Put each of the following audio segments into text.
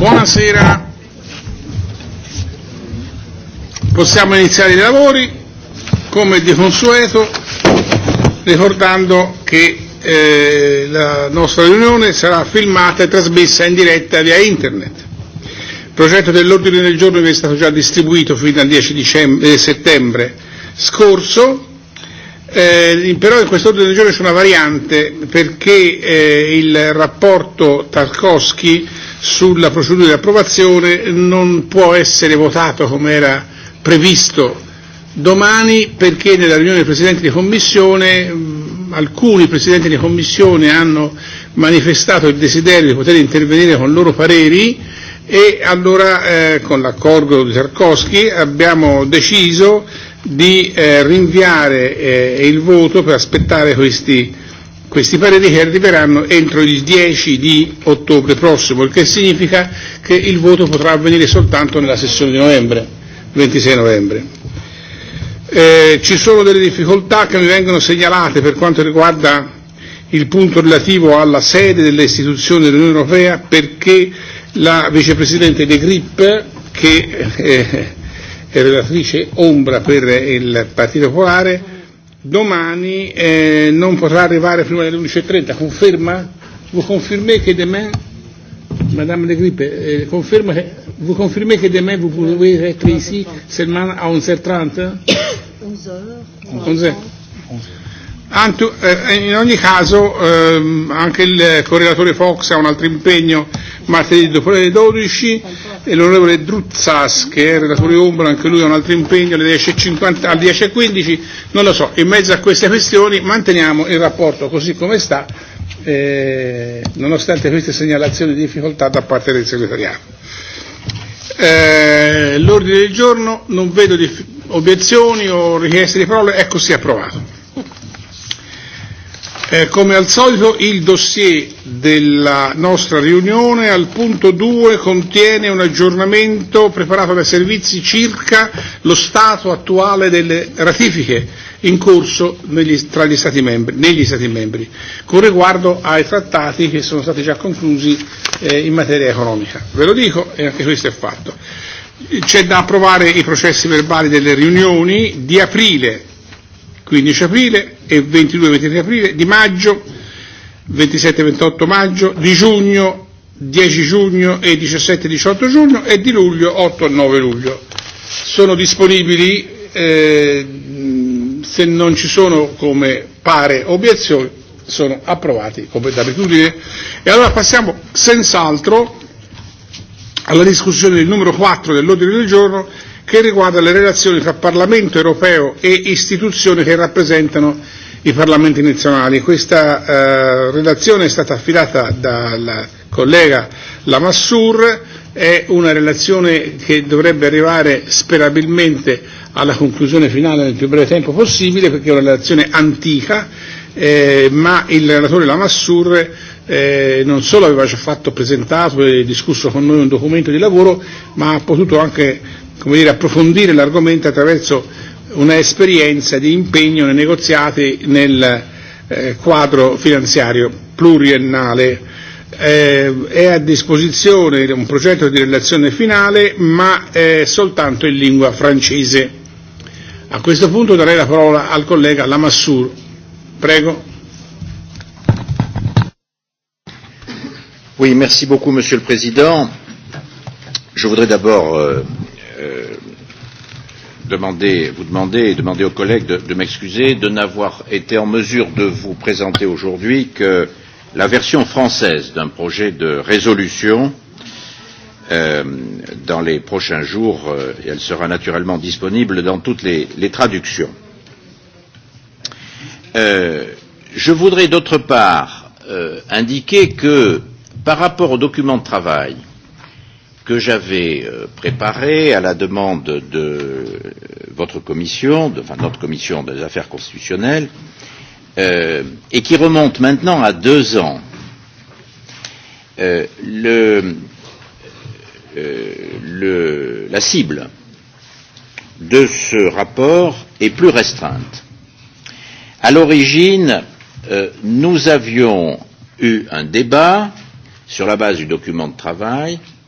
Buonasera. Possiamo iniziare i lavori come di consueto ricordando che eh, la nostra riunione sarà filmata e trasmessa in diretta via internet. Il progetto dell'ordine del giorno vi è stato già distribuito fino al 10 dicembre, eh, settembre scorso Eh, però in questo ordine del giorno c'è una variante perché eh, il rapporto Tarkovsky sulla procedura di approvazione non può essere votato come era previsto domani perché nella riunione dei Presidenti di Commissione mh, alcuni Presidenti di Commissione hanno manifestato il desiderio di poter intervenire con loro pareri e allora eh, con l'accordo di Tarkovsky abbiamo deciso di eh, rinviare eh, il voto per aspettare questi, questi pareri che arriveranno entro il 10 di ottobre prossimo, il che significa che il voto potrà avvenire soltanto nella sessione di novembre, 26 novembre. Eh, ci sono delle difficoltà che mi vengono segnalate per quanto riguarda il punto relativo alla sede delle istituzioni dell'Unione Europea perché la vicepresidente De Grip, che eh, e relatrice ombra per il Partito Popolare, domani eh, non potrà arrivare prima delle 11.30, e conferma? confermare che de me, Madame de Grippe, eh, conferma, vous confirmez que demain vous pouvez être ici seulement à 11h30 11h. 11h. 11h. Antu, eh, eh, in ogni caso eh, anche il correlatore Fox ha un altro impegno martedì dopo le 12 e l'onorevole Druzzas che eh, è il relatore Ombra anche lui ha un altro impegno alle 10.15 e alle 10 e non lo so, in mezzo a queste questioni manteniamo il rapporto così come sta eh, nonostante queste segnalazioni di difficoltà da parte del segretariato. Eh, l'ordine del giorno non vedo dif- obiezioni o richieste di parole, ecco si è approvato. Eh, come al solito il dossier della nostra riunione al punto 2 contiene un aggiornamento preparato dai servizi circa lo stato attuale delle ratifiche in corso negli, tra gli stati membri, negli Stati membri, con riguardo ai trattati che sono stati già conclusi eh, in materia economica. Ve lo dico e anche questo è fatto. C'è da approvare i processi verbali delle riunioni di aprile, 15 aprile, e 22-23 aprile, di maggio 27-28 maggio, di giugno 10 giugno e 17-18 giugno e di luglio 8-9 luglio. Sono disponibili, eh, se non ci sono come pare obiezioni, sono approvati come d'abitudine. E allora passiamo senz'altro alla discussione del numero 4 dell'ordine del giorno che riguarda le relazioni tra Parlamento europeo e istituzioni che rappresentano i Parlamenti nazionali. Questa eh, relazione è stata affidata dal collega Lamassur, è una relazione che dovrebbe arrivare sperabilmente alla conclusione finale nel più breve tempo possibile perché è una relazione antica, eh, ma il relatore Lamassur eh, non solo aveva già fatto presentato e discusso con noi un documento di lavoro, ma ha potuto anche come dire, approfondire l'argomento attraverso una esperienza di impegno nei negoziati nel eh, quadro finanziario pluriennale. Eh, è a disposizione un progetto di relazione finale, ma è soltanto in lingua francese. A questo punto darei la parola al collega Lamassur. Prego. Oui, merci beaucoup, Monsieur le Président. Je voudrais d'abord euh, Euh, demander, vous demander et demander aux collègues de, de m'excuser de n'avoir été en mesure de vous présenter aujourd'hui que la version française d'un projet de résolution euh, dans les prochains jours euh, et elle sera naturellement disponible dans toutes les, les traductions. Euh, je voudrais d'autre part euh, indiquer que par rapport au document de travail euh, que j'avais euh, préparé à la demande de euh, votre commission, de, enfin notre commission des affaires constitutionnelles, euh, et qui remonte maintenant à deux ans. Euh, le, euh, le, la cible de ce rapport est plus restreinte. À l'origine, euh, nous avions eu un débat sur la base du document de travail euh,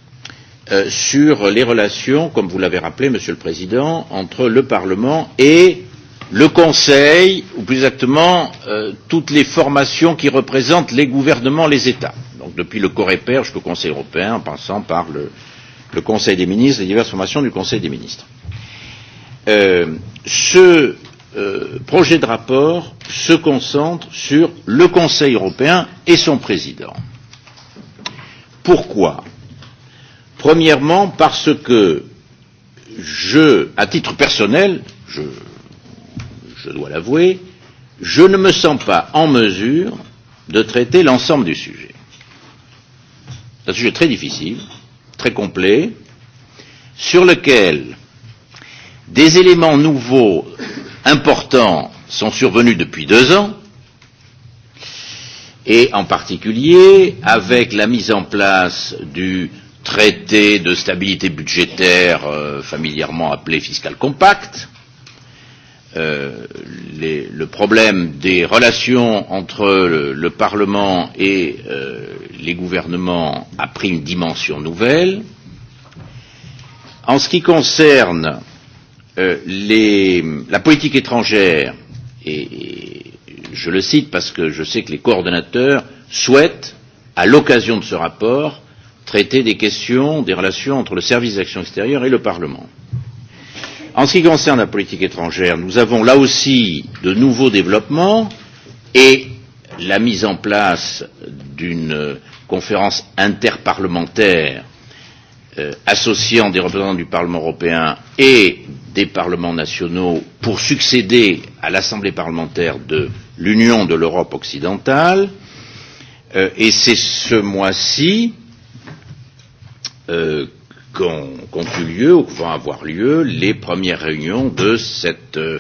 Euh, sur les relations, comme vous l'avez rappelé, Monsieur le Président, entre le Parlement et le Conseil, ou plus exactement euh, toutes les formations qui représentent les gouvernements, les États, donc depuis le Coreper jusqu'au Conseil européen, en passant par le, le Conseil des ministres, les diverses formations du Conseil des ministres. Euh, ce euh, projet de rapport se concentre sur le Conseil européen et son président. Pourquoi Premièrement, parce que je, à titre personnel, je, je dois l'avouer, je ne me sens pas en mesure de traiter l'ensemble du sujet. C'est un sujet très difficile, très complet, sur lequel des éléments nouveaux importants sont survenus depuis deux ans, et en particulier avec la mise en place du traité de stabilité budgétaire euh, familièrement appelé fiscal compact. Euh, les, le problème des relations entre le, le Parlement et euh, les gouvernements a pris une dimension nouvelle. En ce qui concerne euh, les, la politique étrangère, et, et je le cite parce que je sais que les coordonnateurs souhaitent, à l'occasion de ce rapport, euh, traiter des questions des relations entre le service d'action extérieure et le Parlement. En ce qui concerne la politique étrangère, nous avons là aussi de nouveaux développements et la mise en place d'une conférence interparlementaire euh, associant des représentants du Parlement européen et des parlements nationaux pour succéder à l'Assemblée parlementaire de l'Union de l'Europe occidentale. Euh, et c'est ce mois-ci euh, qu'ont qu eu lieu ou vont avoir lieu les premières réunions de cette euh,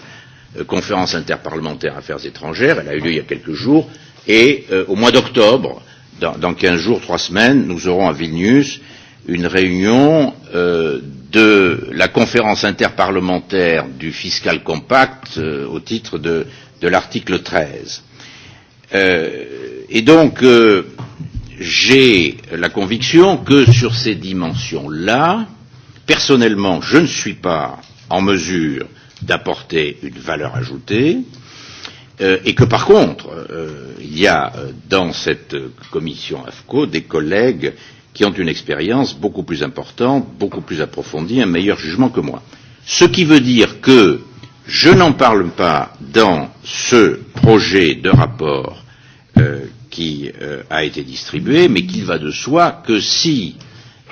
conférence interparlementaire affaires étrangères. Elle a eu lieu il y a quelques jours et euh, au mois d'octobre, dans, dans 15 jours, 3 semaines, nous aurons à Vilnius une réunion euh, de la conférence interparlementaire du fiscal compact euh, au titre de, de l'article 13. Euh, et donc, euh, j'ai la conviction que sur ces dimensions-là, personnellement, je ne suis pas en mesure d'apporter une valeur ajoutée euh, et que par contre, euh, il y a euh, dans cette commission AFCO des collègues qui ont une expérience beaucoup plus importante, beaucoup plus approfondie, un meilleur jugement que moi. Ce qui veut dire que je n'en parle pas dans ce projet de rapport euh, qui euh, a été distribué, mais qu'il va de soi que si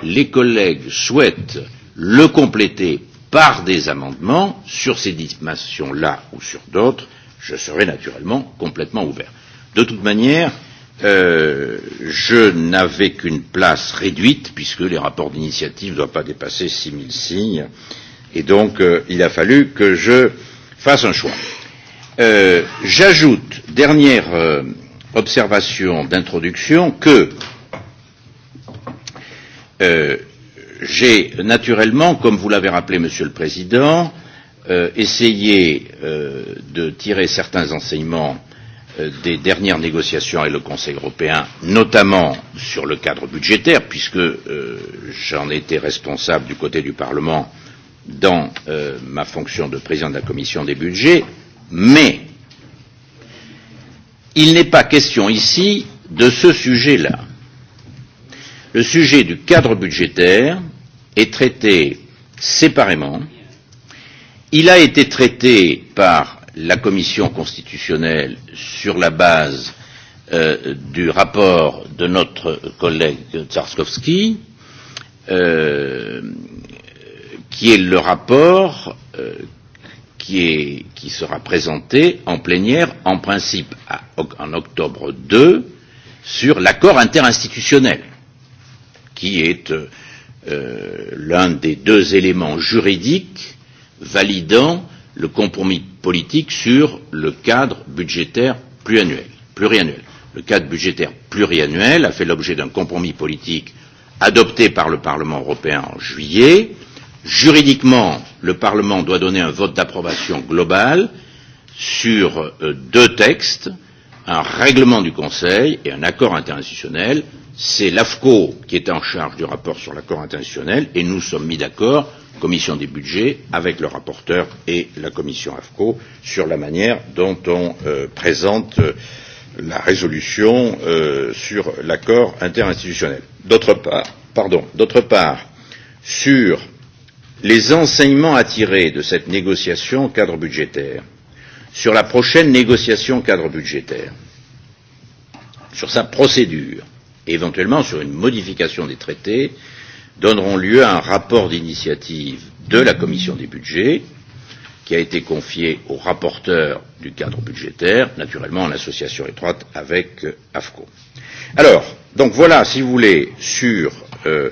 les collègues souhaitent le compléter par des amendements sur ces dimensions-là ou sur d'autres, je serai naturellement complètement ouvert. De toute manière, euh, je n'avais qu'une place réduite puisque les rapports d'initiative ne doivent pas dépasser 6000 signes et donc euh, il a fallu que je fasse un choix. Euh, J'ajoute, dernière euh, observation d'introduction que euh, j'ai naturellement, comme vous l'avez rappelé, Monsieur le Président, euh, essayé euh, de tirer certains enseignements euh, des dernières négociations avec le Conseil européen, notamment sur le cadre budgétaire, puisque euh, j'en étais responsable du côté du Parlement dans euh, ma fonction de président de la Commission des budgets, mais Il n'est pas question ici de ce sujet-là. Le sujet du cadre budgétaire est traité séparément. Il a été traité par la Commission constitutionnelle sur la base euh, du rapport de notre collègue Tsarskovski, euh, qui est le rapport euh, qui, est, qui sera présenté en plénière, en principe à, en octobre 2, sur l'accord interinstitutionnel, qui est euh, euh, l'un des deux éléments juridiques validant le compromis politique sur le cadre budgétaire pluriannuel. pluriannuel. Le cadre budgétaire pluriannuel a fait l'objet d'un compromis politique adopté par le Parlement européen en juillet, euh, Juridiquement, le Parlement doit donner un vote d'approbation global sur euh, deux textes, un règlement du Conseil et un accord interinstitutionnel. C'est l'AFCO qui est en charge du rapport sur l'accord interinstitutionnel et nous sommes mis d'accord, Commission des budgets, avec le rapporteur et la Commission AFCO sur la manière dont on euh, présente euh, la résolution euh, sur l'accord interinstitutionnel. D'autre part, pardon, d'autre part, sur les enseignements à tirer de cette négociation cadre budgétaire sur la prochaine négociation cadre budgétaire, sur sa procédure et éventuellement sur une modification des traités donneront lieu à un rapport d'initiative de la commission des budgets qui a été confié au rapporteur du cadre budgétaire, naturellement en association étroite avec euh, AFCO. Alors, donc voilà, si vous voulez, sur euh,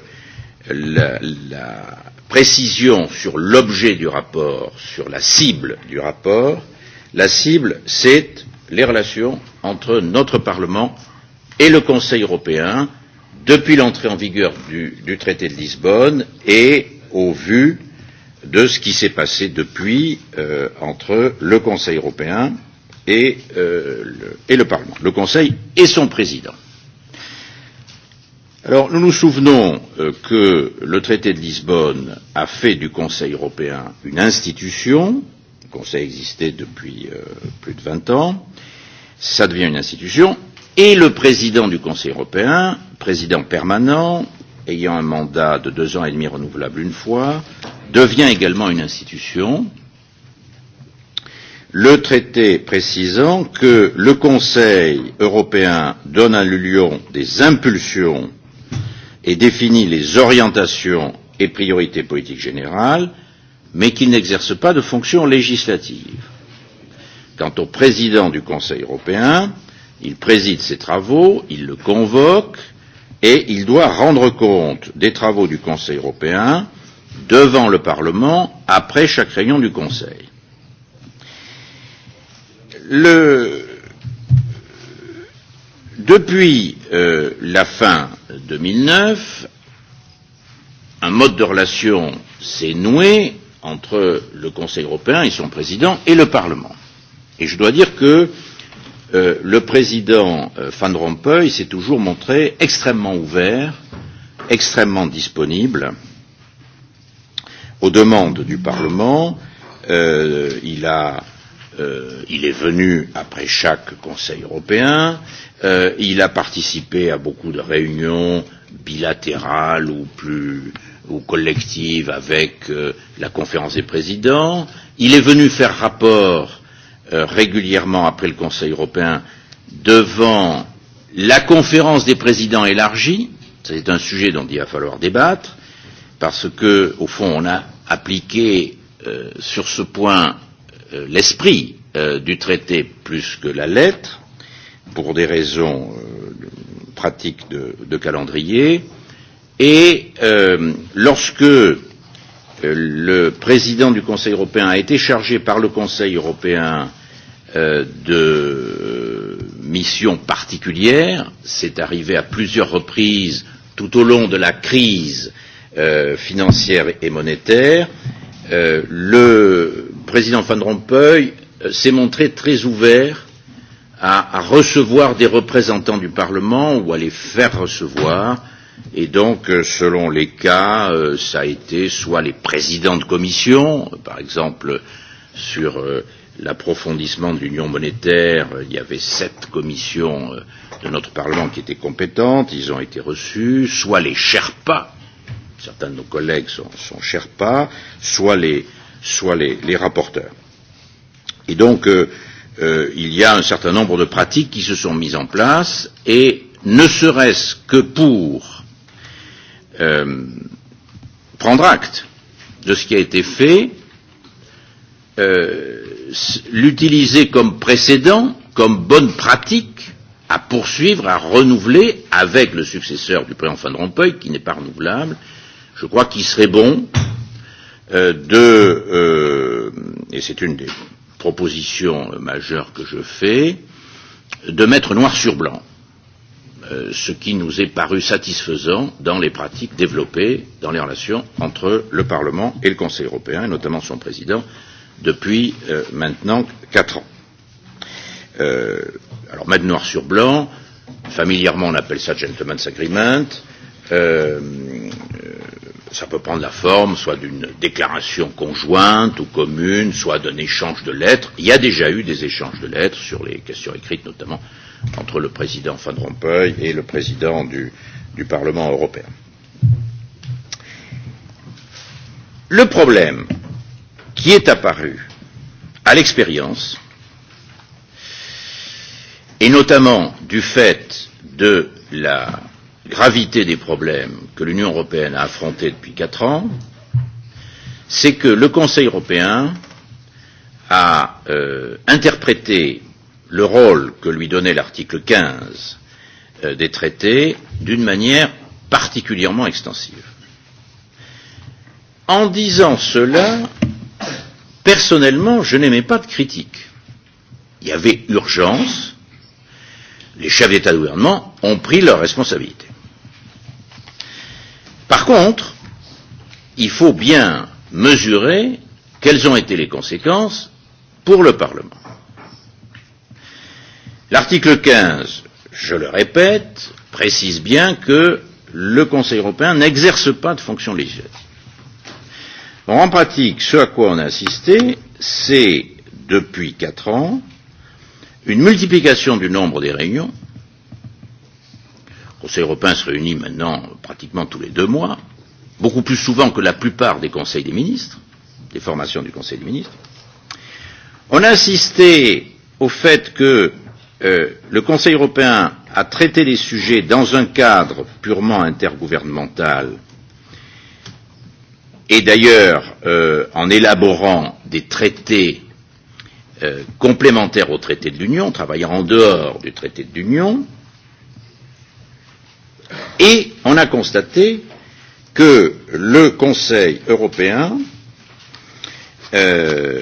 la, la, précision sur l'objet du rapport, sur la cible du rapport. La cible, c'est les relations entre notre Parlement et le Conseil européen depuis l'entrée en vigueur du, du traité de Lisbonne et au vu de ce qui s'est passé depuis euh, entre le Conseil européen et, euh, le, et le Parlement, le Conseil et son président. Alors, nous nous souvenons euh, que le traité de Lisbonne a fait du Conseil européen une institution. Le Conseil existait depuis euh, plus de 20 ans. Ça devient une institution. Et le président du Conseil européen, président permanent, ayant un mandat de deux ans et demi renouvelable une fois, devient également une institution. Le traité précisant que le Conseil européen donne à l'Union des impulsions et définit les orientations et priorités politiques générales, mais qu'il n'exerce pas de fonction législative. Quant au président du Conseil européen, il préside ses travaux, il le convoque et il doit rendre compte des travaux du Conseil européen devant le Parlement après chaque réunion du Conseil. Le... Depuis euh, la fin 2009, un mode de relation s'est noué entre le Conseil européen et son président et le Parlement. Et je dois dire que euh, le président euh, Van Rompuy s'est toujours montré extrêmement ouvert, extrêmement disponible aux demandes du Parlement. Euh, il a euh, il est venu après chaque Conseil européen, euh, il a participé à beaucoup de réunions bilatérales ou plus ou collectives avec euh, la conférence des présidents, il est venu faire rapport euh, régulièrement après le Conseil européen devant la conférence des présidents élargie, c'est un sujet dont il va falloir débattre, parce que, au fond, on a appliqué euh, sur ce point Euh, l'esprit euh, du traité plus que la lettre, pour des raisons euh, pratiques de, de calendrier, et euh, lorsque euh, le président du Conseil européen a été chargé par le Conseil européen euh, de euh, missions particulières. C'est arrivé à plusieurs reprises tout au long de la crise euh, financière et monétaire. Euh, le président Van Rompuy euh, s'est montré très ouvert à, à recevoir des représentants du Parlement ou à les faire recevoir. Et donc, euh, selon les cas, euh, ça a été soit les présidents de commission, par exemple sur l'approfondissement de l'union monétaire, il y avait sept commissions de notre Parlement qui étaient compétentes, ils ont été reçus, soit les Sherpas, certains de nos collègues sont, sont Sherpas, soit les, euh, soient les, les rapporteurs. Et donc, euh, euh, il y a un certain nombre de pratiques qui se sont mises en place et ne serait-ce que pour euh, prendre acte de ce qui a été fait, euh, l'utiliser comme précédent, comme bonne pratique à poursuivre, à renouveler avec le successeur du président Van Rompuy, qui n'est pas renouvelable. Je crois qu'il serait bon Euh, de euh, et c'est une des propositions majeures que je fais de mettre noir sur blanc euh, ce qui nous est paru satisfaisant dans les pratiques développées dans les relations entre le Parlement et le Conseil européen, et notamment son président, depuis euh, maintenant quatre ans. Euh, alors mettre noir sur blanc, familièrement on appelle ça gentleman's agreement, Euh, euh, ça peut prendre la forme soit d'une déclaration conjointe ou commune, soit d'un échange de lettres. Il y a déjà eu des échanges de lettres sur les questions écrites, notamment entre le président Van Rompuy et le président du, du Parlement européen. Le problème qui est apparu à l'expérience, et notamment du fait de la gravité des problèmes que l'Union européenne a affrontés depuis quatre ans, c'est que le Conseil européen a euh, interprété le rôle que lui donnait l'article 15 euh, des traités d'une manière particulièrement extensive. En disant cela, personnellement, je n'aimais pas de critique. Il y avait urgence, les chefs d'État et de gouvernement ont pris leurs responsabilités. Par contre, il faut bien mesurer quelles ont été les conséquences pour le Parlement. L'article 15, je le répète, précise bien que le Conseil européen n'exerce pas de fonction législative. Bon, en pratique, ce à quoi on a assisté, c'est depuis quatre ans une multiplication du nombre des réunions le Conseil européen se réunit maintenant pratiquement tous les deux mois, beaucoup plus souvent que la plupart des conseils des ministres, des formations du Conseil des ministres. On a insisté au fait que euh, le Conseil européen a traité les sujets dans un cadre purement intergouvernemental et d'ailleurs euh, en élaborant des traités euh, complémentaires au traité de l'Union, travaillant en dehors du traité de l'Union, Et on a constaté que le Conseil européen euh,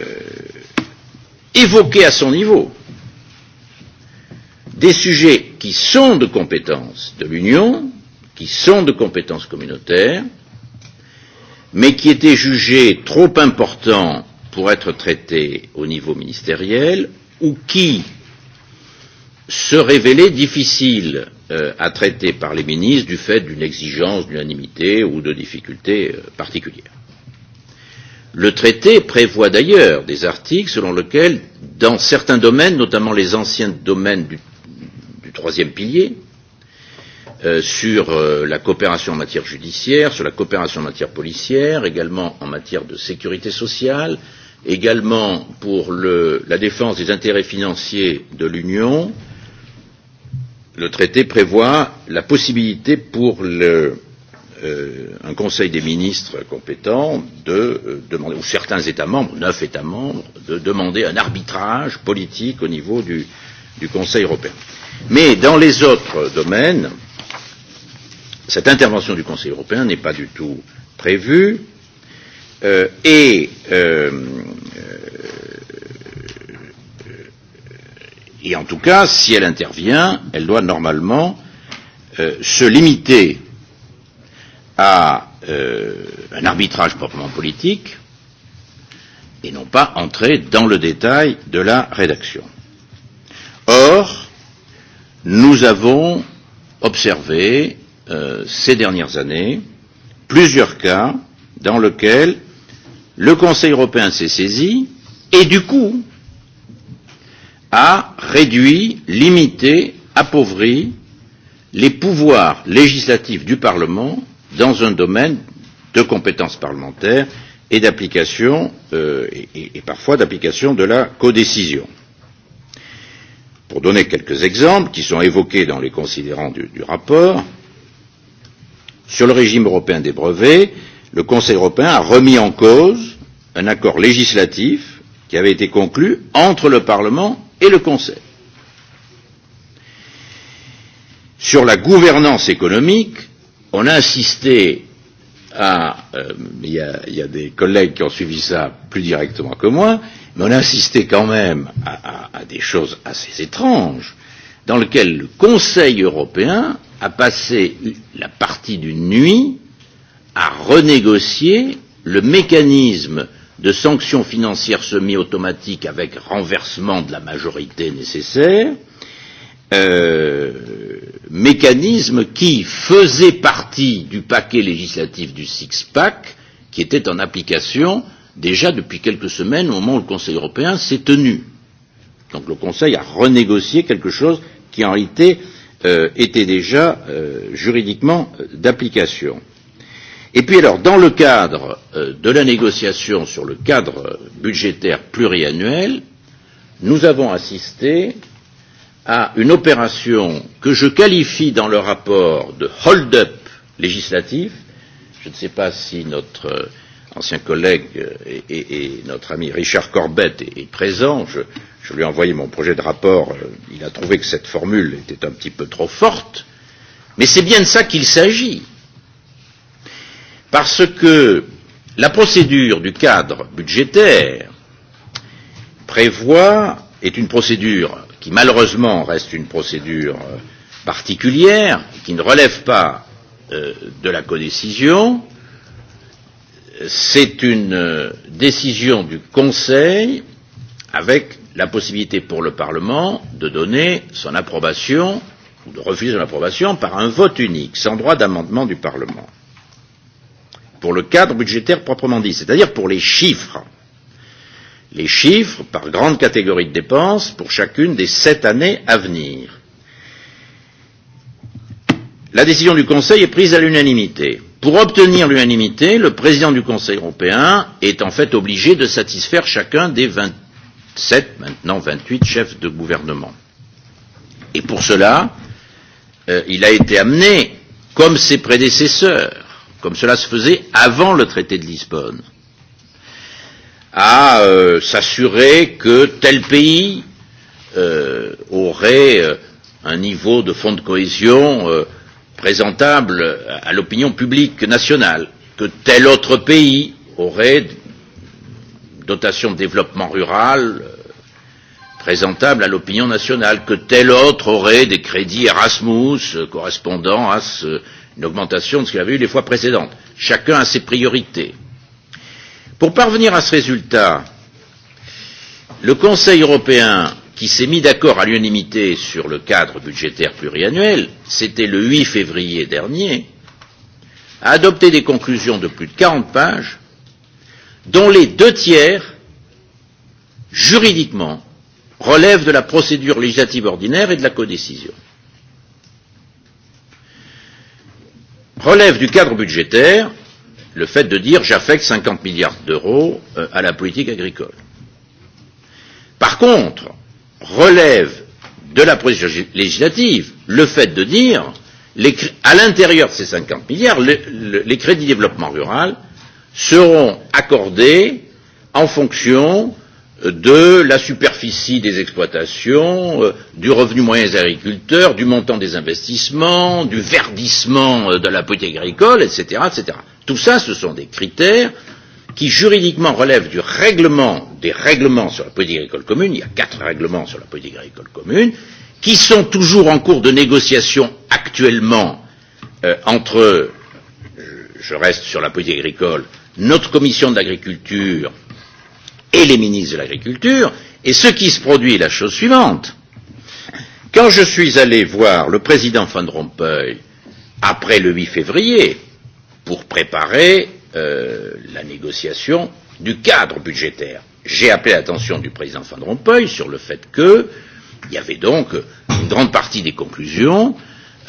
évoquait à son niveau des sujets qui sont de compétence de l'Union, qui sont de compétence communautaire, mais qui étaient jugés trop importants pour être traités au niveau ministériel ou qui se révélaient difficiles euh, à traiter par les ministres du fait d'une exigence d'unanimité ou de difficultés euh, particulières. Le traité prévoit d'ailleurs des articles selon lesquels, dans certains domaines, notamment les anciens domaines du, du troisième pilier, euh, sur euh, la coopération en matière judiciaire, sur la coopération en matière policière, également en matière de sécurité sociale, également pour le, la défense des intérêts financiers de l'Union, euh, le traité prévoit la possibilité pour le, euh, un Conseil des ministres compétent de euh, demander, ou certains États membres, neuf États membres, de demander un arbitrage politique au niveau du, du Conseil européen. Mais dans les autres domaines, cette intervention du Conseil européen n'est pas du tout prévue euh, et euh, Et en tout cas, si elle intervient, elle doit normalement euh, se limiter à euh, un arbitrage proprement politique et non pas entrer dans le détail de la rédaction. Or, nous avons observé euh, ces dernières années plusieurs cas dans lesquels le Conseil européen s'est saisi et du coup, a réduit, limité, appauvri les pouvoirs législatifs du Parlement dans un domaine de compétences parlementaires et d'application euh, et, et parfois d'application de la codécision. Pour donner quelques exemples qui sont évoqués dans les considérants du, du rapport, sur le régime européen des brevets, le Conseil européen a remis en cause un accord législatif qui avait été conclu entre le Parlement et le Conseil. Sur la gouvernance économique, on a insisté à euh, il, y a, il y a des collègues qui ont suivi ça plus directement que moi, mais on a insisté quand même à, à, à des choses assez étranges, dans lesquelles le Conseil européen a passé la partie d'une nuit à renégocier le mécanisme de sanctions financières semi-automatiques avec renversement de la majorité nécessaire, euh, mécanisme qui faisait partie du paquet législatif du six-pack, qui était en application déjà depuis quelques semaines au moment où le Conseil européen s'est tenu. Donc le Conseil a renégocié quelque chose qui en réalité euh, était déjà euh, juridiquement d'application. Euh, Et puis alors, dans le cadre euh, de la négociation sur le cadre budgétaire pluriannuel, nous avons assisté à une opération que je qualifie dans le rapport de hold-up législatif. Je ne sais pas si notre euh, ancien collègue euh, et, et, et notre ami Richard Corbett est, est présent. Je, je lui ai envoyé mon projet de rapport. Euh, il a trouvé que cette formule était un petit peu trop forte. Mais c'est bien de ça qu'il s'agit parce que la procédure du cadre budgétaire prévoit est une procédure qui malheureusement reste une procédure euh, particulière, qui ne relève pas euh, de la codécision, c'est une euh, décision du Conseil avec la possibilité pour le Parlement de donner son approbation ou de refuser son approbation par un vote unique, sans droit d'amendement du Parlement pour le cadre budgétaire proprement dit, c'est-à-dire pour les chiffres. Les chiffres par grande catégorie de dépenses pour chacune des sept années à venir. La décision du Conseil est prise à l'unanimité. Pour obtenir l'unanimité, le président du Conseil européen est en fait obligé de satisfaire chacun des 27, maintenant 28 chefs de gouvernement. Et pour cela, euh, il a été amené, comme ses prédécesseurs, comme cela se faisait avant le traité de Lisbonne, à euh, s'assurer que tel pays euh, aurait euh, un niveau de fonds de cohésion euh, présentable à l'opinion publique nationale, que tel autre pays aurait dotation de développement rural euh, présentable à l'opinion nationale, que tel autre aurait des crédits Erasmus euh, correspondant à ce euh, une augmentation de ce qu'il avait eu les fois précédentes. Chacun a ses priorités. Pour parvenir à ce résultat, le Conseil européen, qui s'est mis d'accord à l'unanimité sur le cadre budgétaire pluriannuel, c'était le 8 février dernier, a adopté des conclusions de plus de 40 pages, dont les deux tiers, juridiquement, relèvent de la procédure législative ordinaire et de la codécision. relève du cadre budgétaire le fait de dire j'affecte 50 milliards d'euros euh, à la politique agricole. Par contre, relève de la procédure législative le fait de dire les, à l'intérieur de ces 50 milliards, le, le, les crédits de développement rural seront accordés en fonction euh, de la superficie des exploitations, euh, du revenu moyen des agriculteurs, du montant des investissements, du verdissement euh, de la politique agricole, etc., etc. Tout ça, ce sont des critères qui juridiquement relèvent du règlement, des règlements sur la politique agricole commune, il y a quatre règlements sur la politique agricole commune, qui sont toujours en cours de négociation actuellement euh, entre, euh, je reste sur la politique agricole, notre commission de l'agriculture et les ministres de l'Agriculture, et ce qui se produit est la chose suivante. Quand je suis allé voir le président Van Rompuy après le 8 février pour préparer euh, la négociation du cadre budgétaire, j'ai appelé l'attention du président Van Rompuy sur le fait qu'il y avait donc une grande partie des conclusions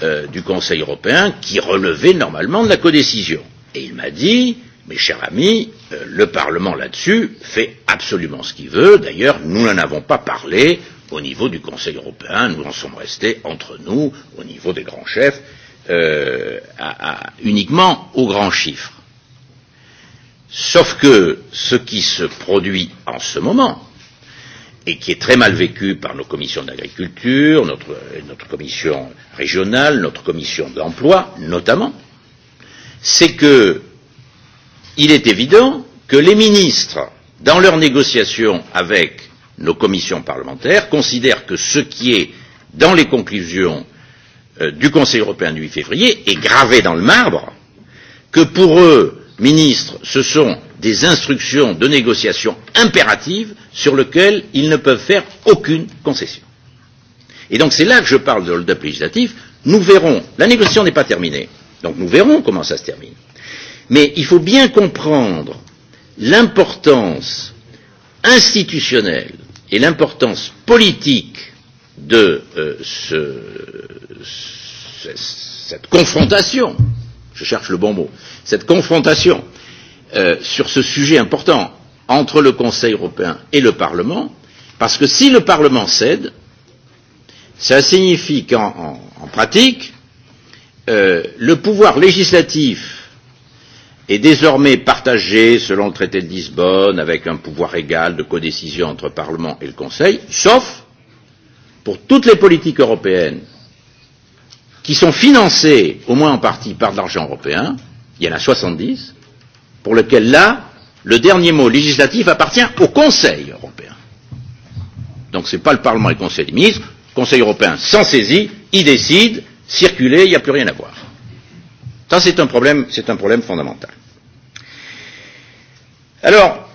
euh, du Conseil européen qui relevaient normalement de la codécision. Et il m'a dit euh, Mes chers amis, euh, le Parlement là-dessus fait absolument ce qu'il veut. D'ailleurs, nous n'en avons pas parlé au niveau du Conseil européen. Nous en sommes restés entre nous, au niveau des grands chefs, euh, à, à, uniquement aux grands chiffres. Sauf que ce qui se produit en ce moment, et qui est très mal vécu par nos commissions d'agriculture, notre, notre commission régionale, notre commission d'emploi notamment, c'est que il est évident que les ministres, dans leurs négociations avec nos commissions parlementaires, considèrent que ce qui est dans les conclusions euh, du Conseil européen du 8 février est gravé dans le marbre, que pour eux, ministres, ce sont des instructions de négociation impératives sur lesquelles ils ne peuvent faire aucune concession. Et donc c'est là que je parle de hold-up législatif. Nous verrons. La négociation n'est pas terminée. Donc nous verrons comment ça se termine. Mais il faut bien comprendre l'importance institutionnelle et l'importance politique de euh, ce, ce, cette confrontation je cherche le bon mot cette confrontation euh, sur ce sujet important entre le Conseil européen et le Parlement, parce que si le Parlement cède, ça signifie qu'en en, en pratique, euh, le pouvoir législatif est désormais partagé, selon le traité de Lisbonne avec un pouvoir égal de codécision entre le Parlement et le Conseil, sauf pour toutes les politiques européennes qui sont financées au moins en partie par de l'argent européen, il y en a 70, pour lesquelles là, le dernier mot législatif appartient au Conseil européen. Donc ce n'est pas le Parlement et le Conseil des ministres, le Conseil européen s'en saisit, il décide, circuler, il n'y a plus rien à voir. Ça, c'est un un problème fondamental. Alors,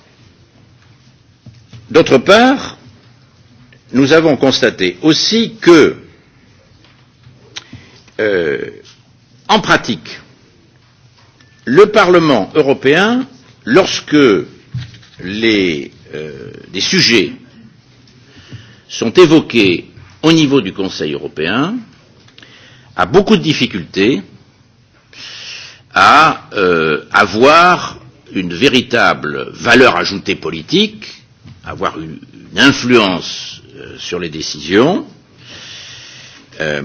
d'autre part, nous avons constaté aussi que, euh, en pratique, le Parlement européen, lorsque les, euh, les sujets sont évoqués au niveau du Conseil européen, a beaucoup de difficultés à euh, avoir euh, une véritable valeur ajoutée politique, avoir une, une influence euh, sur les décisions, euh,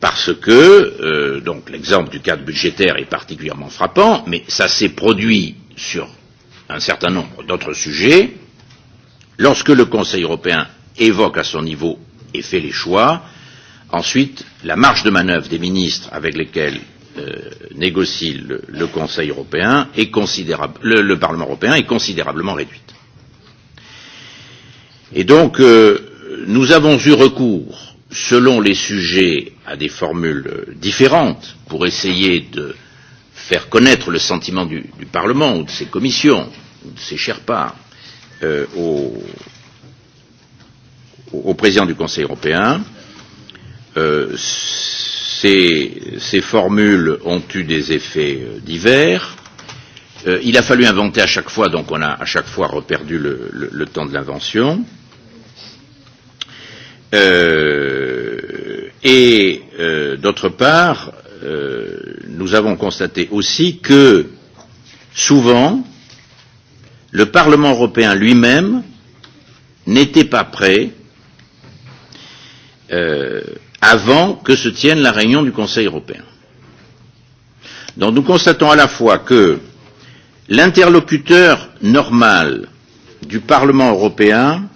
parce que euh, donc l'exemple du cadre budgétaire est particulièrement frappant, mais ça s'est produit sur un certain nombre d'autres sujets. Lorsque le Conseil européen évoque à son niveau et fait les choix, ensuite la marge de manœuvre des ministres avec lesquels Euh, négocie le, le Conseil européen est considérable, le, le Parlement européen est considérablement réduite. Et donc, euh, nous avons eu recours, selon les sujets, à des formules différentes pour essayer de faire connaître le sentiment du, du Parlement ou de ses commissions ou de ses Sherpas euh, au, au président du Conseil européen. Euh, ces, ces formules ont eu des effets euh, divers. Euh, il a fallu inventer à chaque fois, donc on a à chaque fois reperdu le, le, le temps de l'invention. Euh, et euh, d'autre part, euh, nous avons constaté aussi que souvent, le Parlement européen lui-même n'était pas prêt euh, avant que se tienne la réunion du Conseil européen. Donc nous constatons à la fois que l'interlocuteur normal du Parlement européen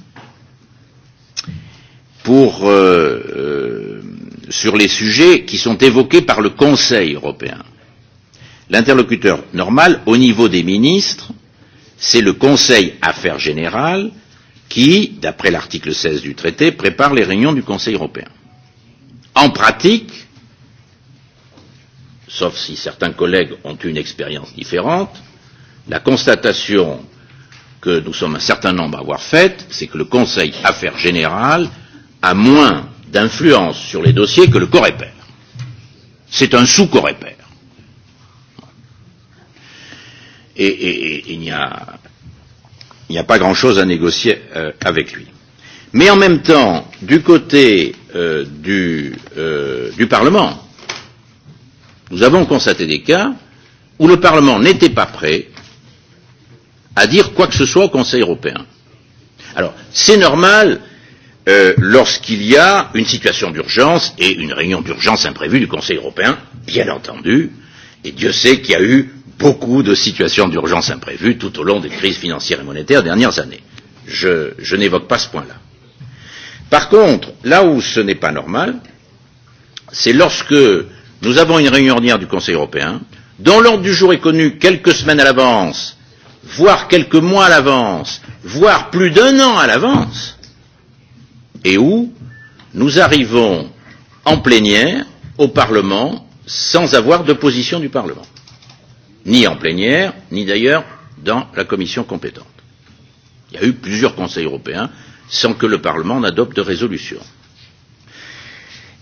pour, euh, euh, sur les sujets qui sont évoqués par le Conseil européen, l'interlocuteur normal au niveau des ministres, c'est le Conseil Affaires Générales qui, d'après l'article 16 du traité, prépare les réunions du Conseil européen en pratique, sauf si certains collègues ont une expérience différente, la constatation que nous sommes un certain nombre à avoir faite, c'est que le Conseil Affaires Générales a moins d'influence sur les dossiers que le Corépère. C'est un sous-Corépère. Et, et, et il n'y a, a pas grand-chose à négocier euh, avec lui. Mais en même temps, du côté euh, du, euh, du Parlement. Nous avons constaté des cas où le Parlement n'était pas prêt à dire quoi que ce soit au Conseil européen. Alors, c'est normal euh, lorsqu'il y a une situation d'urgence et une réunion d'urgence imprévue du Conseil européen, bien entendu, et Dieu sait qu'il y a eu beaucoup de situations d'urgence imprévues tout au long des crises financières et monétaires des dernières années. Je, je n'évoque pas ce point-là. Par contre, là où ce n'est pas normal, c'est lorsque nous avons une réunion ordinaire du Conseil européen, dont l'ordre du jour est connu quelques semaines à l'avance, voire quelques mois à l'avance, voire plus d'un an à l'avance, et où nous arrivons en plénière au Parlement sans avoir de position du Parlement, ni en plénière, ni d'ailleurs dans la commission compétente. Il y a eu plusieurs conseils européens sans que le Parlement n'adopte de résolution.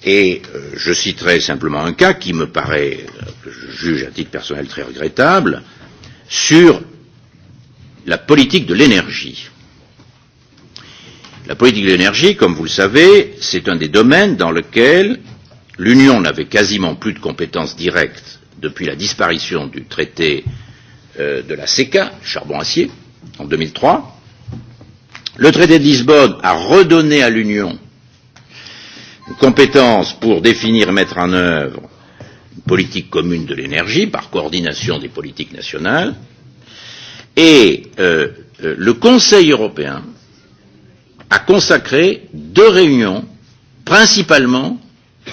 Et euh, je citerai simplement un cas qui me paraît, euh, que je juge à titre personnel très regrettable, sur la politique de l'énergie. La politique de l'énergie, comme vous le savez, c'est un des domaines dans lequel l'Union n'avait quasiment plus de compétences directes depuis la disparition du traité euh, de la CECA, charbon-acier, en 2003, le traité de Lisbonne a redonné à l'Union une compétence pour définir et mettre en œuvre une politique commune de l'énergie par coordination des politiques nationales. Et euh, euh le Conseil européen a consacré deux réunions principalement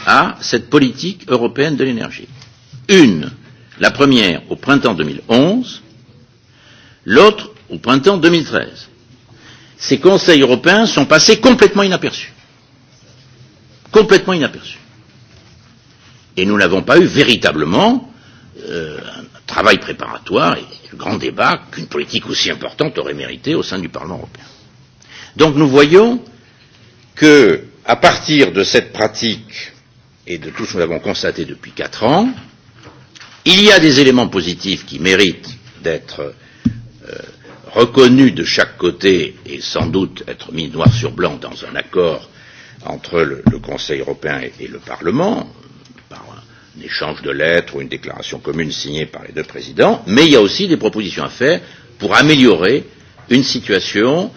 à cette politique européenne de l'énergie. Une, la première au printemps 2011, l'autre au printemps 2013 ces conseils européens sont passés complètement inaperçus. Complètement inaperçus. Et nous n'avons pas eu véritablement euh, un travail préparatoire et le grand débat qu'une politique aussi importante aurait mérité au sein du Parlement européen. Donc nous voyons que, à partir de cette pratique et de tout ce que nous avons constaté depuis quatre ans, il y a des éléments positifs qui méritent d'être euh, reconnu de chaque côté et sans doute être mis noir sur blanc dans un accord entre le, le Conseil européen et, et le Parlement, par un, un échange de lettres ou une déclaration commune signée par les deux présidents, mais il y a aussi des propositions à faire pour améliorer une situation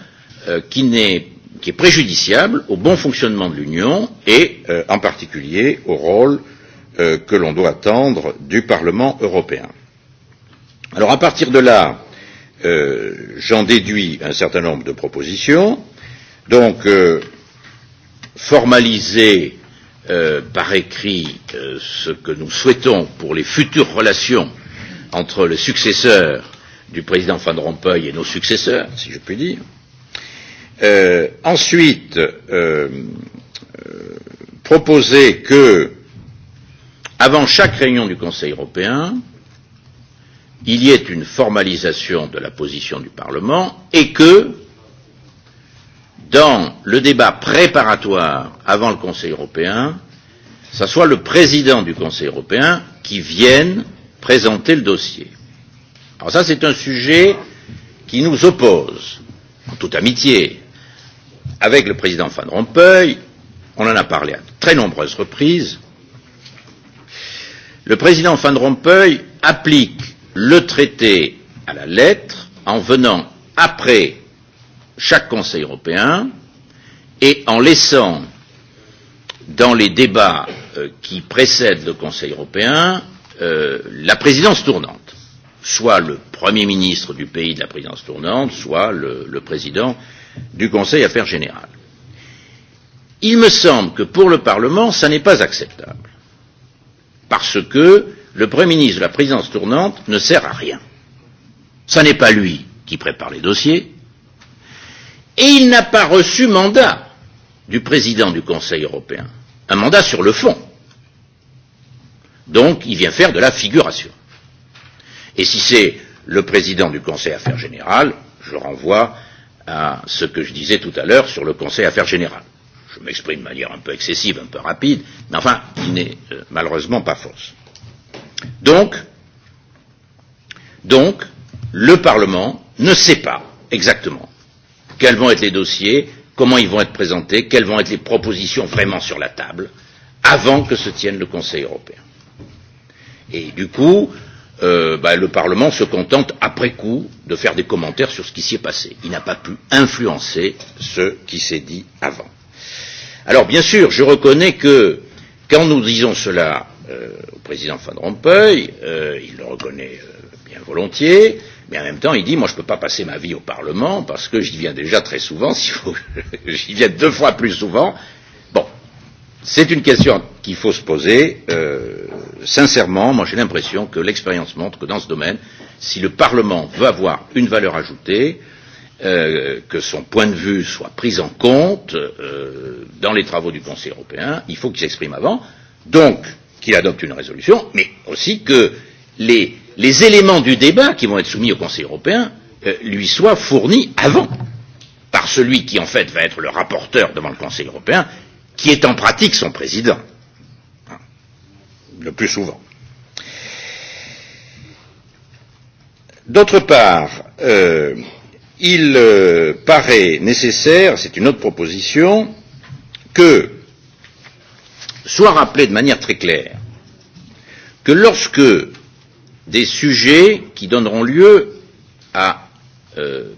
euh, qui, n'est, qui est préjudiciable au bon fonctionnement de l'Union et euh, en particulier au rôle euh, que l'on doit attendre du Parlement européen. Alors à partir de là, Euh, j'en déduis un certain nombre de propositions. Donc, euh, formaliser euh, par écrit euh, ce que nous souhaitons pour les futures relations entre le successeur du président Van Rompuy et nos successeurs, si je puis dire. Euh, ensuite, euh, euh, proposer que, avant chaque réunion du Conseil européen, euh, il y ait une formalisation de la position du Parlement et que, dans le débat préparatoire avant le Conseil européen, ce soit le président du Conseil européen qui vienne présenter le dossier. Alors ça, c'est un sujet qui nous oppose, en toute amitié, avec le président Van Rompuy, on en a parlé à très nombreuses reprises. Le président Van Rompuy applique le traité à la lettre en venant après chaque Conseil européen et en laissant dans les débats euh, qui précèdent le Conseil européen euh, la présidence tournante, soit le Premier ministre du pays de la présidence tournante, soit le, le président du Conseil Affaires générales. Il me semble que pour le Parlement, ça n'est pas acceptable, parce que euh, le Premier ministre de la présidence tournante ne sert à rien. Ce n'est pas lui qui prépare les dossiers, et il n'a pas reçu mandat du président du Conseil européen, un mandat sur le fond. Donc, il vient faire de la figuration. Et si c'est le président du Conseil Affaires Générales, je renvoie à ce que je disais tout à l'heure sur le Conseil Affaires Générales. Je m'exprime de manière un peu excessive, un peu rapide, mais enfin, il n'est euh, malheureusement pas fausse. Donc, donc, le Parlement ne sait pas exactement quels vont être les dossiers, comment ils vont être présentés, quelles vont être les propositions vraiment sur la table, avant que se tienne le Conseil européen. Et du coup, euh, bah, le Parlement se contente, après coup, de faire des commentaires sur ce qui s'y est passé. Il n'a pas pu influencer ce qui s'est dit avant. Alors, bien sûr, je reconnais que, quand nous disons cela, euh, au président Van Rompuy, euh, il le reconnaît euh, bien volontiers, mais en même temps il dit moi je ne peux pas passer ma vie au Parlement parce que j'y viens déjà très souvent, si vous... j'y viens deux fois plus souvent. Bon, c'est une question qu'il faut se poser. Euh, sincèrement, moi j'ai l'impression que l'expérience montre que dans ce domaine, si le Parlement veut avoir une valeur ajoutée, euh, que son point de vue soit pris en compte euh, dans les travaux du Conseil européen, il faut qu'il s'exprime avant. Donc, qu'il adopte une résolution, mais aussi que les, les éléments du débat qui vont être soumis au Conseil européen euh, lui soient fournis avant par celui qui, en fait, va être le rapporteur devant le Conseil européen, qui est en pratique son président, le plus souvent. D'autre part, euh, il euh, paraît nécessaire, c'est une autre proposition, que soit rappelé de manière très claire que lorsque des sujets qui donneront lieu à euh,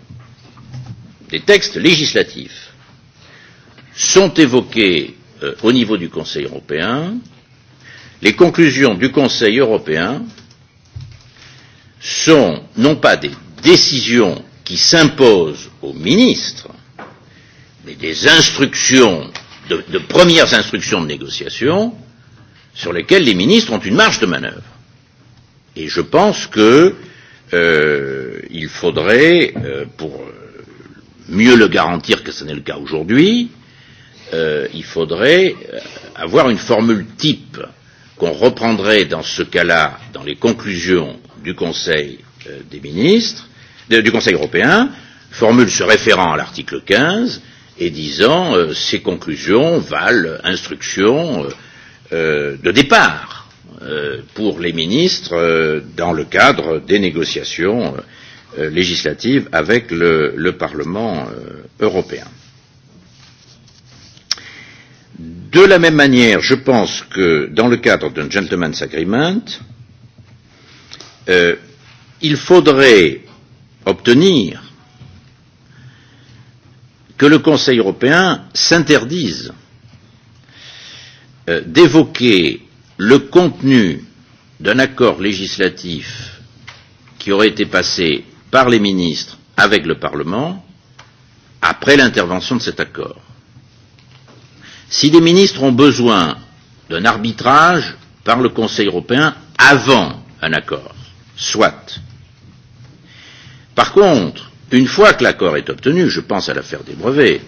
des textes législatifs sont évoqués euh, au niveau du Conseil européen, les conclusions du Conseil européen sont non pas des décisions qui s'imposent aux ministres, mais des instructions de, de premières instructions de négociation sur lesquelles les ministres ont une marge de manœuvre. Et je pense qu'il euh, faudrait, euh, pour mieux le garantir que ce n'est le cas aujourd'hui, euh, il faudrait euh, avoir une formule type qu'on reprendrait dans ce cas-là dans les conclusions du Conseil euh, des ministres, de, du Conseil européen, formule se référant à l'article 15, et disant euh, ces conclusions valent instruction euh, euh, de départ euh, pour les ministres euh, dans le cadre des négociations euh, législatives avec le, le Parlement euh, européen. De la même manière, je pense que dans le cadre d'un gentleman's agreement, euh, il faudrait obtenir que le Conseil européen s'interdise euh, d'évoquer le contenu d'un accord législatif qui aurait été passé par les ministres avec le Parlement après l'intervention de cet accord. Si les ministres ont besoin d'un arbitrage par le Conseil européen avant un accord, soit. Par contre, Une fois que l'accord est obtenu, je pense à l'affaire des brevets,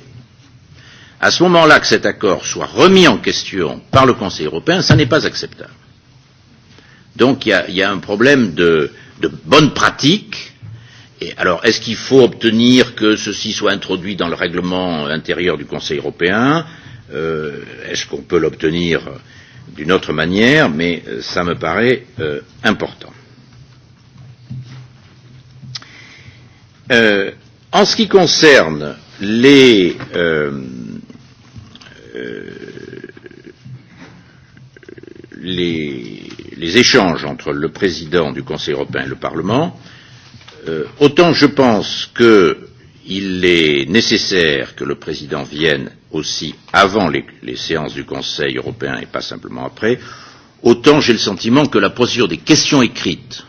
à ce moment-là que cet accord soit remis en question par le Conseil européen, ça n'est pas acceptable. Donc il y a, y a un problème de, de bonne pratique. Et alors, est-ce qu'il faut obtenir que ceci soit introduit dans le règlement intérieur du Conseil européen euh, Est-ce qu'on peut l'obtenir d'une autre manière Mais euh, ça me paraît euh, important. Euh, en ce qui concerne les, euh, euh, les, les échanges entre le président du Conseil européen et le Parlement, euh, autant je pense qu'il est nécessaire que le président vienne aussi avant les, les séances du Conseil européen et pas simplement après, autant j'ai le sentiment que la procédure des questions écrites,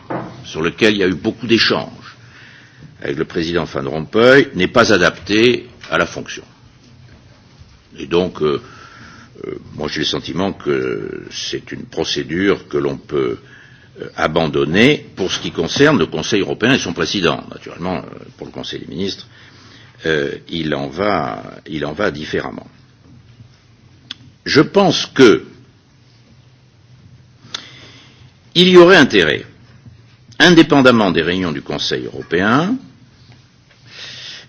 sur lesquelles il y a eu beaucoup d'échanges, avec le président Van Rompuy n'est pas adapté à la fonction. Et donc, euh, euh, moi j'ai le sentiment que c'est une procédure que l'on peut euh, abandonner pour ce qui concerne le Conseil européen et son président. Naturellement, euh, pour le Conseil des ministres, euh, il, en va, il en va différemment. Je pense que il y aurait intérêt, indépendamment des réunions du Conseil européen,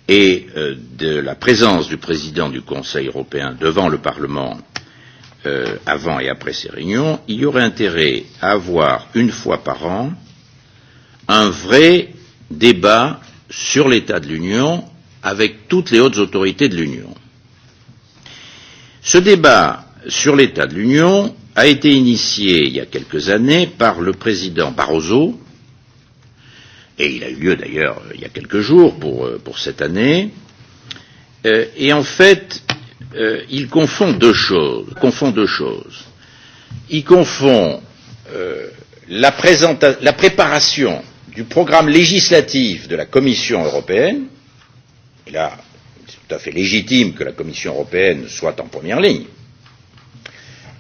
et euh, de la présence du président du Conseil européen devant le Parlement euh, avant et après ces réunions, il y aurait intérêt à avoir une fois par an un vrai débat sur l'état de l'Union avec toutes les hautes autorités de l'Union. Ce débat sur l'état de l'Union a été initié il y a quelques années par le président Barroso et il a eu lieu d'ailleurs il y a quelques jours pour, euh, pour cette année. Euh, et en fait, euh, il confond deux choses. Confond deux choses. Il confond euh, la, la préparation du programme législatif de la Commission européenne. Et là, c'est tout à fait légitime que la Commission européenne soit en première ligne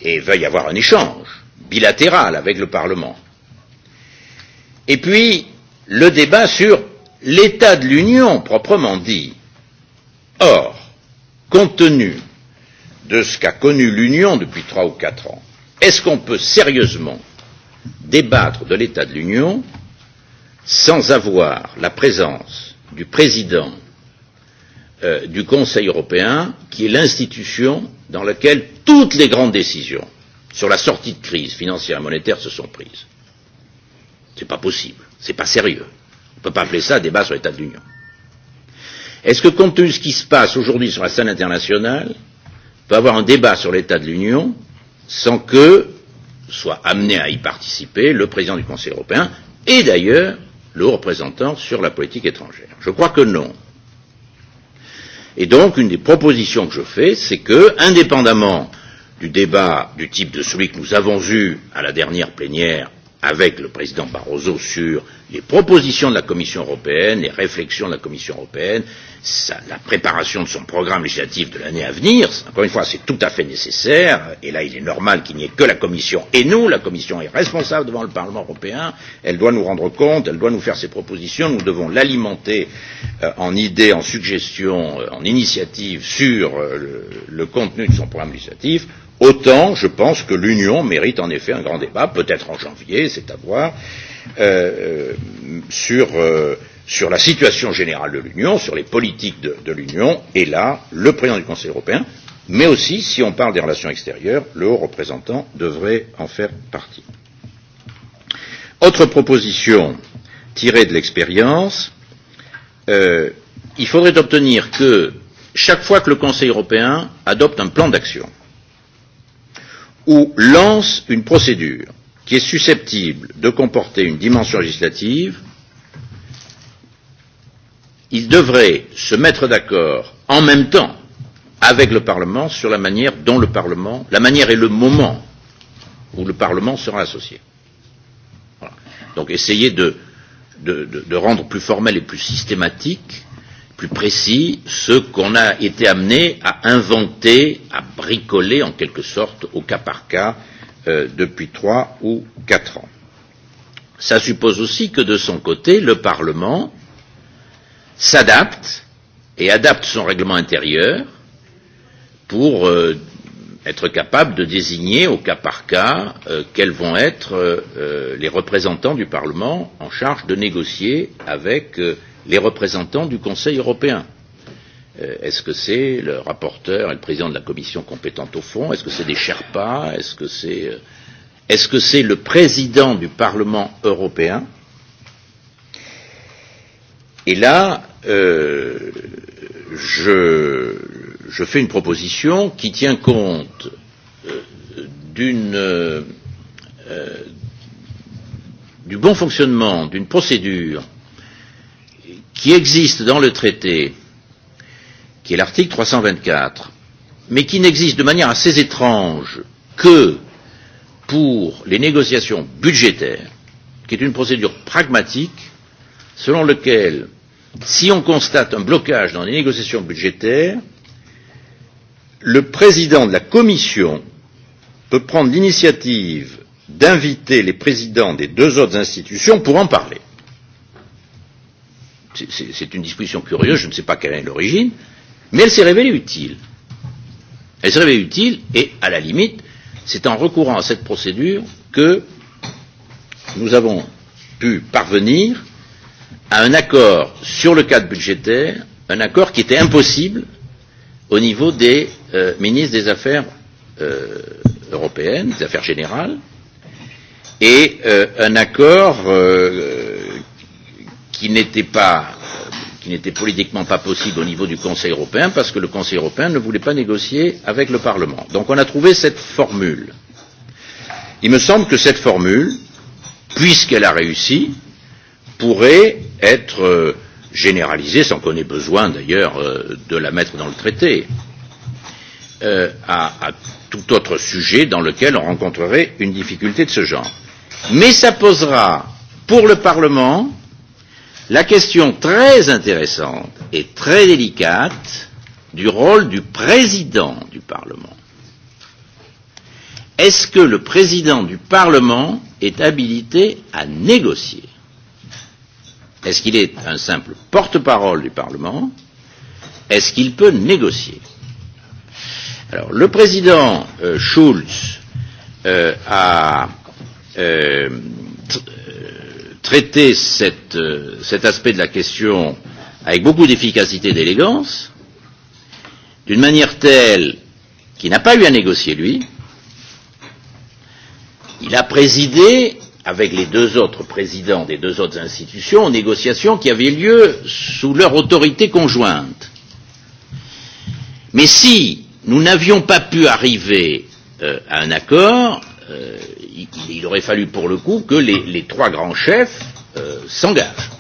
et veuille avoir un échange bilatéral avec le Parlement. Et puis, le débat sur l'état de l'Union proprement dit. Or, compte tenu de ce qu'a connu l'Union depuis trois ou quatre ans, est-ce qu'on peut sérieusement débattre de l'état de l'Union sans avoir la présence du président euh, du Conseil européen, qui est l'institution dans laquelle toutes les grandes décisions sur la sortie de crise financière et monétaire se sont prises. Ce n'est pas possible. C'est pas sérieux. On ne peut pas appeler ça un débat sur l'état de l'Union. Est-ce que compte tenu de ce qui se passe aujourd'hui sur la scène internationale, on peut avoir un débat sur l'état de l'Union sans que soit amené à y participer le président du Conseil européen et d'ailleurs le représentant sur la politique étrangère Je crois que non. Et donc, une des propositions que je fais, c'est que, indépendamment du débat du type de celui que nous avons eu à la dernière plénière avec le président Barroso sur les propositions de la Commission européenne, les réflexions de la Commission européenne, sa, la préparation de son programme législatif de l'année à venir. Encore une fois, c'est tout à fait nécessaire. Et là, il est normal qu'il n'y ait que la Commission et nous. La Commission est responsable devant le Parlement européen. Elle doit nous rendre compte, elle doit nous faire ses propositions. Nous devons l'alimenter euh, en idées, en suggestions, euh, en initiatives sur euh, le, le contenu de son programme législatif Autant, je pense que l'Union mérite en effet un grand débat, peut-être en janvier, c'est à voir, euh, euh, sur, euh, sur la situation générale de l'Union, sur les politiques de, de l'Union, et là, le président du Conseil européen, mais aussi, si on parle des relations extérieures, le haut représentant devrait en faire partie. Autre proposition tirée de l'expérience, euh, il faudrait obtenir que chaque fois que le Conseil européen adopte un plan d'action, ou lance une procédure qui est susceptible de comporter une dimension législative, il devrait se mettre d'accord en même temps avec le Parlement sur la manière dont le Parlement, la manière et le moment où le Parlement sera associé. Voilà. Donc essayer de, de, de, de rendre plus formel et plus systématique plus précis ce qu'on a été amené à inventer, à bricoler en quelque sorte au cas par cas euh, depuis trois ou quatre ans. Ça suppose aussi que de son côté, le Parlement s'adapte et adapte son règlement intérieur pour euh, être capable de désigner au cas par cas euh, quels vont être euh, euh les représentants du Parlement en charge de négocier avec euh, les représentants du Conseil européen. Euh, Est-ce que c'est le rapporteur et le président de la commission compétente au fond Est-ce que c'est des Sherpas Est-ce que c'est euh, est -ce c'est le président du Parlement européen Et là, euh, je, je fais une proposition qui tient compte euh, d'une euh, euh, du bon fonctionnement d'une procédure qui existe dans le traité, qui est l'article 324, mais qui n'existe de manière assez étrange que pour les négociations budgétaires, qui est une procédure pragmatique selon laquelle, si on constate un blocage dans les négociations budgétaires, le président de la Commission peut prendre l'initiative d'inviter les présidents des deux autres institutions pour en parler. C'est une disposition curieuse, je ne sais pas quelle est l'origine, mais elle s'est révélée utile. Elle s'est révélée utile et, à la limite, c'est en recourant à cette procédure que nous avons pu parvenir à un accord sur le cadre budgétaire, un accord qui était impossible au niveau des euh, ministres des Affaires euh, européennes, des Affaires générales, et euh, un accord euh, qui n'était pas euh, qui n'était politiquement pas possible au niveau du Conseil européen parce que le Conseil européen ne voulait pas négocier avec le Parlement. Donc on a trouvé cette formule. Il me semble que cette formule, puisqu'elle a réussi, pourrait être euh, généralisée, sans qu'on ait besoin d'ailleurs euh, de la mettre dans le traité, à, à tout autre sujet dans lequel on rencontrerait une difficulté de ce genre. Mais ça posera pour le Parlement la question très intéressante et très délicate du rôle du président du Parlement. Est-ce que le président du Parlement est habilité à négocier Est-ce qu'il est un simple porte-parole du Parlement Est-ce qu'il peut négocier Alors, le président euh, Schulz euh, a euh, traiter cette, euh, cet aspect de la question avec beaucoup d'efficacité et d'élégance, d'une manière telle qu'il n'a pas eu à négocier lui. Il a présidé, avec les deux autres présidents des deux autres institutions, aux négociations qui avaient lieu sous leur autorité conjointe. Mais si nous n'avions pas pu arriver euh, à un accord, euh, il, il aurait fallu pour le coup que les, les trois grands chefs euh, s'engagent.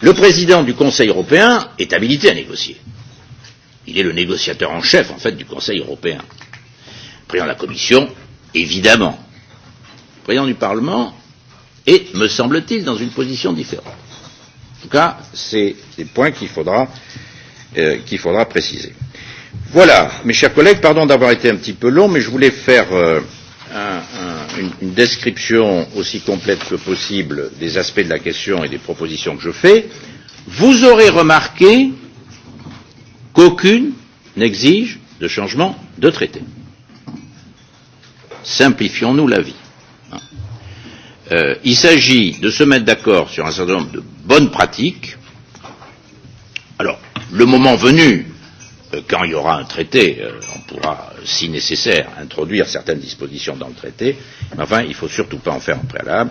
Le président du Conseil européen est habilité à négocier. Il est le négociateur en chef, en fait, du Conseil européen. Le président de la Commission, évidemment. Le président du Parlement est, me semble-t-il, dans une position différente. En tout cas, c'est des points qu'il faudra, euh, qu'il faudra préciser. Voilà, mes chers collègues, pardon d'avoir été un petit peu long, mais je voulais faire euh, un, un, une, une description aussi complète que possible des aspects de la question et des propositions que je fais. Vous aurez remarqué qu'aucune n'exige de changement de traité. Simplifions-nous la vie. Hein. Euh, il s'agit de se mettre d'accord sur un certain nombre de bonnes pratiques. Alors, le moment venu, Euh, quand il y aura un traité, euh, on pourra, euh, si nécessaire, introduire certaines dispositions dans le traité, mais enfin, il ne faut surtout pas en faire un préalable.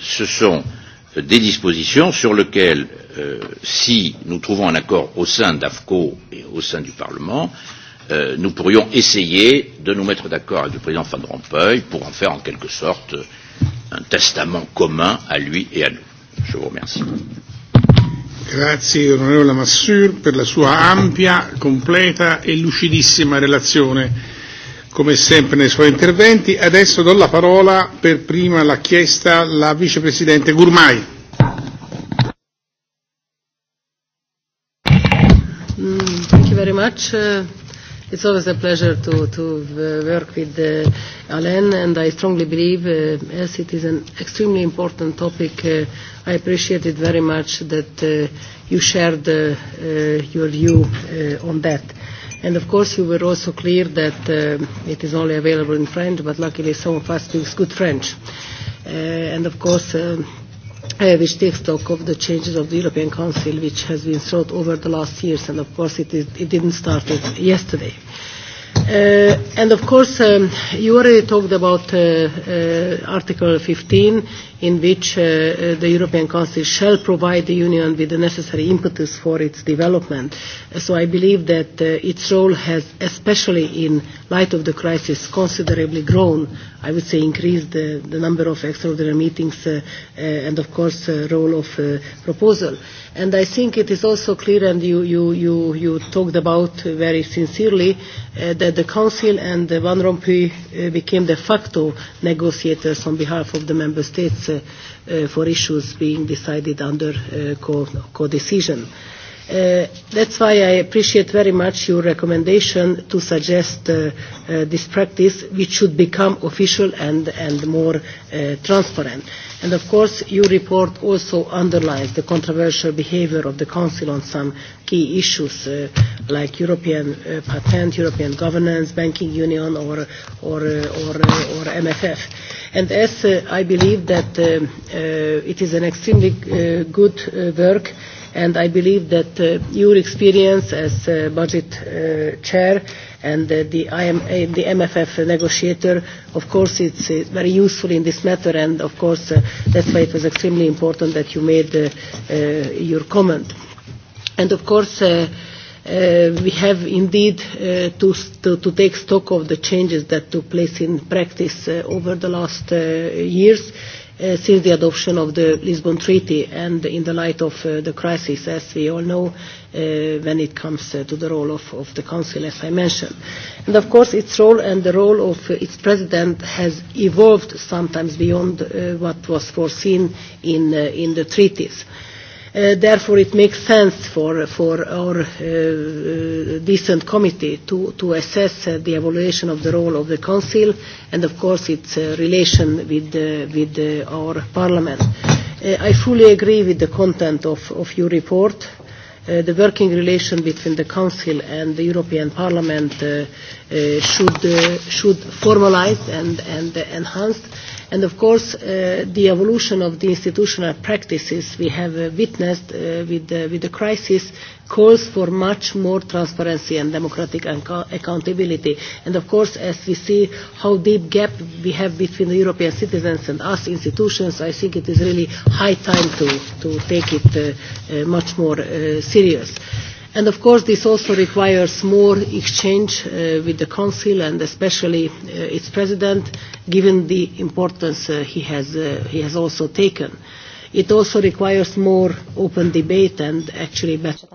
Ce sont des dispositions sur lesquelles, euh, si nous trouvons un accord au sein d'AFCO et au sein du Parlement, euh, nous pourrions essayer de nous mettre d'accord avec le président Van Rompuy pour en faire en quelque sorte un testament commun à lui et à nous. Je vous remercie. Merci. Grazie onorevole Massur per la sua ampia, completa e lucidissima relazione come sempre nei suoi interventi. Adesso do la parola per prima la chiesta la vicepresidente Gurmai. Mm, thank you very much. Uh, it's always a pleasure to, to uh, work with uh, Alain and I strongly believe uh, as it is an extremely important topic uh, I appreciate it very much that uh, you shared uh, uh, your view uh, on that. And of course, you were also clear that uh, it is only available in French, but luckily some of us speaks good French. Uh, and of course, um, uh, which takes stock of the changes of the European Council, which has been sought over the last years, and of course, it, is, it didn't start it yesterday. Uh, and of course, um, you already talked about uh, uh, Article 15 in which uh, uh, the European Council shall provide the Union with the necessary impetus for its development. So I believe that uh, its role has, especially in light of the crisis, considerably grown. I would say increased uh, the number of extraordinary meetings uh, uh, and, of course, uh, role of uh, proposal. And I think it is also clear, and you, you, you, you talked about very sincerely, uh, that the Council and uh, Van Rompuy uh, became de facto negotiators on behalf of the Member States uh, uh, for issues being decided under uh, co-decision. Co Uh, that's why I appreciate very much your recommendation to suggest uh, uh, this practice, which should become official and, and more uh, transparent. And of course, your report also underlines the controversial behavior of the Council on some key issues uh, like European uh, patent, European governance, banking union, or, or, uh, or, uh, or MFF. And as uh, I believe that uh, uh, it is an extremely uh, good uh, work, and I believe that uh, your experience as uh, budget uh, chair and uh, the, IMA, uh, the MFF negotiator, of course, it's uh, very useful in this matter, and of course, uh, that's why it was extremely important that you made uh, uh, your comment. And of course, uh, Uh, we have indeed uh, to, to, to take stock of the changes that took place in practice uh, over the last uh, years uh, since the adoption of the Lisbon Treaty and in the light of uh, the crisis, as we all know, uh, when it comes uh, to the role of, of the Council, as I mentioned. And of course, its role and the role of uh, its President has evolved sometimes beyond uh, what was foreseen in, uh, in the treaties. Uh, Uh, therefore, it makes sense for, for our uh, uh, decent committee to, to assess uh, the evaluation of the role of the Council and, of course, its uh, relation with, uh, with uh, our Parliament. Uh, I fully agree with the content of, of your report. Uh, the working relation between the Council and the European Parliament uh, uh, should, uh, should formalize and, and uh, enhanced And of course, uh, the evolution of the institutional practices we have uh, witnessed uh, with, the, with the crisis calls for much more transparency and democratic accountability. And of course, as we see how deep gap we have between the European citizens and us institutions, I think it is really high time to, to take it uh, uh, much more uh, serious. Uh, And of course this also requires more exchange uh, with the Council and especially uh, its President, given the importance uh, he, has, uh, he has also taken. It also requires more open debate and actually better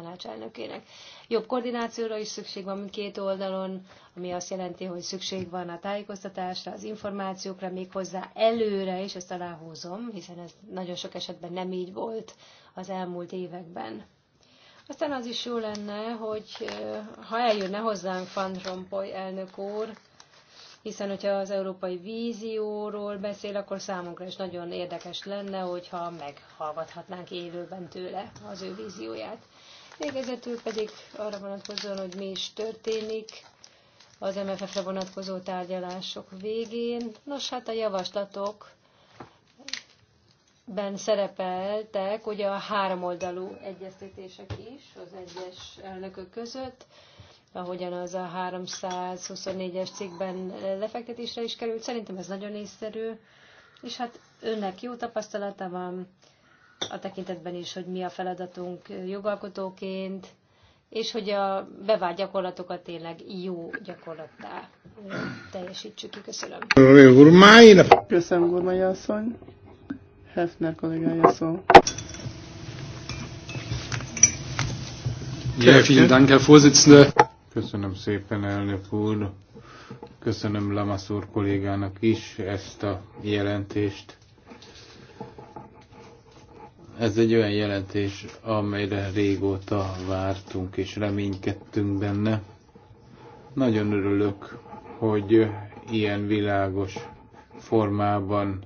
jobb koordinációra is szükség van két oldalon, ami azt jelenti, hogy szükség van a tájékoztatásra, az információkra, méghozzá előre, és ezt aláhúzom, hiszen ez nagyon sok esetben nem így volt az elmúlt években. Aztán az is jó lenne, hogy eh, ha eljönne hozzánk Van Rompuy elnök úr, hiszen hogyha az európai vízióról beszél, akkor számunkra is nagyon érdekes lenne, hogyha meghallgathatnánk élőben tőle az ő vízióját. Végezetül pedig arra vonatkozóan, hogy mi is történik az MFF-re vonatkozó tárgyalások végén. Nos, hát a javaslatok ben szerepeltek ugye a háromoldalú egyeztetések is az egyes elnökök között, ahogyan az a 324-es cikkben lefektetésre is került. Szerintem ez nagyon észszerű, és hát önnek jó tapasztalata van a tekintetben is, hogy mi a feladatunk jogalkotóként, és hogy a bevált gyakorlatokat tényleg jó gyakorlattá teljesítsük Köszönöm. Köszönöm, Gurmai asszony. Hefner kollégája szó. Ja, vielen Dank, Herr Köszönöm szépen, elnök úr. Köszönöm Lamaszúr kollégának is ezt a jelentést. Ez egy olyan jelentés, amelyre régóta vártunk és reménykedtünk benne. Nagyon örülök, hogy ilyen világos formában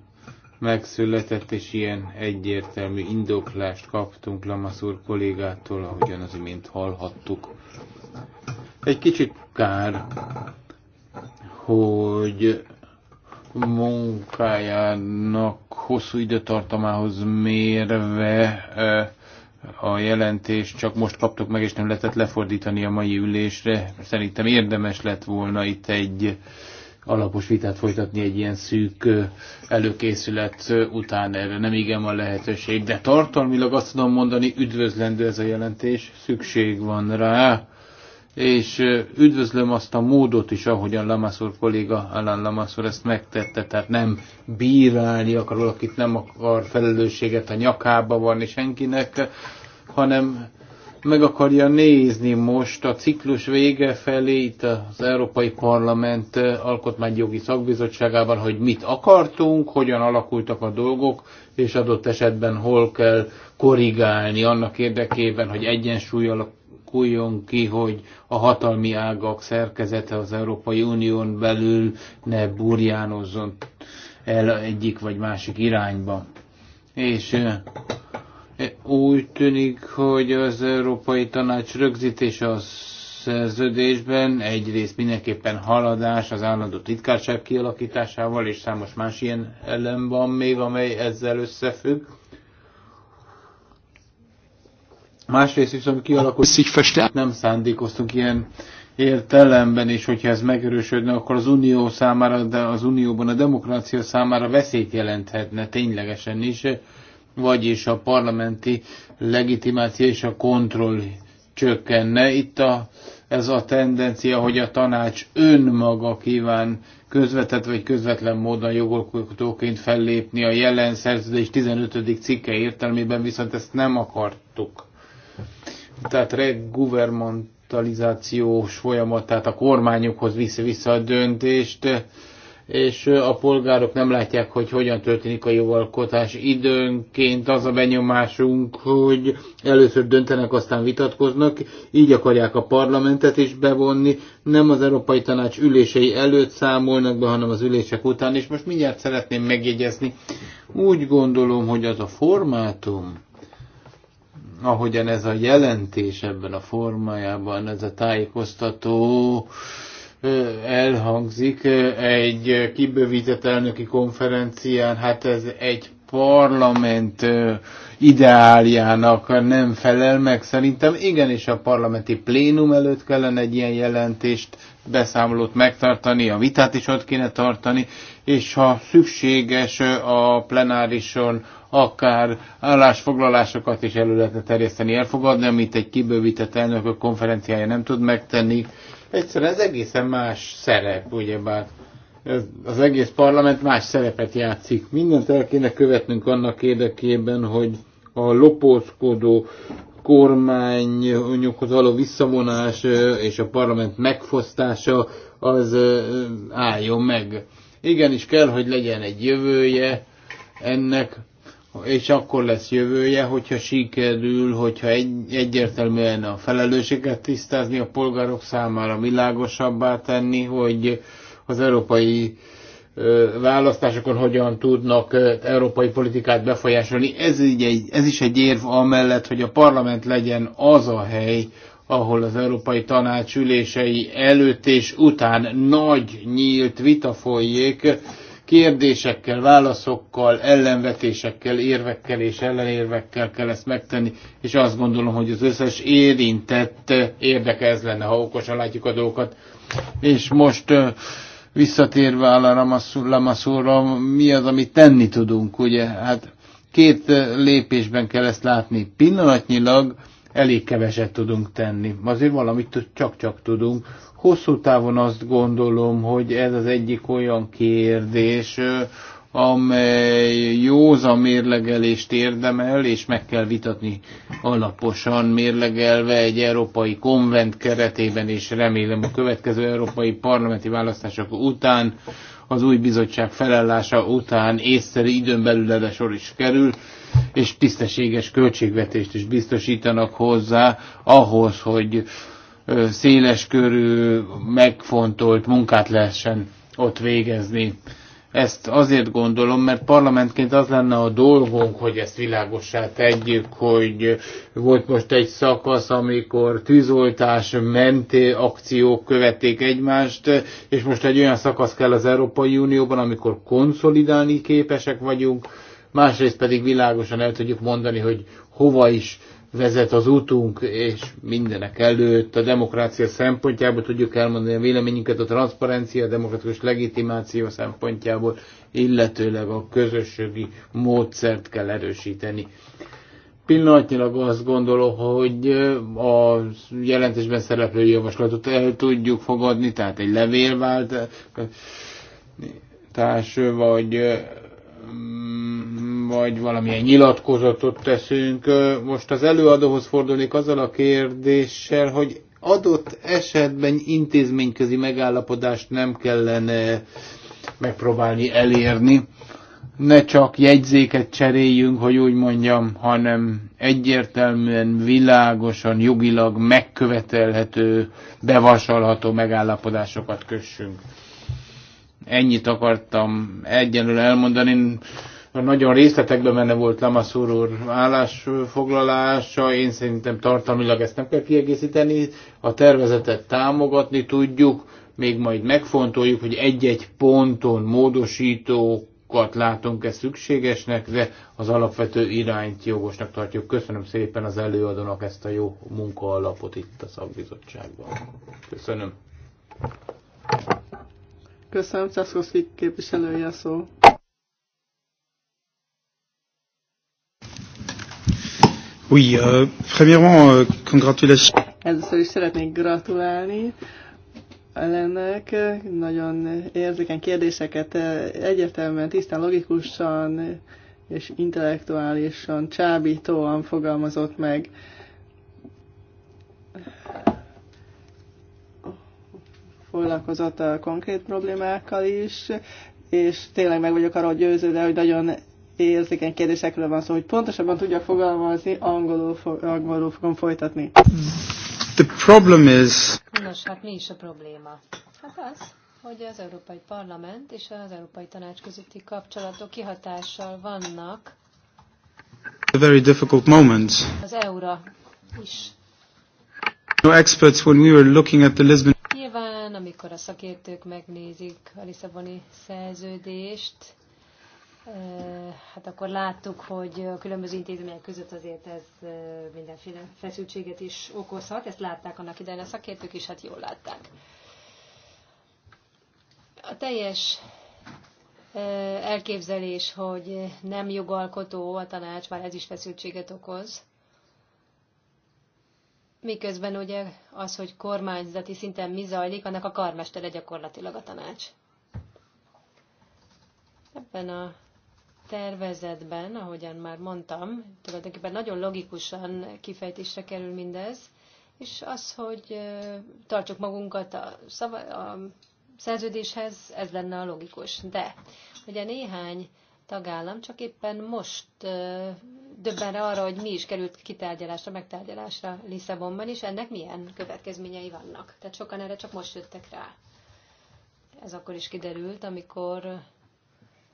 megszületett, és ilyen egyértelmű indoklást kaptunk Lamaszúr kollégától, ahogyan az imént hallhattuk. Egy kicsit kár, hogy munkájának hosszú időtartamához mérve a jelentést csak most kaptuk meg, és nem lehetett lefordítani a mai ülésre. Szerintem érdemes lett volna itt egy alapos vitát folytatni egy ilyen szűk előkészület után erre nem igen van lehetőség, de tartalmilag azt tudom mondani, üdvözlendő ez a jelentés, szükség van rá, és üdvözlöm azt a módot is, ahogyan lamaszor kolléga, Alan lamaszor ezt megtette, tehát nem bírálni akar valakit, nem akar felelősséget a nyakába vanni senkinek, hanem meg akarja nézni most a ciklus vége felé itt az Európai Parlament alkotmányjogi szakbizottságában, hogy mit akartunk, hogyan alakultak a dolgok, és adott esetben hol kell korrigálni annak érdekében, hogy egyensúly alakuljon ki, hogy a hatalmi ágak szerkezete az Európai Unión belül ne burjánozzon el egyik vagy másik irányba. És úgy tűnik, hogy az Európai Tanács rögzítése a szerződésben egyrészt mindenképpen haladás az állandó titkárság kialakításával, és számos más ilyen elem van még, amely ezzel összefügg. Másrészt viszont kialakult, nem szándékoztunk ilyen értelemben, és hogyha ez megerősödne, akkor az unió számára, de az unióban a demokrácia számára veszélyt jelenthetne ténylegesen is vagyis a parlamenti legitimáció és a kontroll csökkenne. Itt a, ez a tendencia, hogy a tanács önmaga kíván közvetett vagy közvetlen módon jogalkotóként fellépni a jelen szerződés 15. cikke értelmében, viszont ezt nem akartuk. Tehát regovernmentalizációs folyamat, tehát a kormányokhoz viszi vissza a döntést, és a polgárok nem látják, hogy hogyan történik a jogalkotás. Időnként az a benyomásunk, hogy először döntenek, aztán vitatkoznak, így akarják a parlamentet is bevonni, nem az Európai Tanács ülései előtt számolnak be, hanem az ülések után, és most mindjárt szeretném megjegyezni. Úgy gondolom, hogy az a formátum, ahogyan ez a jelentés ebben a formájában, ez a tájékoztató, elhangzik egy kibővített elnöki konferencián, hát ez egy parlament ideáljának nem felel meg. Szerintem igenis a parlamenti plénum előtt kellene egy ilyen jelentést, beszámolót megtartani, a vitát is ott kéne tartani, és ha szükséges a plenárison akár állásfoglalásokat is elő lehetne terjeszteni, elfogadni, amit egy kibővített elnökök konferenciája nem tud megtenni, Egyszerűen ez egészen más szerep, ugyebár az egész parlament más szerepet játszik. Mindent el kéne követnünk annak érdekében, hogy a lopózkodó kormányokhoz való visszavonás és a parlament megfosztása az álljon meg. Igenis kell, hogy legyen egy jövője ennek, és akkor lesz jövője, hogyha sikerül, hogyha egy, egyértelműen a felelősséget tisztázni, a polgárok számára világosabbá tenni, hogy az európai választásokon hogyan tudnak európai politikát befolyásolni. Ez, így egy, ez is egy érv amellett, hogy a parlament legyen az a hely, ahol az Európai Tanács ülései előtt és után nagy nyílt vita folyjék, kérdésekkel, válaszokkal, ellenvetésekkel, érvekkel és ellenérvekkel kell ezt megtenni, és azt gondolom, hogy az összes érintett érdeke ez lenne, ha okosan látjuk a dolgokat. És most visszatérve a Lamaszúra, mi az, amit tenni tudunk, ugye? Hát két lépésben kell ezt látni. Pillanatnyilag elég keveset tudunk tenni. Azért valamit csak-csak tudunk. Hosszú távon azt gondolom, hogy ez az egyik olyan kérdés, amely józa mérlegelést érdemel, és meg kell vitatni alaposan mérlegelve egy európai konvent keretében, és remélem a következő európai parlamenti választások után, az új bizottság felállása után észszerű időn belül erre sor is kerül és tisztességes költségvetést is biztosítanak hozzá ahhoz, hogy széles körű, megfontolt munkát lehessen ott végezni. Ezt azért gondolom, mert parlamentként az lenne a dolgunk, hogy ezt világossá tegyük, hogy volt most egy szakasz, amikor tűzoltás, menté akciók követték egymást, és most egy olyan szakasz kell az Európai Unióban, amikor konszolidálni képesek vagyunk, másrészt pedig világosan el tudjuk mondani, hogy hova is vezet az útunk, és mindenek előtt a demokrácia szempontjából tudjuk elmondani a véleményünket, a transzparencia, a demokratikus legitimáció szempontjából, illetőleg a közösségi módszert kell erősíteni. Pillanatnyilag azt gondolom, hogy a jelentésben szereplő javaslatot el tudjuk fogadni, tehát egy levélváltás, vagy Mm, vagy valamilyen nyilatkozatot teszünk. Most az előadóhoz fordulnék azzal a kérdéssel, hogy adott esetben intézményközi megállapodást nem kellene megpróbálni elérni. Ne csak jegyzéket cseréljünk, hogy úgy mondjam, hanem egyértelműen, világosan, jogilag megkövetelhető, bevasalható megállapodásokat kössünk. Ennyit akartam egyenlően elmondani. nagyon részletekben menne volt Lamaszúr úr állásfoglalása, én szerintem tartalmilag ezt nem kell kiegészíteni, a tervezetet támogatni tudjuk, még majd megfontoljuk, hogy egy-egy ponton módosítókat látunk-e szükségesnek, de az alapvető irányt jogosnak tartjuk. Köszönöm szépen az előadónak ezt a jó munkaalapot itt a szakbizottságban. Köszönöm. Köszönöm, Czaszkowski képviselője a szó. Oui, euh, premièrement, euh, congratulations. Először is szeretnék gratulálni ellennek. Nagyon érzékeny kérdéseket eh, egyértelműen, tisztán, logikusan és intellektuálisan, csábítóan fogalmazott meg. Euh, foglalkozott a konkrét problémákkal is, és tényleg meg vagyok arról győződve, hogy nagyon érzékeny kérdésekről van szó, hogy pontosabban tudjak fogalmazni, angolul, fo- angolul fogom folytatni. The problem is... Nos, hát mi is a probléma? Hát az, hogy az Európai Parlament és az Európai Tanács közötti kapcsolatok kihatással vannak a very difficult moments. Az Eura is. No experts when we were looking at the Lisbon után, amikor a szakértők megnézik a Lisszaboni szerződést, eh, hát akkor láttuk, hogy a különböző intézmények között azért ez eh, mindenféle feszültséget is okozhat. Ezt látták annak idején a szakértők is, hát jól látták. A teljes eh, elképzelés, hogy nem jogalkotó a tanács, már ez is feszültséget okoz. Miközben ugye az, hogy kormányzati szinten mi zajlik, annak a karmestere gyakorlatilag a tanács. Ebben a tervezetben, ahogyan már mondtam, tulajdonképpen nagyon logikusan kifejtésre kerül mindez, és az, hogy tartsuk magunkat a, szava, a szerződéshez, ez lenne a logikus. De ugye néhány tagállam csak éppen most döbben rá arra, hogy mi is került kitárgyalásra, megtárgyalásra Lisszabonban, is, ennek milyen következményei vannak. Tehát sokan erre csak most jöttek rá. Ez akkor is kiderült, amikor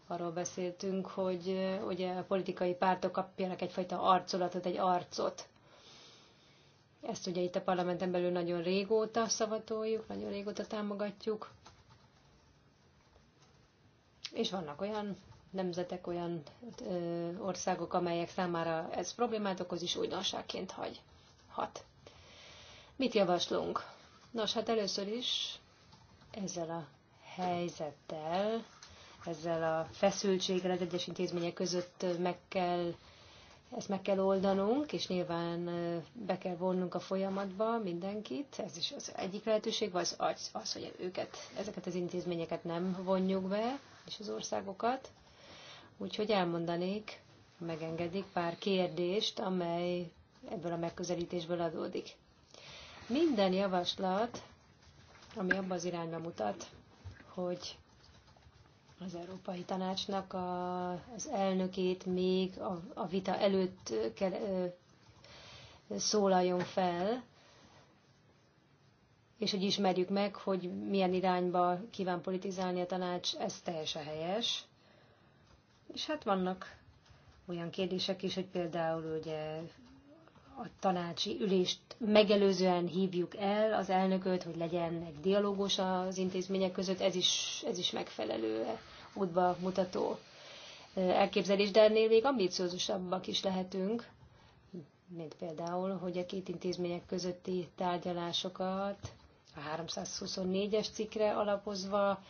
arról beszéltünk, hogy eh, ugye a politikai pártok kapjanak egyfajta arculatot, egy arcot. Ezt ugye itt a parlamenten belül nagyon régóta szavatoljuk, nagyon régóta támogatjuk. És vannak olyan nemzetek, olyan országok, amelyek számára ez problémát okoz, is újdonságként hagy, hat. Mit javaslunk? Nos, hát először is ezzel a helyzettel, ezzel a feszültséggel az egyes intézmények között meg kell ezt meg kell oldanunk, és nyilván be kell vonnunk a folyamatba mindenkit. Ez is az egyik lehetőség, vagy az, az, hogy őket, ezeket az intézményeket nem vonjuk be, és az országokat. Úgyhogy elmondanék, megengedik pár kérdést, amely ebből a megközelítésből adódik. Minden javaslat, ami abba az irányba mutat, hogy az Európai Tanácsnak a, az elnökét még a, a vita előtt kell, ö, szólaljon fel, és hogy ismerjük meg, hogy milyen irányba kíván politizálni a tanács, ez teljesen helyes. És hát vannak olyan kérdések is, hogy például ugye a tanácsi ülést megelőzően hívjuk el az elnököt, hogy legyen egy dialógus az intézmények között, ez is, ez is megfelelő útba mutató elképzelés, de ennél még ambiciózusabbak is lehetünk, mint például, hogy a két intézmények közötti tárgyalásokat a 324-es cikkre alapozva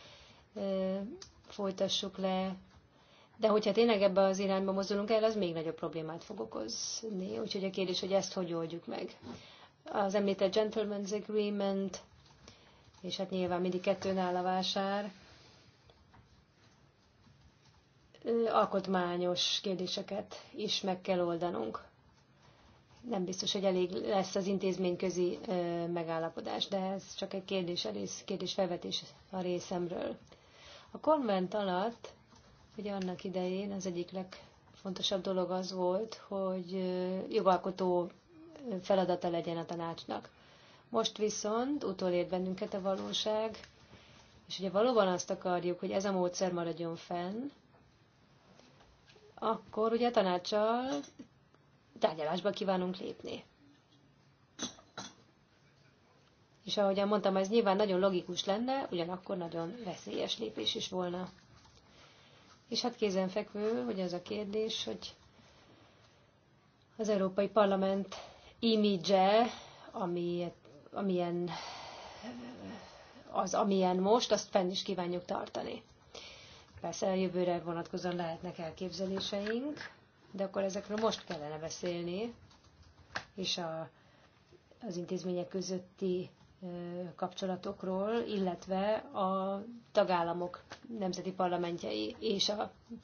folytassuk le, de hogyha tényleg ebbe az irányba mozdulunk el, az még nagyobb problémát fog okozni. Úgyhogy a kérdés, hogy ezt hogy oldjuk meg. Az említett Gentleman's Agreement, és hát nyilván mindig kettőn áll a vásár, alkotmányos kérdéseket is meg kell oldanunk. Nem biztos, hogy elég lesz az intézményközi megállapodás, de ez csak egy kérdés, kérdés felvetés a részemről. A konvent alatt Ugye annak idején az egyik legfontosabb dolog az volt, hogy jogalkotó feladata legyen a tanácsnak. Most viszont utolért bennünket a valóság, és ugye valóban azt akarjuk, hogy ez a módszer maradjon fenn, akkor ugye a tanácssal tárgyalásba kívánunk lépni. És ahogyan mondtam, ez nyilván nagyon logikus lenne, ugyanakkor nagyon veszélyes lépés is volna. És hát kézenfekvő, hogy az a kérdés, hogy az Európai Parlament imidzse, ami, amilyen az, amilyen most, azt fenn is kívánjuk tartani. Persze a jövőre vonatkozóan lehetnek elképzeléseink, de akkor ezekről most kellene beszélni, és a, az intézmények közötti kapcsolatokról, illetve a tagállamok nemzeti parlamentjei és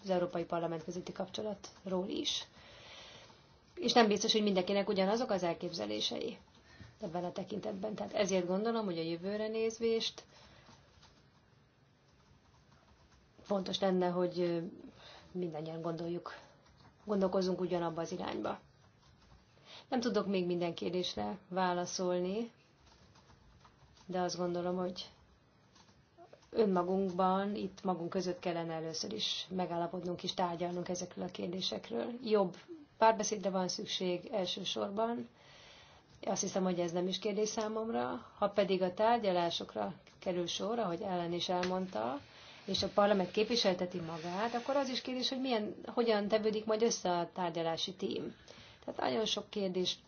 az Európai Parlament közötti kapcsolatról is. És nem biztos, hogy mindenkinek ugyanazok az elképzelései ebben a tekintetben. Tehát ezért gondolom, hogy a jövőre nézvést fontos lenne, hogy mindannyian gondoljuk, gondolkozunk ugyanabba az irányba. Nem tudok még minden kérdésre válaszolni, de azt gondolom, hogy önmagunkban, itt magunk között kellene először is megállapodnunk és tárgyalnunk ezekről a kérdésekről. Jobb párbeszédre van szükség elsősorban. Azt hiszem, hogy ez nem is kérdés számomra. Ha pedig a tárgyalásokra kerül sor, ahogy Ellen is elmondta, és a parlament képviselteti magát, akkor az is kérdés, hogy milyen, hogyan tevődik majd össze a tárgyalási tím. Tehát nagyon sok kérdést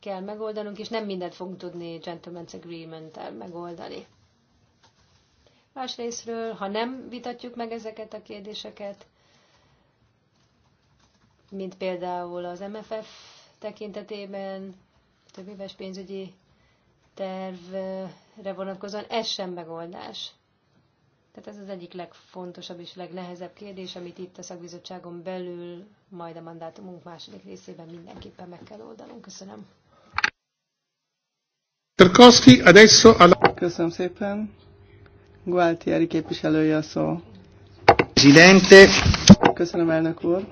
kell megoldanunk, és nem mindent fogunk tudni gentleman's agreement-tel megoldani. Másrésztről, ha nem vitatjuk meg ezeket a kérdéseket, mint például az MFF tekintetében, több éves pénzügyi tervre vonatkozóan, ez sem megoldás. Tehát ez az egyik legfontosabb és legnehezebb kérdés, amit itt a szakbizottságon belül, majd a mandátumunk második részében mindenképpen meg kell oldanunk. Köszönöm. Tarkovsky, adesso alla... Köszönöm szépen. Gualtieri képviselője a szó. Presidente. Köszönöm, elnök úr.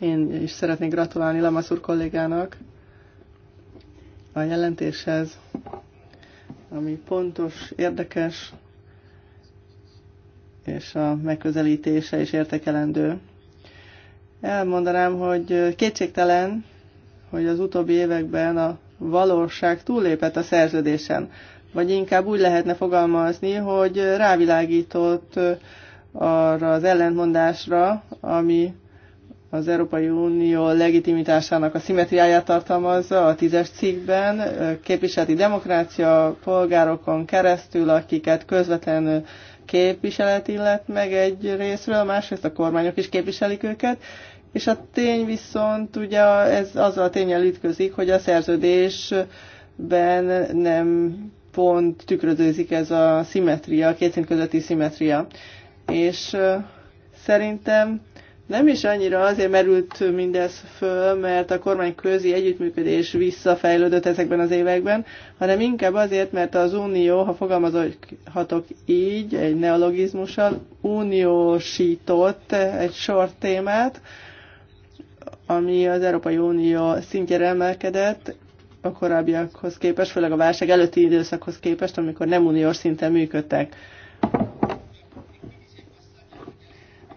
Én is szeretnék gratulálni úr kollégának a jelentéshez, ami pontos, érdekes, és a megközelítése is értekelendő. Elmondanám, hogy kétségtelen, hogy az utóbbi években a valóság túllépett a szerződésen. Vagy inkább úgy lehetne fogalmazni, hogy rávilágított arra az ellentmondásra, ami az Európai Unió legitimitásának a szimetriáját tartalmazza a tízes cikkben, képviseleti demokrácia polgárokon keresztül, akiket közvetlenül képviselet illet meg egy részről, másrészt a kormányok is képviselik őket, és a tény viszont ugye ez azzal a tényel ütközik, hogy a szerződésben nem pont tükröződik ez a szimetria, a két szint közötti szimetria. És szerintem nem is annyira azért merült mindez föl, mert a kormány közi együttműködés visszafejlődött ezekben az években, hanem inkább azért, mert az unió, ha fogalmazhatok így, egy neologizmussal, uniósított egy sor témát, ami az Európai Unió szintjére emelkedett a korábbiakhoz képest, főleg a válság előtti időszakhoz képest, amikor nem uniós szinten működtek.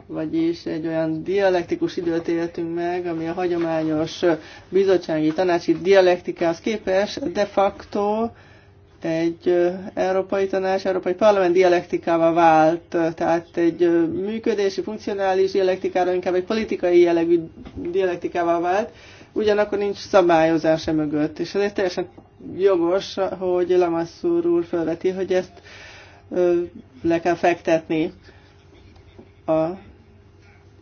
Vagyis egy olyan dialektikus időt éltünk meg, ami a hagyományos bizottsági tanácsi dialektikához képest de facto egy Európai Tanács, Európai Parlament dialektikává vált, tehát egy működési, funkcionális dialektikára inkább egy politikai jellegű dialektikává vált, ugyanakkor nincs szabályozása mögött, és ezért teljesen jogos, hogy Lamassur úr felveti, hogy ezt le kell fektetni. A,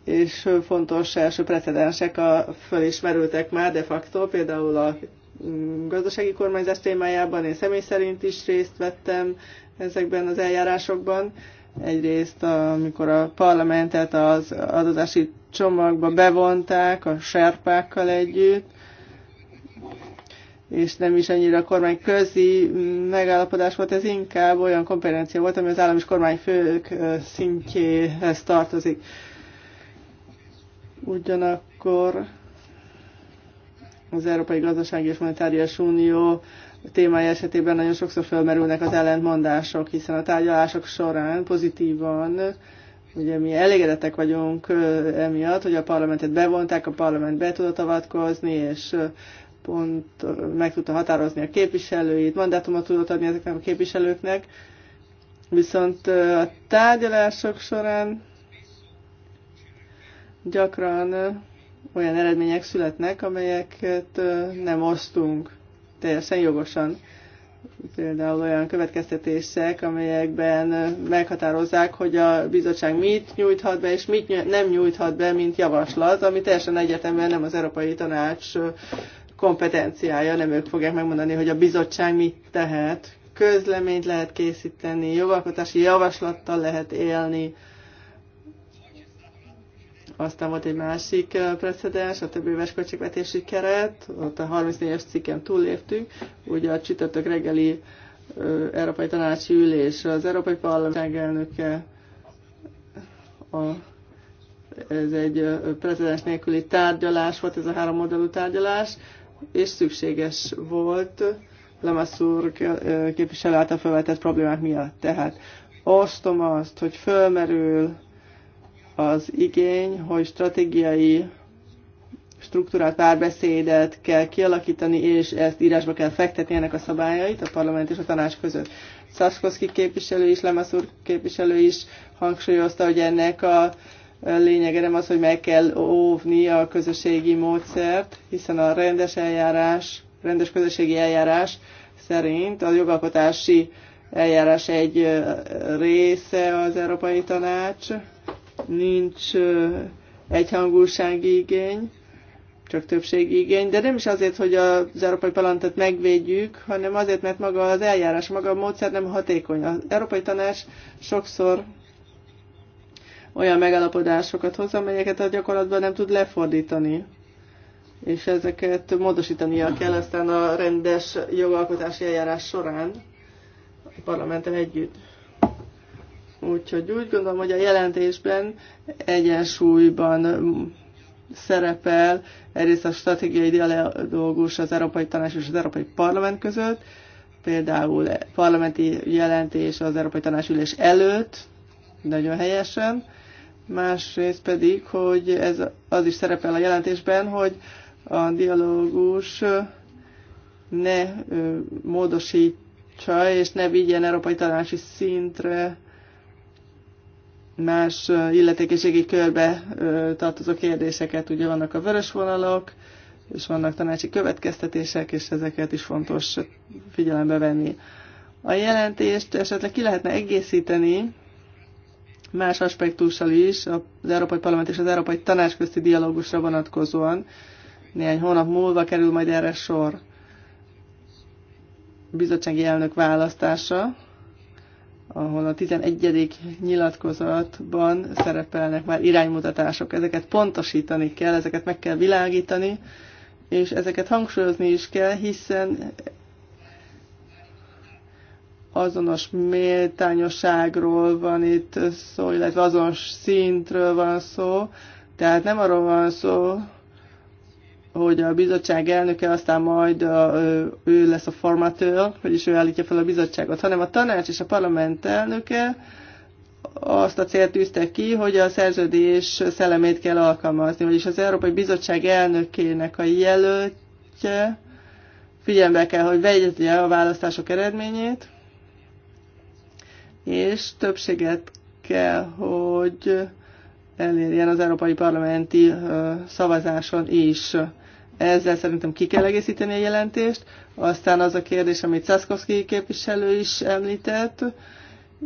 és fontos első precedensek a, fölismerültek már de facto, például a Mm, gazdasági kormányzás témájában, én személy szerint is részt vettem ezekben az eljárásokban. Egyrészt, amikor a parlamentet az adózási csomagba bevonták a serpákkal együtt, és nem is annyira kormány közi mm, megállapodás volt, ez inkább olyan konferencia volt, ami az állam és kormányfők szintjéhez tartozik. Ugyanakkor az Európai Gazdasági és Monetárius Unió témája esetében nagyon sokszor felmerülnek az ellentmondások, hiszen a tárgyalások során pozitívan Ugye mi elégedettek vagyunk emiatt, hogy a parlamentet bevonták, a parlament be tudott avatkozni, és pont meg tudta határozni a képviselőit, mandátumot tudott adni ezeknek a képviselőknek. Viszont a tárgyalások során gyakran olyan eredmények születnek, amelyeket nem osztunk teljesen jogosan. Például olyan következtetések, amelyekben meghatározzák, hogy a bizottság mit nyújthat be, és mit nem nyújthat be, mint javaslat, ami teljesen egyetemben nem az Európai Tanács kompetenciája, nem ők fogják megmondani, hogy a bizottság mit tehet. Közleményt lehet készíteni, jogalkotási javaslattal lehet élni, aztán volt egy másik precedens, a több éves költségvetési keret, ott a 34-es cikken túlléptünk, ugye a csütörtök reggeli Európai Tanácsi Ülés, az Európai Parlament elnöke, a, ez egy precedens nélküli tárgyalás volt, ez a három modellú tárgyalás, és szükséges volt Lemassur képviselő által felvetett problémák miatt. Tehát osztom azt, hogy fölmerül az igény, hogy stratégiai struktúrált párbeszédet kell kialakítani, és ezt írásba kell fektetni ennek a szabályait a parlament és a tanács között. Szaszkoszki képviselő is, Lemaszur képviselő is hangsúlyozta, hogy ennek a lényege nem az, hogy meg kell óvni a közösségi módszert, hiszen a rendes eljárás, rendes közösségi eljárás szerint a jogalkotási eljárás egy része az Európai Tanács, nincs egyhangúsági igény, csak többségi igény, de nem is azért, hogy az Európai Parlamentet megvédjük, hanem azért, mert maga az eljárás, maga a módszer nem hatékony. Az Európai Tanács sokszor olyan megállapodásokat hoz, amelyeket a gyakorlatban nem tud lefordítani. És ezeket módosítania kell aztán a rendes jogalkotási eljárás során a parlamenten együtt. Úgyhogy úgy gondolom, hogy a jelentésben egyensúlyban szerepel egyrészt a stratégiai dialógus az Európai Tanács és az Európai Parlament között, például parlamenti jelentés az Európai Tanács ülés előtt, nagyon helyesen, másrészt pedig, hogy ez az is szerepel a jelentésben, hogy a dialógus ne módosítsa és ne vigyen európai tanácsi szintre más illetékeségi körbe tartozó kérdéseket. Ugye vannak a vörös vonalak, és vannak tanácsi következtetések, és ezeket is fontos figyelembe venni. A jelentést esetleg ki lehetne egészíteni más aspektussal is, az Európai Parlament és az Európai Tanács közti dialógusra vonatkozóan. Néhány hónap múlva kerül majd erre sor bizottsági elnök választása, ahol a 11. nyilatkozatban szerepelnek már iránymutatások. Ezeket pontosítani kell, ezeket meg kell világítani, és ezeket hangsúlyozni is kell, hiszen azonos méltányosságról van itt szó, illetve azonos szintről van szó. Tehát nem arról van szó, hogy a bizottság elnöke aztán majd a, ő lesz a formatőr, vagyis ő állítja fel a bizottságot, hanem a tanács és a parlament elnöke azt a célt tűzte ki, hogy a szerződés szellemét kell alkalmazni, vagyis az Európai Bizottság elnökének a jelöltje figyelme kell, hogy vegye a választások eredményét, és többséget kell, hogy elérjen az Európai Parlamenti szavazáson is. Ezzel szerintem ki kell egészíteni a jelentést. Aztán az a kérdés, amit Szaszkowski képviselő is említett,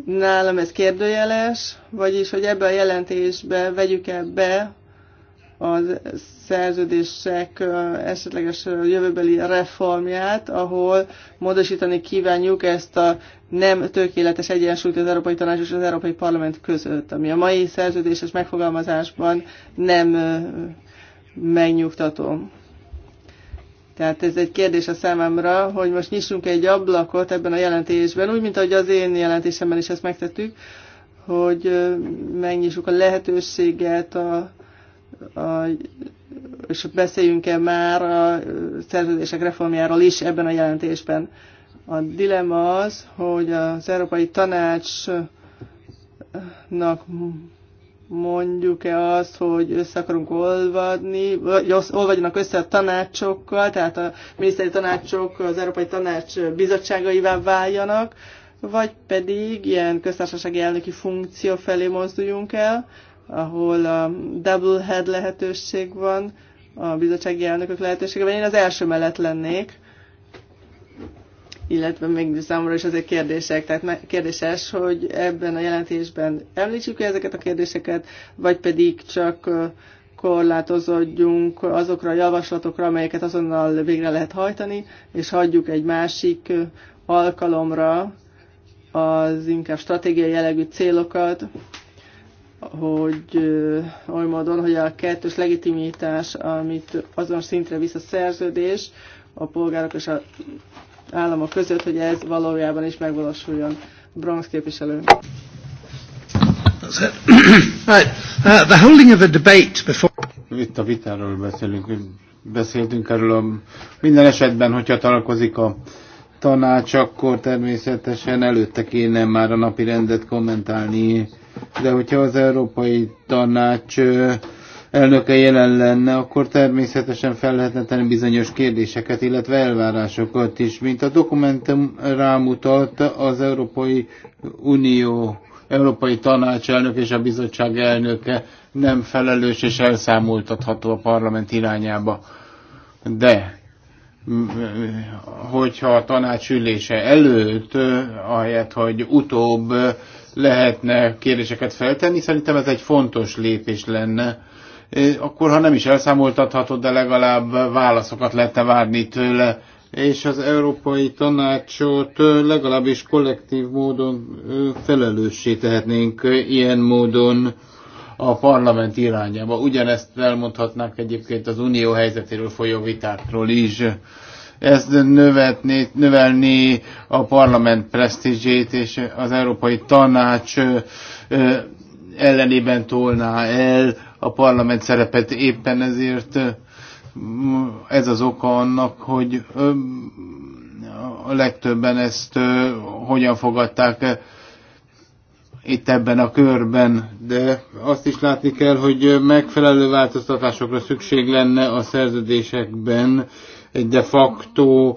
nálam ez kérdőjeles, vagyis hogy ebbe a jelentésbe vegyük-e be a szerződések esetleges jövőbeli reformját, ahol módosítani kívánjuk ezt a nem tökéletes egyensúlyt az Európai Tanács és az Európai Parlament között, ami a mai szerződéses megfogalmazásban nem megnyugtató. Tehát ez egy kérdés a számomra, hogy most nyissunk egy ablakot ebben a jelentésben, úgy, mint ahogy az én jelentésemben is ezt megtettük, hogy megnyissuk a lehetőséget, a, a, és beszéljünk-e már a szerződések reformjáról is ebben a jelentésben. A dilemma az, hogy az Európai Tanácsnak mondjuk-e azt, hogy össze akarunk olvadni, vagy olvadjanak össze a tanácsokkal, tehát a miniszteri tanácsok az Európai Tanács bizottságaivá váljanak, vagy pedig ilyen köztársasági elnöki funkció felé mozduljunk el, ahol a double head lehetőség van, a bizottsági elnökök vagy Én az első mellett lennék, illetve még számomra is azért kérdések, tehát kérdéses, hogy ebben a jelentésben említsük -e ezeket a kérdéseket, vagy pedig csak korlátozódjunk azokra a javaslatokra, amelyeket azonnal végre lehet hajtani, és hagyjuk egy másik alkalomra az inkább stratégiai jellegű célokat, hogy oly módon, hogy a kettős legitimitás, amit azon szintre visz a szerződés, a polgárok és a államok között, hogy ez valójában is megvalósuljon. Bronx képviselő. Uh, the holding of a debate before... Itt a vitáról beszélünk, beszéltünk erről a, minden esetben, hogyha találkozik a tanács, akkor természetesen előtte kéne már a napi rendet kommentálni, de hogyha az Európai Tanács elnöke jelen lenne, akkor természetesen fel lehetne tenni bizonyos kérdéseket, illetve elvárásokat is. Mint a dokumentum rámutat, az Európai Unió, Európai Tanács elnök és a bizottság elnöke nem felelős és elszámoltatható a parlament irányába. De hogyha a tanácsülése előtt, ahelyett, hogy utóbb lehetne kérdéseket feltenni, szerintem ez egy fontos lépés lenne akkor ha nem is elszámoltathatod, de legalább válaszokat lehetne várni tőle. És az Európai Tanácsot legalábbis kollektív módon felelőssé tehetnénk ilyen módon a parlament irányába. Ugyanezt elmondhatnák egyébként az unió helyzetéről folyó vitákról is. Ez növetni, növelni a parlament presztízsét, és az Európai Tanács ellenében tolná el a parlament szerepet. Éppen ezért ez az oka annak, hogy a legtöbben ezt hogyan fogadták itt ebben a körben, de azt is látni kell, hogy megfelelő változtatásokra szükség lenne a szerződésekben, egy de facto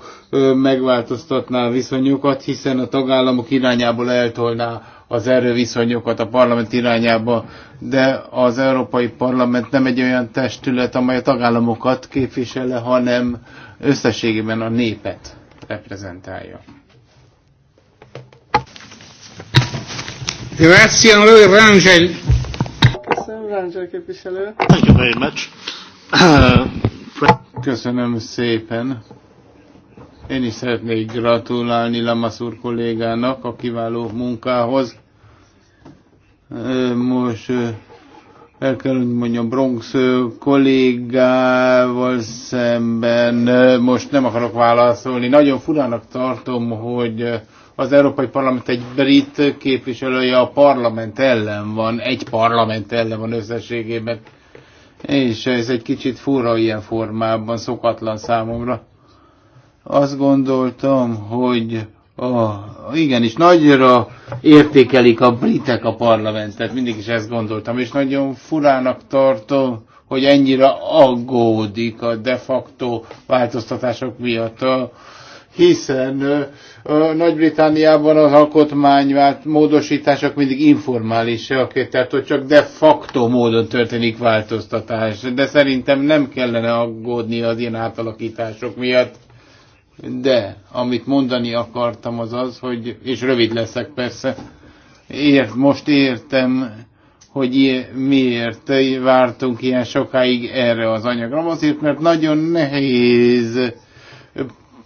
megváltoztatná a viszonyokat, hiszen a tagállamok irányából eltolná az erőviszonyokat a parlament irányába, de az Európai Parlament nem egy olyan testület, amely a tagállamokat képvisele, hanem összességében a népet reprezentálja. Köszönöm, Rangel képviselő. Thank you very much. Köszönöm szépen. Én is szeretnék gratulálni Lamaszúr kollégának a kiváló munkához. Most el kell, hogy mondjam, Bronx kollégával szemben most nem akarok válaszolni. Nagyon furának tartom, hogy az Európai Parlament egy brit képviselője a parlament ellen van, egy parlament ellen van összességében. És ez egy kicsit fura ilyen formában, szokatlan számomra. Azt gondoltam, hogy a, igenis nagyra értékelik a britek a parlamentet, mindig is ezt gondoltam, és nagyon furának tartom, hogy ennyire aggódik a de facto változtatások miatt. Hiszen Nagy-Britániában az alkotmányvált módosítások mindig informálisak, tehát hogy csak de facto módon történik változtatás. De szerintem nem kellene aggódni az ilyen átalakítások miatt de amit mondani akartam az az, hogy, és rövid leszek persze, ért, most értem, hogy miért vártunk ilyen sokáig erre az anyagra. Azért, mert nagyon nehéz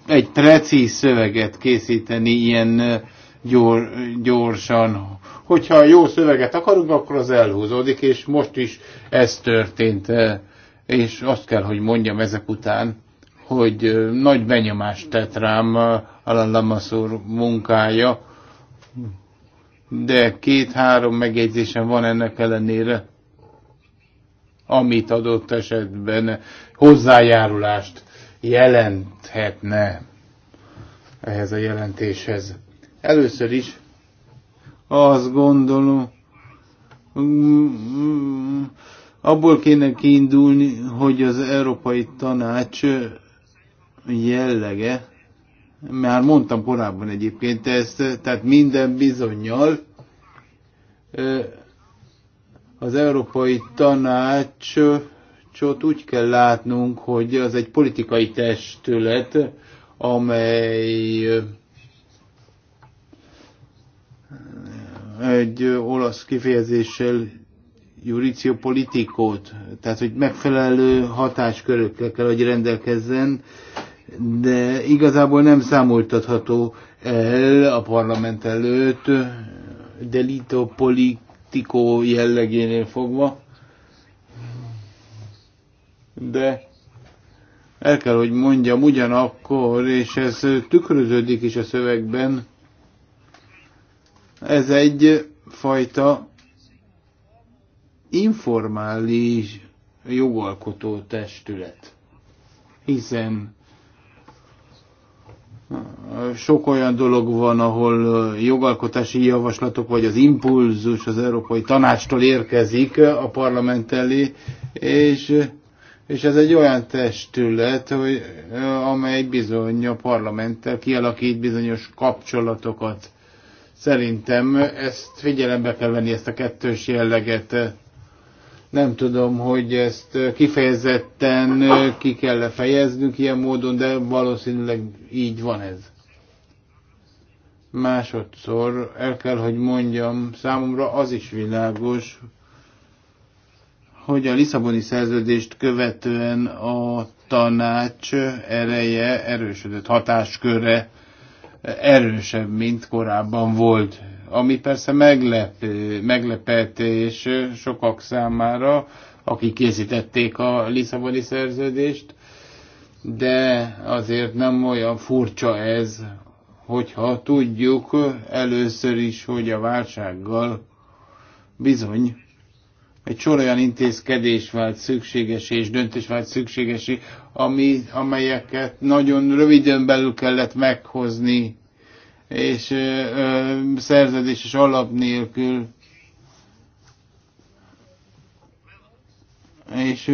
egy precíz szöveget készíteni ilyen gyor, gyorsan. Hogyha jó szöveget akarunk, akkor az elhúzódik, és most is ez történt. És azt kell, hogy mondjam ezek után, hogy nagy benyomást tett rám Alan Lamassur munkája, de két-három megjegyzésem van ennek ellenére, amit adott esetben hozzájárulást jelenthetne ehhez a jelentéshez. Először is azt gondolom, abból kéne kiindulni, hogy az Európai Tanács jellege, már mondtam korábban egyébként ezt, tehát minden bizonyal az Európai Tanácsot úgy kell látnunk, hogy az egy politikai testület, amely egy olasz kifejezéssel juríció politikót, tehát hogy megfelelő hatáskörökkel kell, hogy rendelkezzen, de igazából nem számoltatható el a parlament előtt delito politico jellegénél fogva. De el kell, hogy mondjam ugyanakkor, és ez tükröződik is a szövegben, ez egy fajta informális jogalkotó testület. Hiszen sok olyan dolog van, ahol jogalkotási javaslatok vagy az impulzus az Európai Tanácstól érkezik a parlament elé, és, és ez egy olyan testület, hogy, amely bizony a parlamenttel kialakít bizonyos kapcsolatokat. Szerintem ezt figyelembe kell venni, ezt a kettős jelleget nem tudom, hogy ezt kifejezetten ki kell -e fejeznünk ilyen módon, de valószínűleg így van ez. Másodszor el kell, hogy mondjam, számomra az is világos, hogy a Lisszaboni szerződést követően a tanács ereje erősödött, hatásköre erősebb, mint korábban volt ami persze meglepő, meglepetés sokak számára, akik készítették a Lisszaboni szerződést, de azért nem olyan furcsa ez, hogyha tudjuk először is, hogy a válsággal bizony egy sor olyan intézkedés vált szükséges és döntés vált szükséges, ami, amelyeket nagyon röviden belül kellett meghozni és és alap nélkül és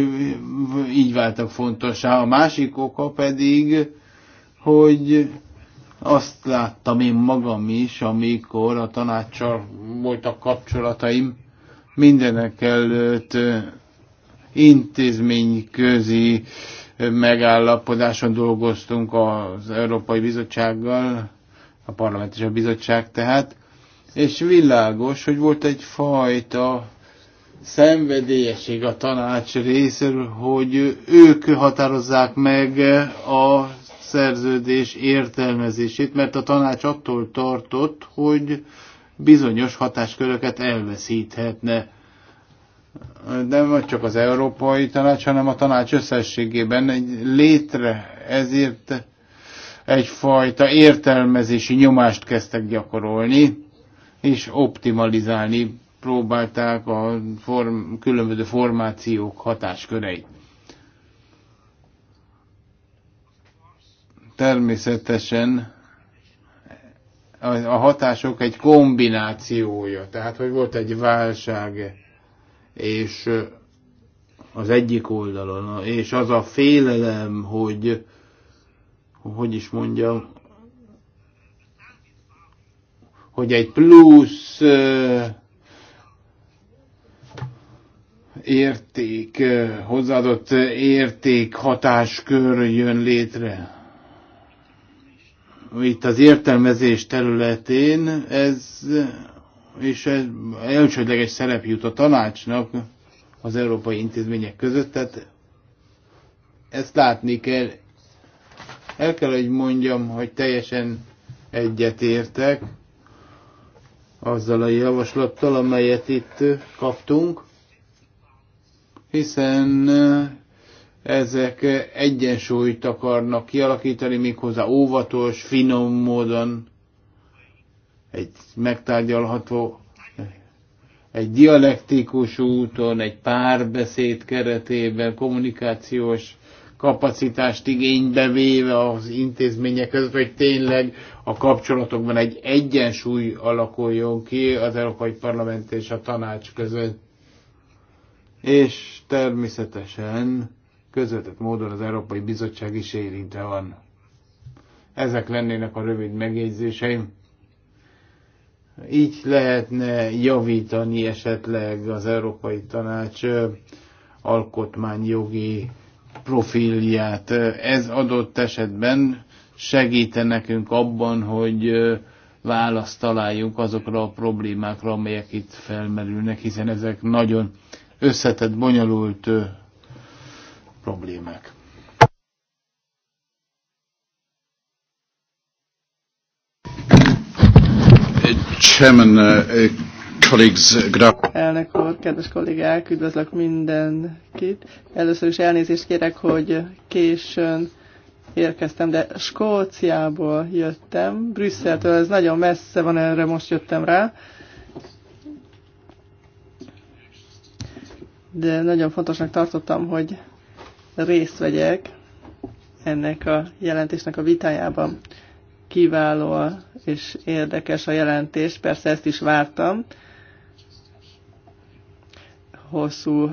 így váltak fontosá. A másik oka pedig, hogy azt láttam én magam is, amikor a tanácssal voltak kapcsolataim, mindenek előtt intézményközi megállapodáson dolgoztunk az Európai Bizottsággal, a parlament és a bizottság tehát, és világos, hogy volt egyfajta szenvedélyesség a tanács részéről, hogy ők határozzák meg a szerződés értelmezését, mert a tanács attól tartott, hogy bizonyos hatásköröket elveszíthetne. De nem csak az Európai Tanács, hanem a tanács összességében egy létre, ezért egyfajta értelmezési nyomást kezdtek gyakorolni, és optimalizálni próbálták a form, különböző formációk hatásköreit. Természetesen a hatások egy kombinációja. Tehát, hogy volt egy válság, és az egyik oldalon, és az a félelem, hogy hogy is mondjam, hogy egy plusz érték, hozzáadott érték hatáskör jön létre. Itt az értelmezés területén ez, és ez elsődleges szerep jut a tanácsnak az európai intézmények között, tehát ezt látni kell, el kell, hogy mondjam, hogy teljesen egyetértek azzal a javaslattal, amelyet itt kaptunk, hiszen ezek egyensúlyt akarnak kialakítani, méghozzá óvatos, finom módon, egy megtárgyalható, egy dialektikus úton, egy párbeszéd keretében, kommunikációs kapacitást igénybe véve az intézmények között, hogy tényleg a kapcsolatokban egy egyensúly alakuljon ki az Európai Parlament és a tanács között. És természetesen közvetett módon az Európai Bizottság is érinte van. Ezek lennének a rövid megjegyzéseim. Így lehetne javítani esetleg az Európai Tanács alkotmányjogi profilját. Ez adott esetben segíte nekünk abban, hogy választ találjunk azokra a problémákra, amelyek itt felmerülnek, hiszen ezek nagyon összetett, bonyolult problémák. Chairman, uh, colleagues, good Elnök úr, kedves kollégák, üdvözlök mindenkit. Először is elnézést kérek, hogy későn érkeztem, de Skóciából jöttem, Brüsszeltől, ez nagyon messze van, erre most jöttem rá. De nagyon fontosnak tartottam, hogy részt vegyek ennek a jelentésnek a vitájában kiváló és érdekes a jelentés, persze ezt is vártam, hosszú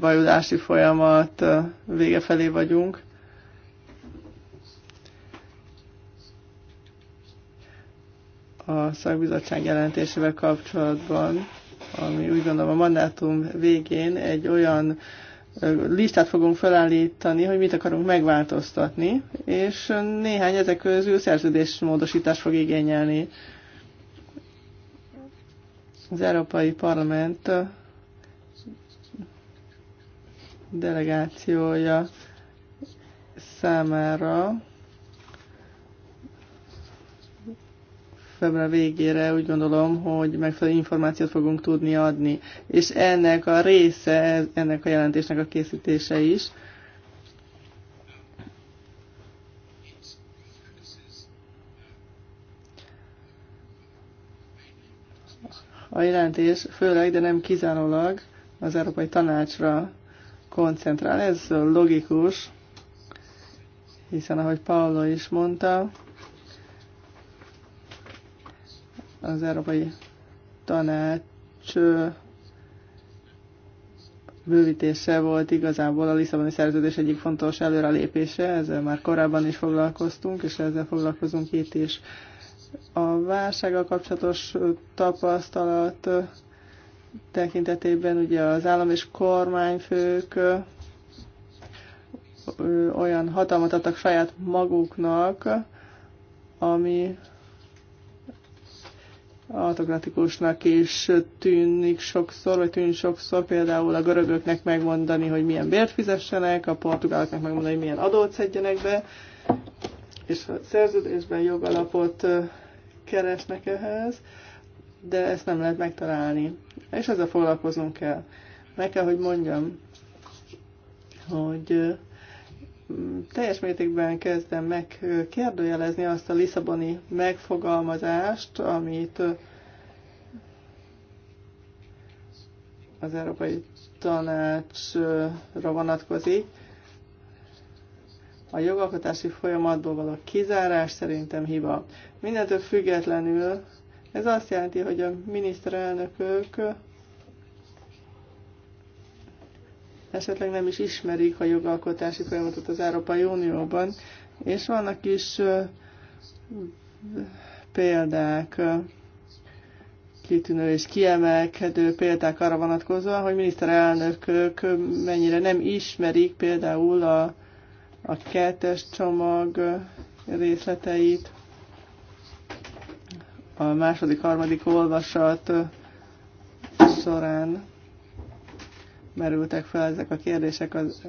vajudási folyamat vége felé vagyunk. A szakbizottság jelentésével kapcsolatban, ami úgy gondolom a mandátum végén egy olyan listát fogunk felállítani, hogy mit akarunk megváltoztatni, és néhány ezek közül szerződésmódosítás fog igényelni. Az Európai Parlament delegációja számára február végére úgy gondolom, hogy megfelelő információt fogunk tudni adni. És ennek a része, ennek a jelentésnek a készítése is. A jelentés főleg, de nem kizárólag az Európai Tanácsra koncentrál. Ez logikus, hiszen ahogy Paolo is mondta, az Európai Tanács bővítése volt igazából a Lisszaboni szerződés egyik fontos előrelépése, ezzel már korábban is foglalkoztunk, és ezzel foglalkozunk itt is. A válsággal kapcsolatos tapasztalat tekintetében ugye az állam és kormányfők olyan hatalmat adtak saját maguknak, ami autokratikusnak is tűnik sokszor, vagy tűnik sokszor, például a görögöknek megmondani, hogy milyen bért fizessenek, a portugáloknak megmondani, hogy milyen adót szedjenek be, és a szerződésben jogalapot keresnek ehhez de ezt nem lehet megtalálni. És ezzel foglalkoznunk kell. Meg kell, hogy mondjam, hogy teljes mértékben kezdem megkérdőjelezni azt a Lisszaboni megfogalmazást, amit az Európai Tanácsra vonatkozik. A jogalkotási folyamatból való kizárás szerintem hiba. Mindentől függetlenül ez azt jelenti, hogy a miniszterelnökök esetleg nem is ismerik a jogalkotási folyamatot az Európai Unióban, és vannak is példák, kitűnő és kiemelkedő példák arra vonatkozóan, hogy miniszterelnökök mennyire nem ismerik például a, a kettes csomag részleteit a második, harmadik olvasat során merültek fel ezek a kérdések az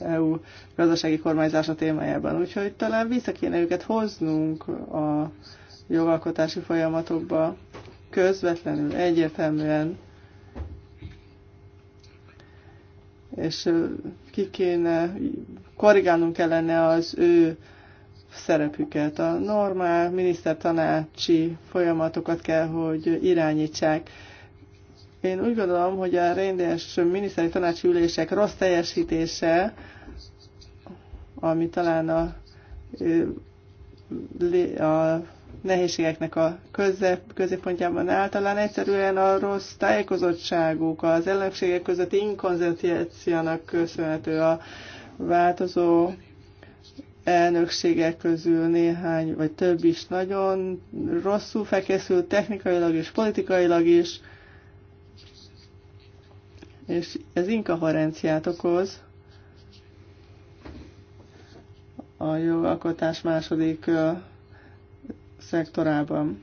eh, EU gazdasági kormányzása témájában. Úgyhogy talán vissza kéne őket hoznunk a jogalkotási folyamatokba közvetlenül, egyértelműen, és eh, ki kéne, korrigálnunk kellene az ő szerepüket. A normál minisztertanácsi folyamatokat kell, hogy irányítsák. Én úgy gondolom, hogy a rendes miniszteri tanácsi ülések rossz teljesítése, ami talán a, a nehézségeknek a közep, középpontjában általán egyszerűen a rossz tájékozottságuk, az ellenségek közötti inkonzenziációnak köszönhető a változó elnökségek közül néhány, vagy több is nagyon rosszul fekészült technikailag és politikailag is, és ez inkaharenciát okoz a jogalkotás második szektorában.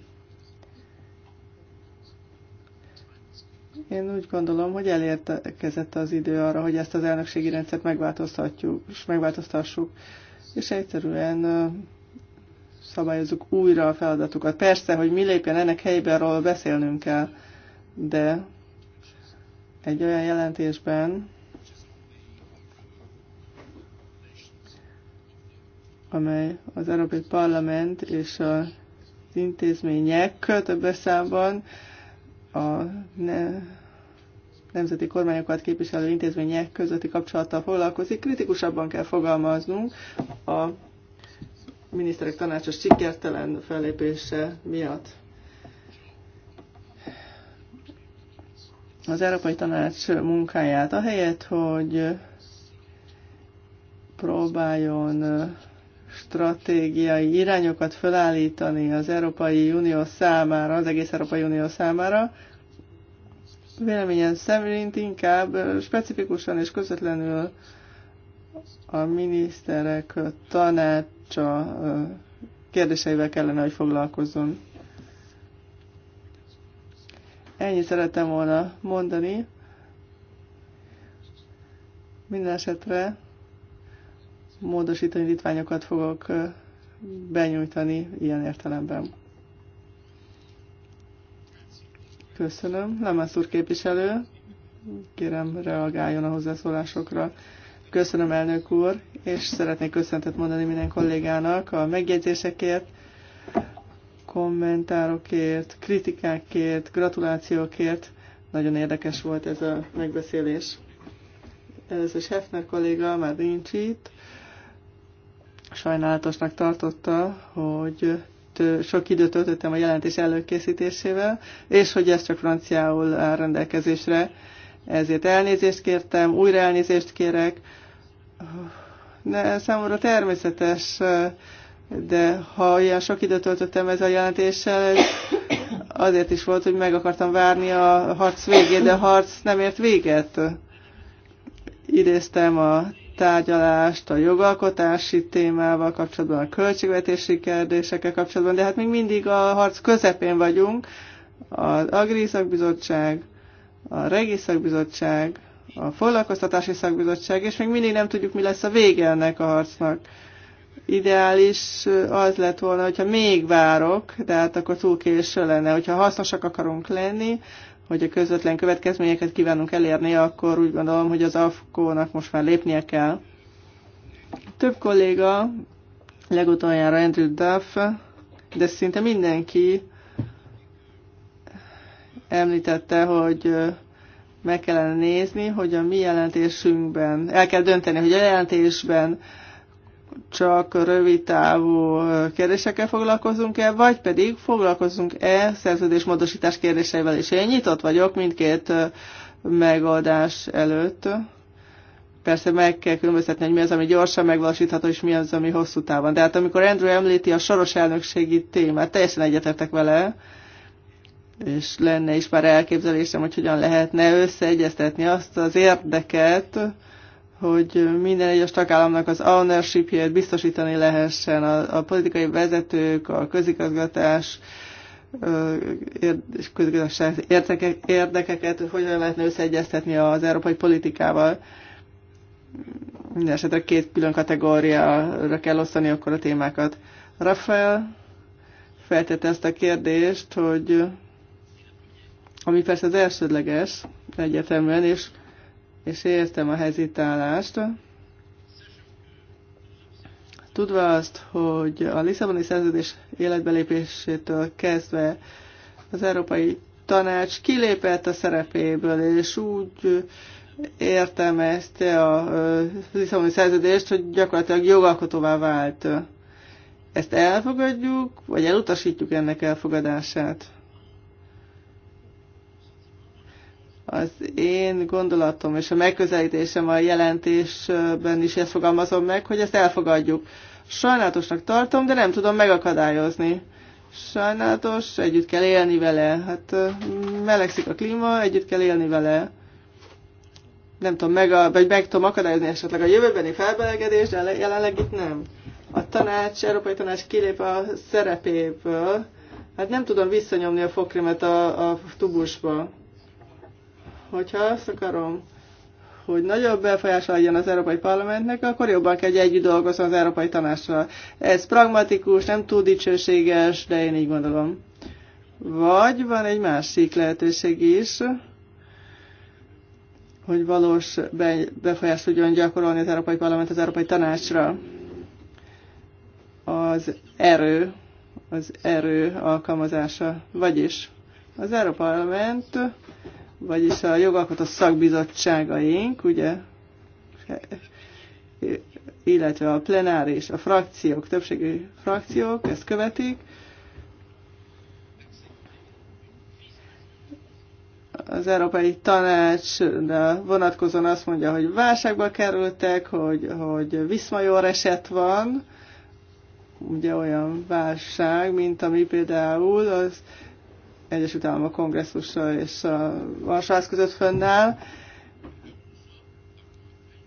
Én úgy gondolom, hogy elérkezett az idő arra, hogy ezt az elnökségi rendszert megváltoztatjuk, és megváltoztassuk és egyszerűen szabályozzuk újra a feladatokat. Persze, hogy mi lépjen ennek helyben, arról beszélnünk kell, de egy olyan jelentésben, amely az Európai Parlament és az intézmények többes számban a ne, nemzeti kormányokat képviselő intézmények közötti kapcsolattal foglalkozik, kritikusabban kell fogalmaznunk a miniszterek tanácsos sikertelen fellépése miatt. Az Európai Tanács munkáját, ahelyett, hogy próbáljon stratégiai irányokat felállítani az Európai Unió számára, az egész Európai Unió számára, véleményem szerint inkább specifikusan és közvetlenül a miniszterek tanácsa kérdéseivel kellene, hogy foglalkozzon. Ennyi szerettem volna mondani. Minden esetre módosítani litványokat fogok benyújtani ilyen értelemben. Köszönöm. Lemász úr képviselő, kérem reagáljon a hozzászólásokra. Köszönöm, elnök úr, és szeretnék köszöntet mondani minden kollégának a megjegyzésekért, kommentárokért, kritikákért, gratulációkért. Nagyon érdekes volt ez a megbeszélés. Először Hefner kolléga már nincs itt. Sajnálatosnak tartotta, hogy sok időt töltöttem a jelentés előkészítésével, és hogy ez csak franciául áll rendelkezésre. Ezért elnézést kértem, újra elnézést kérek. De számomra természetes, de ha ilyen sok időt töltöttem ez a jelentéssel, ez azért is volt, hogy meg akartam várni a harc végét, de a harc nem ért véget idéztem a tárgyalást a jogalkotási témával kapcsolatban, a költségvetési kérdésekkel kapcsolatban, de hát még mindig a harc közepén vagyunk. Az Agri Szakbizottság, a Regi Szakbizottság, a Foglalkoztatási Szakbizottság, és még mindig nem tudjuk, mi lesz a vége ennek a harcnak. Ideális az lett volna, hogyha még várok, de hát akkor túl késő lenne. Hogyha hasznosak akarunk lenni, hogy a közvetlen következményeket kívánunk elérni, akkor úgy gondolom, hogy az AFKO-nak most már lépnie kell. Több kolléga, legutoljára Andrew Duff, de szinte mindenki említette, hogy meg kellene nézni, hogy a mi jelentésünkben, el kell dönteni, hogy a jelentésben csak rövid távú kérdésekkel foglalkozunk-e, vagy pedig foglalkozunk-e szerződésmódosítás kérdéseivel is. Én nyitott vagyok mindkét megoldás előtt. Persze meg kell különböztetni, hogy mi az, ami gyorsan megvalósítható, és mi az, ami hosszú távon. De hát amikor Andrew említi a soros elnökségi témát, teljesen egyetértek vele, és lenne is már elképzelésem, hogy hogyan lehetne összeegyeztetni azt az érdeket, hogy minden egyes tagállamnak az ownership ét biztosítani lehessen, a, a politikai vezetők, a közigazgatás, és közigazgatás érdekek, érdekeket hogyan lehetne összeegyeztetni az európai politikával. Mindenesetre két külön kategóriára kell osztani akkor a témákat. Rafael feltette ezt a kérdést, hogy ami persze az elsődleges egyetemben és és értem a hezitálást. Tudva azt, hogy a Lisszaboni szerződés életbelépésétől kezdve az Európai Tanács kilépett a szerepéből, és úgy értelmezte a Lisszaboni szerződést, hogy gyakorlatilag jogalkotóvá vált. Ezt elfogadjuk, vagy elutasítjuk ennek elfogadását? Az én gondolatom és a megközelítésem a jelentésben is ezt fogalmazom meg, hogy ezt elfogadjuk. Sajnálatosnak tartom, de nem tudom megakadályozni. Sajnálatos, együtt kell élni vele. Hát melegszik a klíma, együtt kell élni vele nem tudom, meg, a, vagy meg tudom akadályozni esetleg a jövőbeni felbelegedést, de jelenleg itt nem. A tanács, Európai Tanács kilép a szerepéből, hát nem tudom visszanyomni a fokrémet a, a tubusba. Hogyha azt akarom, hogy nagyobb befolyása legyen az Európai Parlamentnek, akkor jobban kell, együtt dolgozni az Európai Tanácssal. Ez pragmatikus, nem túl dicsőséges, de én így gondolom. Vagy van egy másik lehetőség is, hogy valós befolyást tudjon gyakorolni az Európai Parlament az Európai Tanácsra. Az erő, az erő alkalmazása. Vagyis az Európai Parlament vagyis a jogalkotó szakbizottságaink, ugye, illetve a plenáris, a frakciók, többségi frakciók ezt követik. Az Európai de vonatkozóan azt mondja, hogy válságba kerültek, hogy, hogy viszmajor eset van, ugye olyan válság, mint ami például az Egyesült Államok kongresszusa és a Varsász között fönnáll,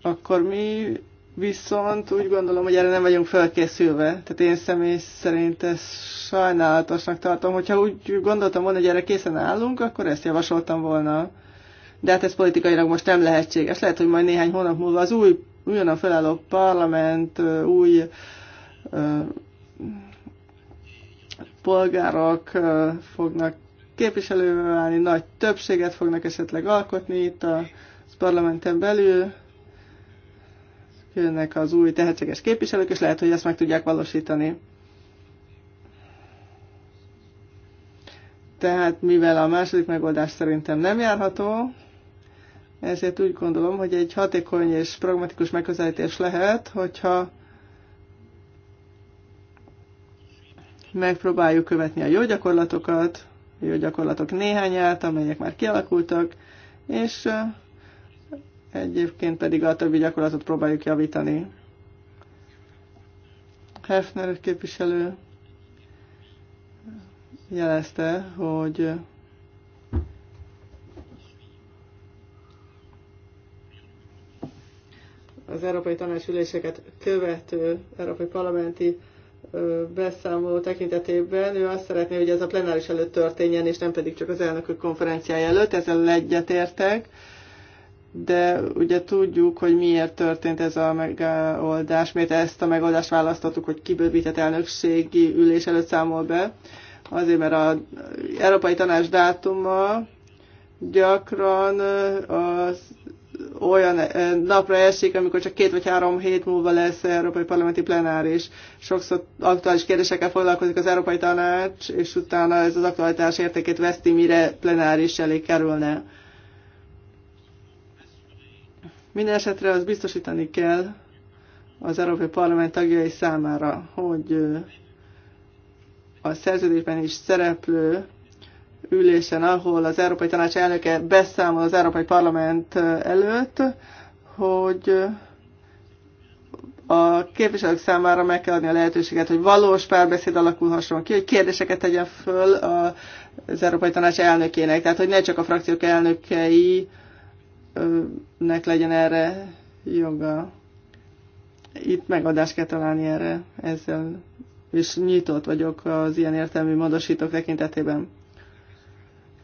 akkor mi viszont úgy gondolom, hogy erre nem vagyunk felkészülve. Tehát én személy szerint ezt sajnálatosnak tartom. Hogyha úgy gondoltam volna, hogy erre készen állunk, akkor ezt javasoltam volna. De hát ez politikailag most nem lehetséges. Lehet, hogy majd néhány hónap múlva az új, újonnan felálló parlament, új uh, polgárok fognak képviselővel válni, nagy többséget fognak esetleg alkotni itt a parlamenten belül, jönnek az új tehetséges képviselők, és lehet, hogy ezt meg tudják valósítani. Tehát mivel a második megoldás szerintem nem járható, ezért úgy gondolom, hogy egy hatékony és pragmatikus megközelítés lehet, hogyha megpróbáljuk követni a jó gyakorlatokat, jó gyakorlatok néhányát, amelyek már kialakultak, és egyébként pedig a többi gyakorlatot próbáljuk javítani. Hefner képviselő jelezte, hogy az Európai Tanács üléseket követő Európai Parlamenti beszámoló tekintetében ő azt szeretné, hogy ez a plenáris előtt történjen, és nem pedig csak az elnökök konferenciája előtt, ezzel egyetértek, de ugye tudjuk, hogy miért történt ez a megoldás, miért ezt a megoldást választottuk, hogy kibővített elnökségi ülés előtt számol be, azért mert az Európai Tanács dátuma gyakran az olyan eh, napra esik, amikor csak két vagy három hét múlva lesz Európai Parlamenti Plenáris. Sokszor aktuális kérdésekkel foglalkozik az Európai Tanács, és utána ez az aktualitás értékét veszti, mire plenáris elé kerülne. Minden esetre az biztosítani kell az Európai Parlament tagjai számára, hogy eh, a szerződésben is szereplő ülésen, ahol az Európai Tanács elnöke beszámol az Európai Parlament előtt, hogy a képviselők számára meg kell adni a lehetőséget, hogy valós párbeszéd alakulhasson ki, hogy kérdéseket tegyen föl az Európai Tanács elnökének, tehát hogy ne csak a frakciók elnökeinek legyen erre joga. Itt megoldást kell találni erre ezzel, és nyitott vagyok az ilyen értelmű módosítók tekintetében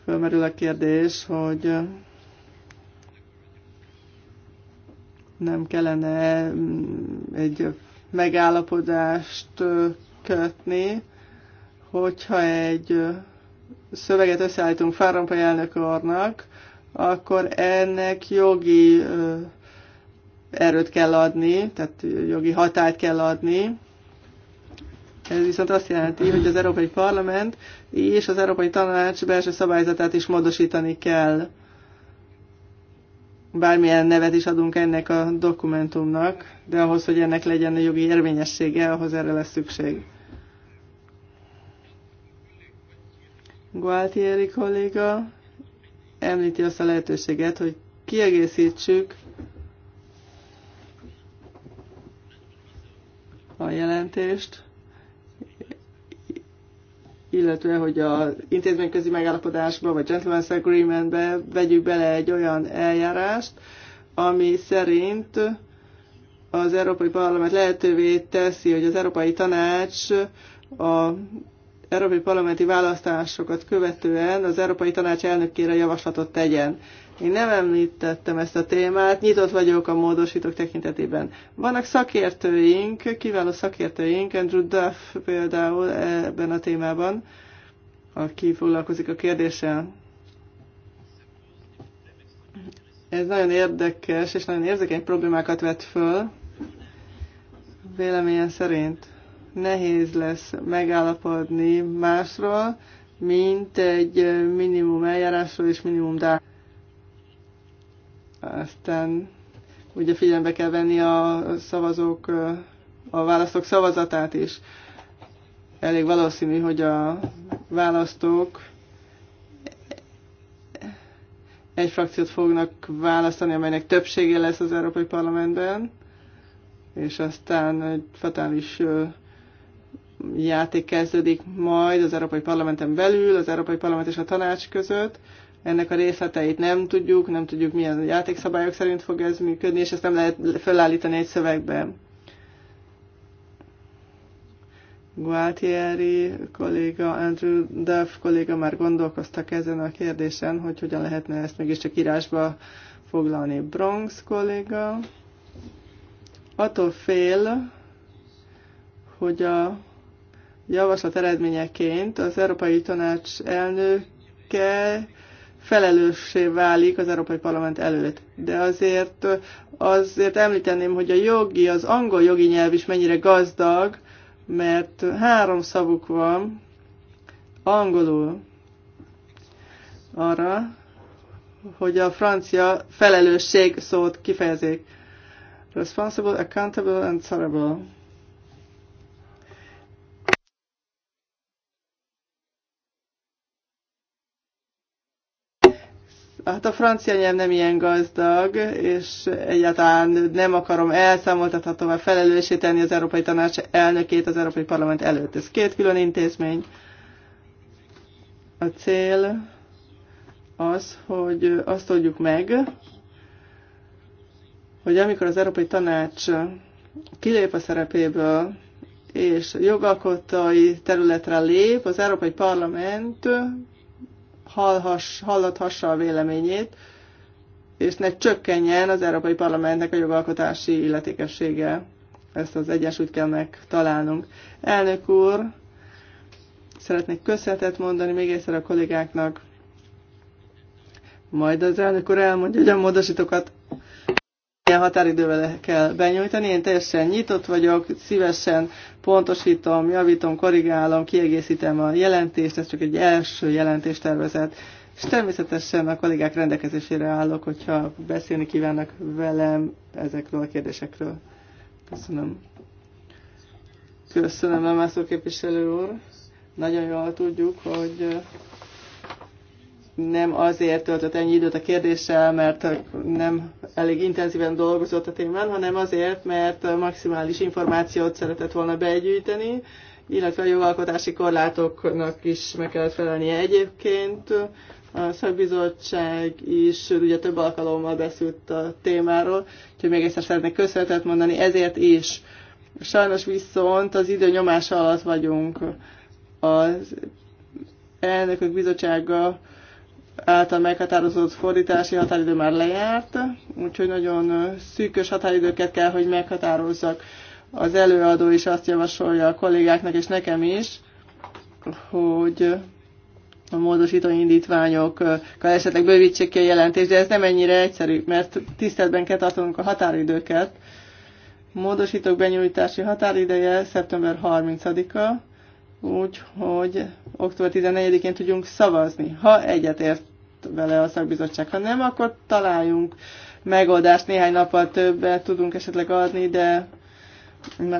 fölmerül a kérdés, hogy nem kellene mm, egy megállapodást kötni, hogyha egy szöveget összeállítunk Fáronpai elnök úrnak, akkor ennek jogi erőt kell adni, tehát jogi hatályt kell adni, ez viszont azt jelenti, hogy az Európai Parlament és az Európai Tanács belső szabályzatát is módosítani kell. Bármilyen nevet is adunk ennek a dokumentumnak, de ahhoz, hogy ennek legyen a jogi érvényessége, ahhoz erre lesz szükség. Gualtieri kolléga említi azt a lehetőséget, hogy kiegészítsük a jelentést illetve hogy az intézményközi megállapodásba vagy gentleman's agreementbe vegyük bele egy olyan eljárást, ami szerint az Európai Parlament lehetővé teszi, hogy az Európai Tanács a európai parlamenti választásokat követően az Európai Tanács elnökére javaslatot tegyen. Én nem említettem ezt a témát, nyitott vagyok a módosítók tekintetében. Vannak szakértőink, kiváló szakértőink, Andrew Duff például ebben a témában, aki foglalkozik a kérdéssel. Ez nagyon érdekes és nagyon érzékeny problémákat vet föl, véleményem szerint. Nehéz lesz megállapodni másról, mint egy minimum eljárásról és minimum dátumról aztán ugye figyelembe kell venni a szavazók, a választók szavazatát is. Elég valószínű, hogy a választók egy frakciót fognak választani, amelynek többsége lesz az Európai Parlamentben, és aztán egy fatális játék kezdődik majd az Európai Parlamenten belül, az Európai Parlament és a tanács között, ennek a részleteit nem tudjuk, nem tudjuk milyen játékszabályok szerint fog ez működni, és ezt nem lehet felállítani egy szövegbe. Gualtieri kolléga, Andrew Duff kolléga már gondolkoztak ezen a kérdésen, hogy hogyan lehetne ezt mégiscsak írásba foglalni. Bronx kolléga attól fél, hogy a javaslat eredményeként az Európai Tanács elnöke felelőssé válik az Európai Parlament előtt. De azért, azért említeném, hogy a jogi, az angol jogi nyelv is mennyire gazdag, mert három szavuk van angolul arra, hogy a francia felelősség szót kifejezik. Responsible, accountable and terrible. Hát a francia nyelv nem ilyen gazdag, és egyáltalán nem akarom elszámoltathatóvá felelősíteni az Európai Tanács elnökét az Európai Parlament előtt. Ez két külön intézmény. A cél az, hogy azt tudjuk meg, hogy amikor az Európai Tanács kilép a szerepéből, és jogalkotói területre lép, az Európai Parlament hallhass, hallathassa a véleményét, és ne csökkenjen az Európai Parlamentnek a jogalkotási illetékessége. Ezt az egyensúlyt kell megtalálnunk. Elnök úr, szeretnék köszönetet mondani még egyszer a kollégáknak, majd az elnök úr elmondja, hogy a módosítókat milyen határidővel kell benyújtani. Én teljesen nyitott vagyok, szívesen pontosítom, javítom, korrigálom, kiegészítem a jelentést, ez csak egy első jelentéstervezet. És természetesen a kollégák rendelkezésére állok, hogyha beszélni kívánnak velem ezekről a kérdésekről. Köszönöm. Köszönöm, Lemászó képviselő úr. Nagyon jól tudjuk, hogy nem azért töltött ennyi időt a kérdéssel, mert nem elég intenzíven dolgozott a témán, hanem azért, mert maximális információt szeretett volna begyűjteni, illetve a jogalkotási korlátoknak is meg kellett felelnie egyébként. A szakbizottság is ugye több alkalommal beszélt a témáról, úgyhogy még egyszer szeretnék köszönetet mondani, ezért is. Sajnos viszont az idő nyomása alatt vagyunk. Az elnökök bizottsága által meghatározott fordítási határidő már lejárt, úgyhogy nagyon szűkös határidőket kell, hogy meghatározzak. Az előadó is azt javasolja a kollégáknak és nekem is, hogy a módosító indítványokkal esetleg bővítsék ki a jelentést, de ez nem ennyire egyszerű, mert tiszteletben kell tartanunk a határidőket. Módosítók benyújtási határideje szeptember 30-a, úgyhogy október 14-én tudjunk szavazni, ha egyetért vele a szakbizottság. Ha nem, akkor találjunk megoldást, néhány nappal többet tudunk esetleg adni, de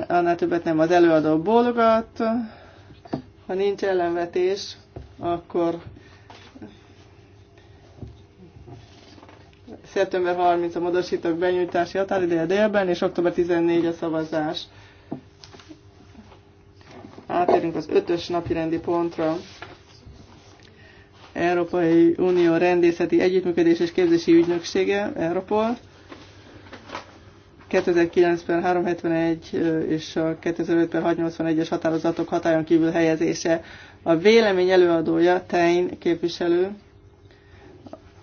annál többet nem az előadó bólogat. Ha nincs ellenvetés, akkor szeptember 30 a módosítók benyújtási határideje délben, és október 14 a szavazás. Átérünk az ötös napi rendi pontra. Európai Unió Rendészeti Együttműködés és Képzési Ügynöksége, Európol, 2009 per 371 és a 2005 per 681-es határozatok hatályon kívül helyezése. A vélemény előadója, Tein képviselő,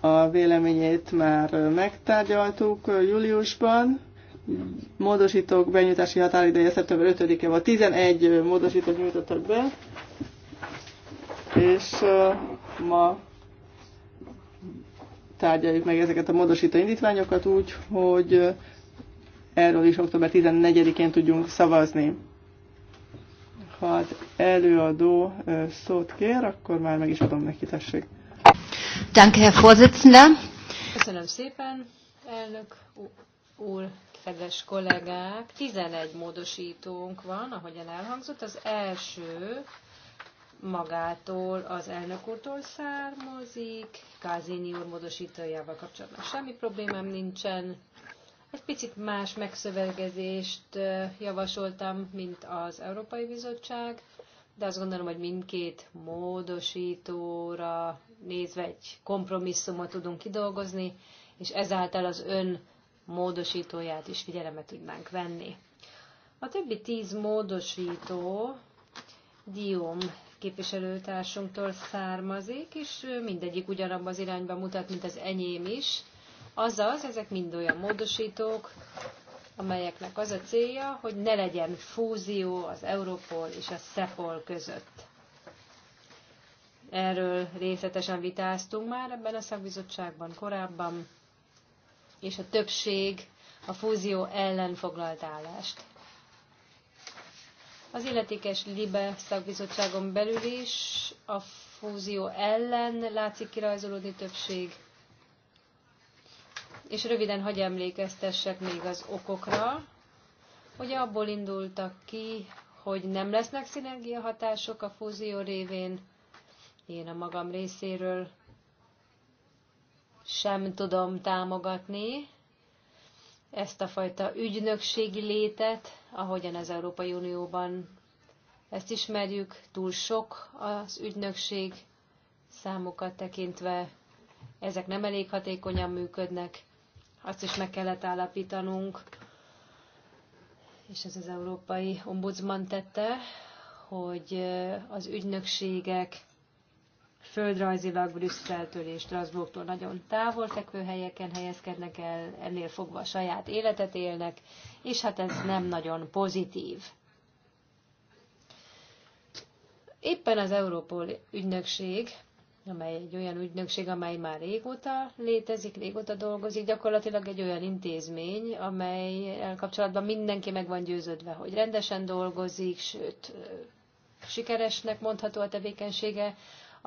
a véleményét már megtárgyaltuk júliusban. Módosítók benyújtási határideje szeptember 5-e van, 11 módosítót nyújtottak be, és ma tárgyaljuk meg ezeket a módosító indítványokat úgy, hogy erről is október 14-én tudjunk szavazni. Ha az előadó szót kér, akkor már meg is adom neki, tessék. Danke, Herr Vorsitzender. Köszönöm szépen, elnök úr, kedves kollégák. 11 módosítónk van, ahogyan elhangzott. Az első magától az elnök úrtól származik, Kázini úr módosítójával kapcsolatban semmi problémám nincsen. Egy picit más megszövegezést javasoltam, mint az Európai Bizottság, de azt gondolom, hogy mindkét módosítóra nézve egy kompromisszumot tudunk kidolgozni, és ezáltal az ön módosítóját is figyelembe tudnánk venni. A többi tíz módosító Dium képviselőtársunktól származik, és mindegyik ugyanabban az irányba mutat, mint az enyém is. Azaz, ezek mind olyan módosítók, amelyeknek az a célja, hogy ne legyen fúzió az Europol és a Szepol között. Erről részletesen vitáztunk már ebben a szakbizottságban korábban, és a többség a fúzió ellen foglalt állást. Az illetékes LIBE szakbizottságon belül is a fúzió ellen látszik kirajzolódni többség. És röviden hagy emlékeztessek még az okokra. hogy abból indultak ki, hogy nem lesznek szinergiahatások a fúzió révén. Én a magam részéről sem tudom támogatni ezt a fajta ügynökségi létet, ahogyan az Európai Unióban ezt ismerjük, túl sok az ügynökség számokat tekintve, ezek nem elég hatékonyan működnek, azt is meg kellett állapítanunk, és ez az Európai Ombudsman tette, hogy az ügynökségek földrajzilag Brüsszeltől és Strasbourgtól nagyon távol fekvő helyeken helyezkednek el, ennél fogva a saját életet élnek, és hát ez nem nagyon pozitív. Éppen az Európol ügynökség, amely egy olyan ügynökség, amely már régóta létezik, régóta dolgozik, gyakorlatilag egy olyan intézmény, amely kapcsolatban mindenki meg van győződve, hogy rendesen dolgozik, sőt, sikeresnek mondható a tevékenysége,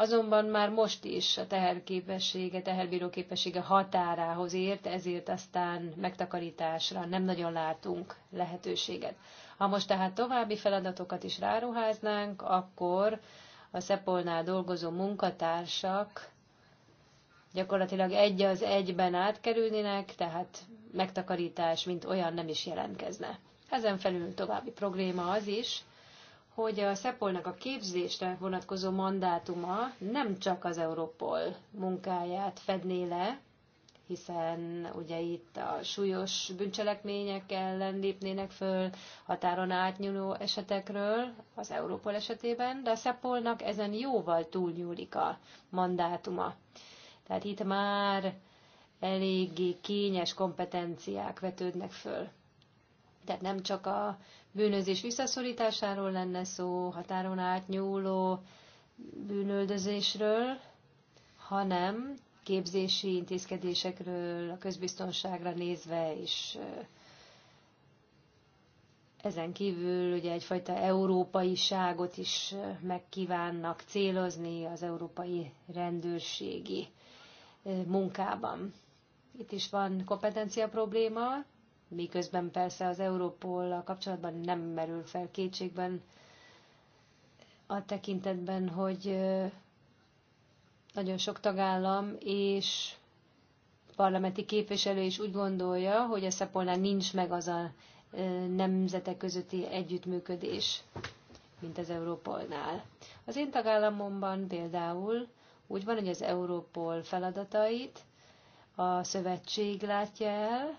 azonban már most is a teherképessége, teherbíró képessége határához ért, ezért aztán megtakarításra nem nagyon látunk lehetőséget. Ha most tehát további feladatokat is ráruháznánk, akkor a Szepolnál dolgozó munkatársak gyakorlatilag egy az egyben átkerülnének, tehát megtakarítás, mint olyan nem is jelentkezne. Ezen felül további probléma az is, hogy a Szepolnak a képzésre vonatkozó mandátuma nem csak az Europol munkáját fedné le, hiszen ugye itt a súlyos bűncselekmények ellen lépnének föl határon átnyúló esetekről az Európol esetében, de a Szepolnak ezen jóval túlnyúlik a mandátuma. Tehát itt már eléggé kényes kompetenciák vetődnek föl. Tehát nem csak a bűnözés visszaszorításáról lenne szó, határon átnyúló bűnöldözésről, hanem képzési intézkedésekről, a közbiztonságra nézve is. Ezen kívül ugye egyfajta ságot is megkívánnak célozni az európai rendőrségi munkában. Itt is van kompetencia probléma, miközben persze az Európol kapcsolatban nem merül fel kétségben a tekintetben, hogy nagyon sok tagállam és parlamenti képviselő is úgy gondolja, hogy a Szepolnál nincs meg az a nemzetek közötti együttműködés, mint az Európolnál. Az én tagállamomban például úgy van, hogy az Európol feladatait a szövetség látja el,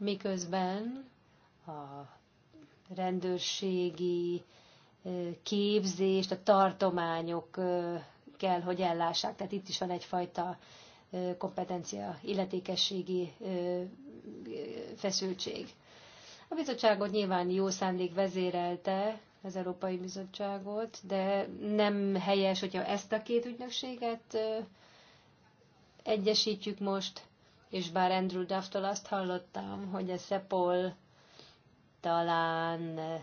miközben a rendőrségi képzést a tartományok kell, hogy ellássák. Tehát itt is van egyfajta kompetencia, illetékességi feszültség. A bizottságot nyilván jó szándék vezérelte, az Európai Bizottságot, de nem helyes, hogyha ezt a két ügynökséget egyesítjük most, és bár Andrew Dufftól azt hallottam, hogy a Szepol talán eh,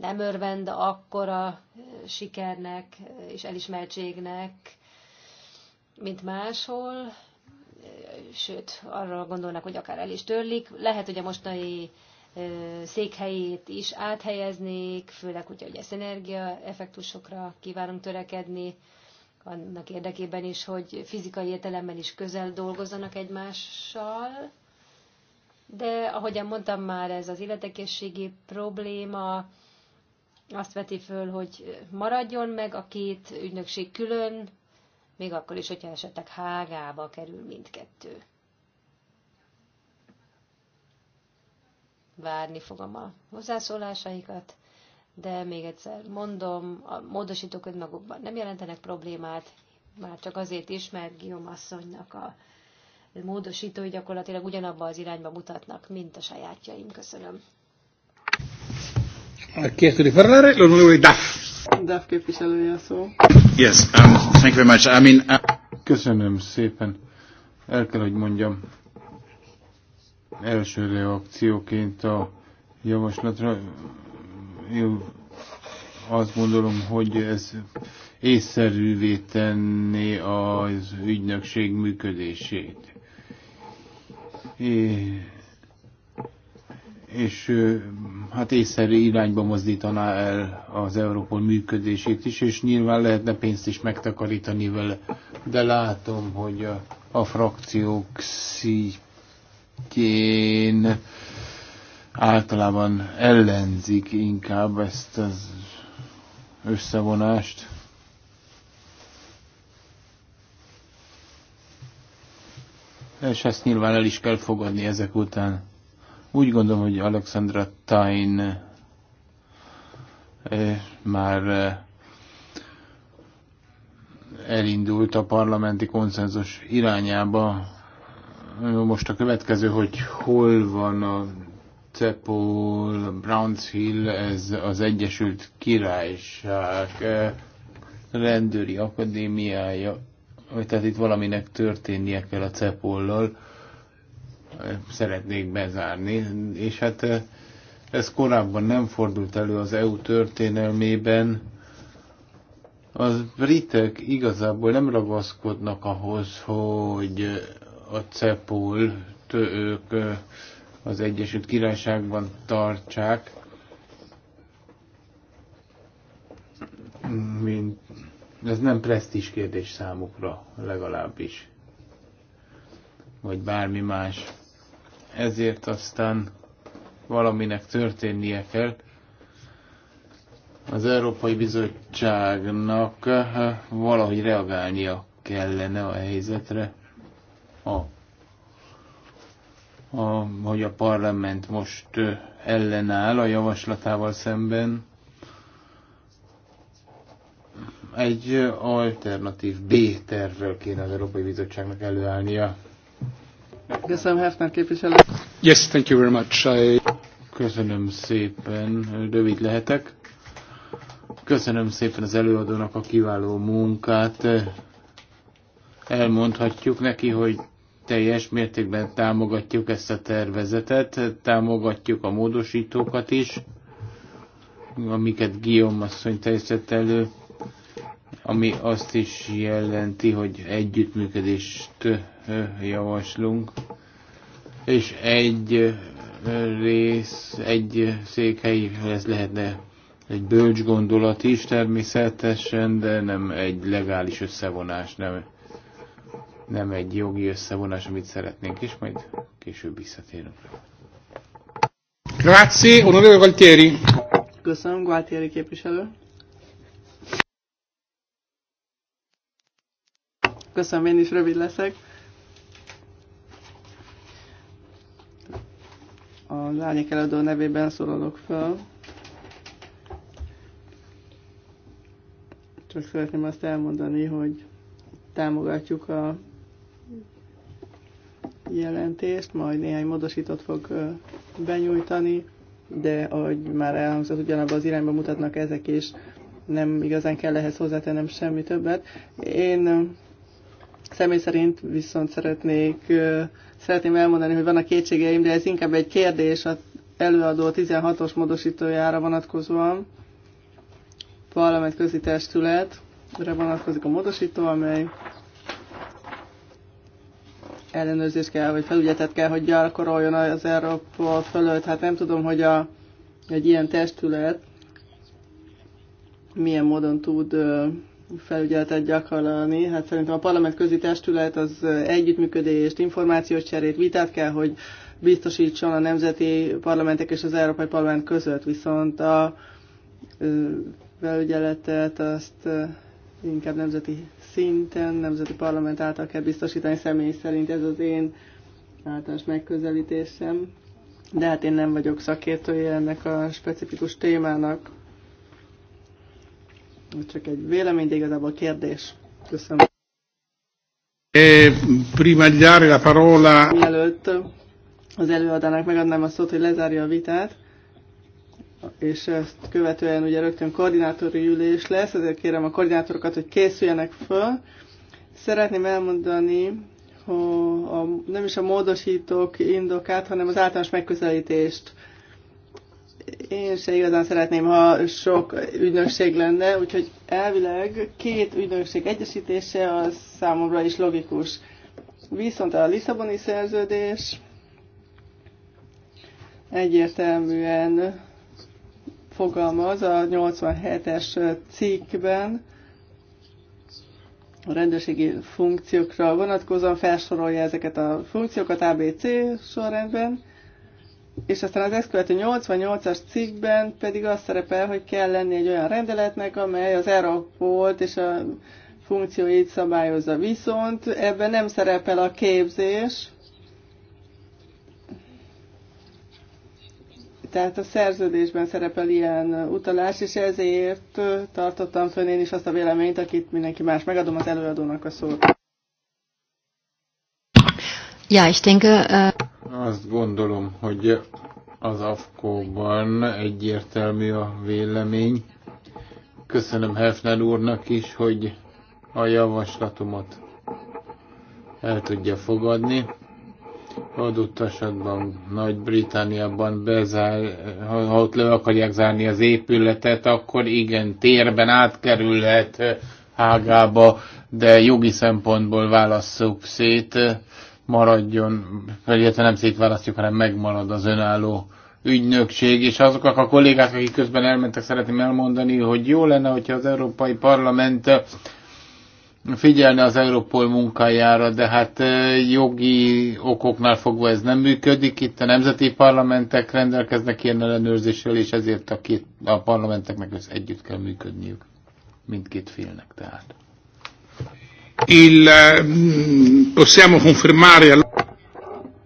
nem örvend akkora eh, sikernek eh, és elismertségnek, mint máshol, sőt, arra gondolnak, hogy akár el is törlik. Lehet, hogy a mostani székhelyét is áthelyeznék, főleg, hogyha ugye energia effektusokra kívánunk törekedni, annak érdekében is, hogy fizikai értelemben is közel dolgozzanak egymással, de ahogyan mondtam már, ez az illetékességi probléma azt veti föl, hogy maradjon meg a két ügynökség külön, még akkor is, hogyha esetleg hágába kerül mindkettő. Várni fogom a hozzászólásaikat, de még egyszer mondom, a módosítók önmagukban nem jelentenek problémát, már csak azért is, mert Guillaume asszonynak a módosítói gyakorlatilag ugyanabba az irányba mutatnak, mint a sajátjaim. Köszönöm. Chiesto di parlare l'onorevole Duff. Duff képviselője a szó. Yes, um, thank you very much. I mean, uh... Köszönöm szépen. El kell, hogy mondjam, első reakcióként a javaslatra azt gondolom, hogy ez észszerűvé tenné az ügynökség működését. É, és hát észszerű irányba mozdítaná el az Európol működését is, és nyilván lehetne pénzt is megtakarítani vele. De látom, hogy a, a frakciók szítjén általában ellenzik inkább ezt az összevonást. És ezt nyilván el is kell fogadni ezek után. Úgy gondolom, hogy Alexandra Tain eh, már eh, elindult a parlamenti konszenzus irányába. Most a következő, hogy hol van a Cepol, Hill, ez az Egyesült Királyság eh, rendőri akadémiája, tehát itt valaminek történnie kell a Cepollal, eh, szeretnék bezárni, és hát eh, ez korábban nem fordult elő az EU történelmében, az britek igazából nem ragaszkodnak ahhoz, hogy a CEPOL ők az Egyesült Királyságban tartsák, mint ez nem presztis kérdés számukra legalábbis, vagy bármi más. Ezért aztán valaminek történnie kell. Az Európai Bizottságnak valahogy reagálnia kellene a helyzetre a a, hogy a parlament most ellenáll a javaslatával szemben. Egy alternatív B tervről kéne az Európai Bizottságnak előállnia. Köszönöm, Hefner képviselő. Yes, thank you very much. I... Köszönöm szépen, rövid lehetek. Köszönöm szépen az előadónak a kiváló munkát. Elmondhatjuk neki, hogy teljes mértékben támogatjuk ezt a tervezetet, támogatjuk a módosítókat is, amiket Guillaume asszony teljesített elő, ami azt is jelenti, hogy együttműködést javaslunk, és egy rész, egy székhely, ez lehetne egy bölcs gondolat is természetesen, de nem egy legális összevonás, nem nem egy jogi összevonás, amit szeretnénk, és majd később visszatérünk. Grazie, onorevole Gualtieri. Köszönöm, Gualtieri képviselő. Köszönöm, én is rövid leszek. A lányek eladó nevében szólalok fel. Csak szeretném azt elmondani, hogy támogatjuk a jelentést, majd néhány módosítót fog benyújtani, de ahogy már elhangzott, ugyanabban az irányba mutatnak ezek is, nem igazán kell ehhez hozzátennem semmi többet. Én személy szerint viszont szeretnék, szeretném elmondani, hogy vannak kétségeim, de ez inkább egy kérdés az előadó 16-os módosítójára vonatkozóan, parlament testületre vonatkozik a módosító, amely ellenőrzést kell, vagy felügyetet kell, hogy gyakoroljon az Európa fölött. Hát nem tudom, hogy a, egy ilyen testület milyen módon tud felügyeletet gyakorolni. Hát szerintem a parlament közi testület az együttműködést, információs cserét, vitát kell, hogy biztosítson a nemzeti parlamentek és az Európai Parlament között. Viszont a felügyeletet azt inkább nemzeti szinten, nemzeti parlament által kell biztosítani személy szerint. Ez az én általános megközelítésem. De hát én nem vagyok szakértője ennek a specifikus témának. Csak egy vélemény, igazából kérdés. Köszönöm. E, prima di dare la parola... Mielőtt az előadának megadnám a szót, hogy lezárja a vitát, és ezt követően ugye rögtön koordinátori ülés lesz, ezért kérem a koordinátorokat, hogy készüljenek föl. Szeretném elmondani, hogy a, nem is a módosítók indokát, hanem az általános megközelítést. Én se igazán szeretném, ha sok ügynökség lenne, úgyhogy elvileg két ügynökség egyesítése az számomra is logikus. Viszont a Lisszaboni szerződés egyértelműen fogalmaz a 87-es cikkben, a rendőrségi funkciókra vonatkozóan felsorolja ezeket a funkciókat ABC sorrendben, és aztán az ezt követő 88-as cikkben pedig azt szerepel, hogy kell lenni egy olyan rendeletnek, amely az Europolt és a funkcióit szabályozza. Viszont ebben nem szerepel a képzés, Tehát a szerződésben szerepel ilyen utalás, és ezért tartottam fönn én is azt a véleményt, akit mindenki más. Megadom az előadónak a szót. Ja, és denke... Uh... Azt gondolom, hogy az AFKO-ban egyértelmű a vélemény. Köszönöm Hefner úrnak is, hogy a javaslatomat el tudja fogadni adott esetben Nagy-Britániában bezár, ha, ha ott le akarják zárni az épületet, akkor igen, térben átkerülhet Hágába, de jogi szempontból válasszuk szét, maradjon, illetve hát nem szétválasztjuk, hanem megmarad az önálló ügynökség, és azoknak a kollégák, akik közben elmentek, szeretném elmondani, hogy jó lenne, hogyha az Európai Parlament figyelni az Európol munkájára, de hát jogi okoknál fogva ez nem működik. Itt a nemzeti parlamentek rendelkeznek ilyen ellenőrzéssel, és ezért a, két, a parlamenteknek össz együtt kell működniük. Mindkét félnek tehát. Il, possiamo confermare...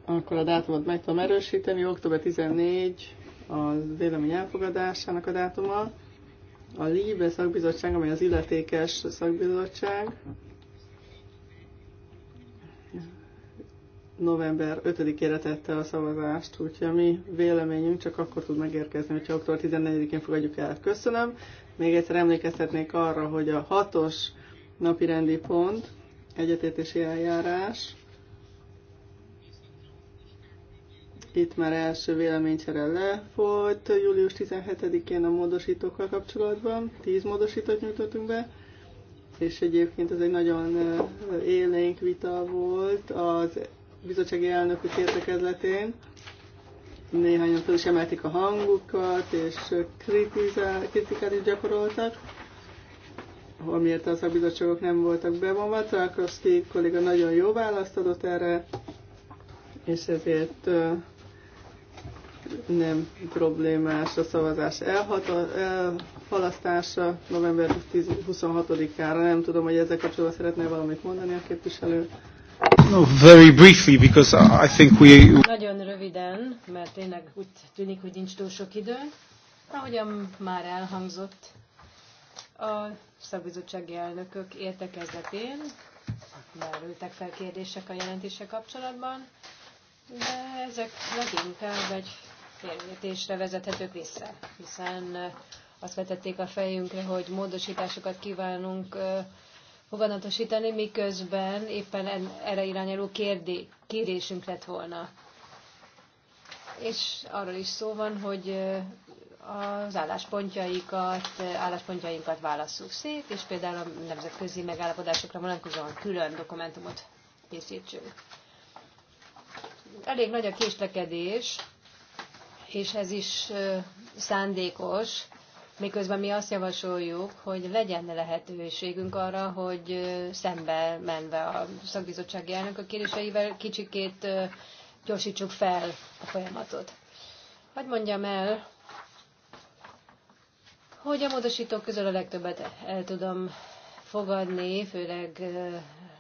Akkor a dátumot meg tudom erősíteni. Október 14 a vélemény elfogadásának a dátuma. A LIBE szakbizottság, amely az illetékes szakbizottság, november 5-ére tette a szavazást, úgyhogy a mi véleményünk csak akkor tud megérkezni, hogyha október 14-én fogadjuk el. Köszönöm. Még egyszer emlékeztetnék arra, hogy a hatos napi rendi pont, egyetértési eljárás, Itt már első véleménycsere lefolyt július 17-én a módosítókkal kapcsolatban. 10 módosítót nyújtottunk be, és egyébként ez egy nagyon élénk vita volt az bizottsági elnökök értekezletén. Néhányan fel is emelték a hangukat, és kritikát is gyakoroltak amiért az a bizottságok nem voltak bevonva. Tarkovsky kolléga nagyon jó választ adott erre, és ezért nem problémás a szavazás elhalasztása november 26-ára. Nem tudom, hogy ezzel kapcsolatban szeretnél valamit mondani a képviselő. No, very briefly, because I think we... Nagyon röviden, mert tényleg úgy tűnik, hogy nincs túl sok idő. Ahogyan már elhangzott a szakbizottsági elnökök értekezletén, merültek fel kérdések a jelentése kapcsolatban, de ezek leginkább egy félreértésre vezethetők vissza, hiszen azt vetették a fejünkre, hogy módosításokat kívánunk fogadatosítani, miközben éppen erre irányuló kérdésünk lett volna. És arról is szó van, hogy az álláspontjaikat, álláspontjainkat válasszuk szét, és például a nemzetközi megállapodásokra vonatkozóan külön dokumentumot készítsünk. Elég nagy a késlekedés és ez is szándékos, miközben mi azt javasoljuk, hogy legyen lehetőségünk arra, hogy szembe menve a szakbizottsági elnök a kéréseivel kicsikét gyorsítsuk fel a folyamatot. Hogy mondjam el, hogy a módosítók közül a legtöbbet el tudom fogadni, főleg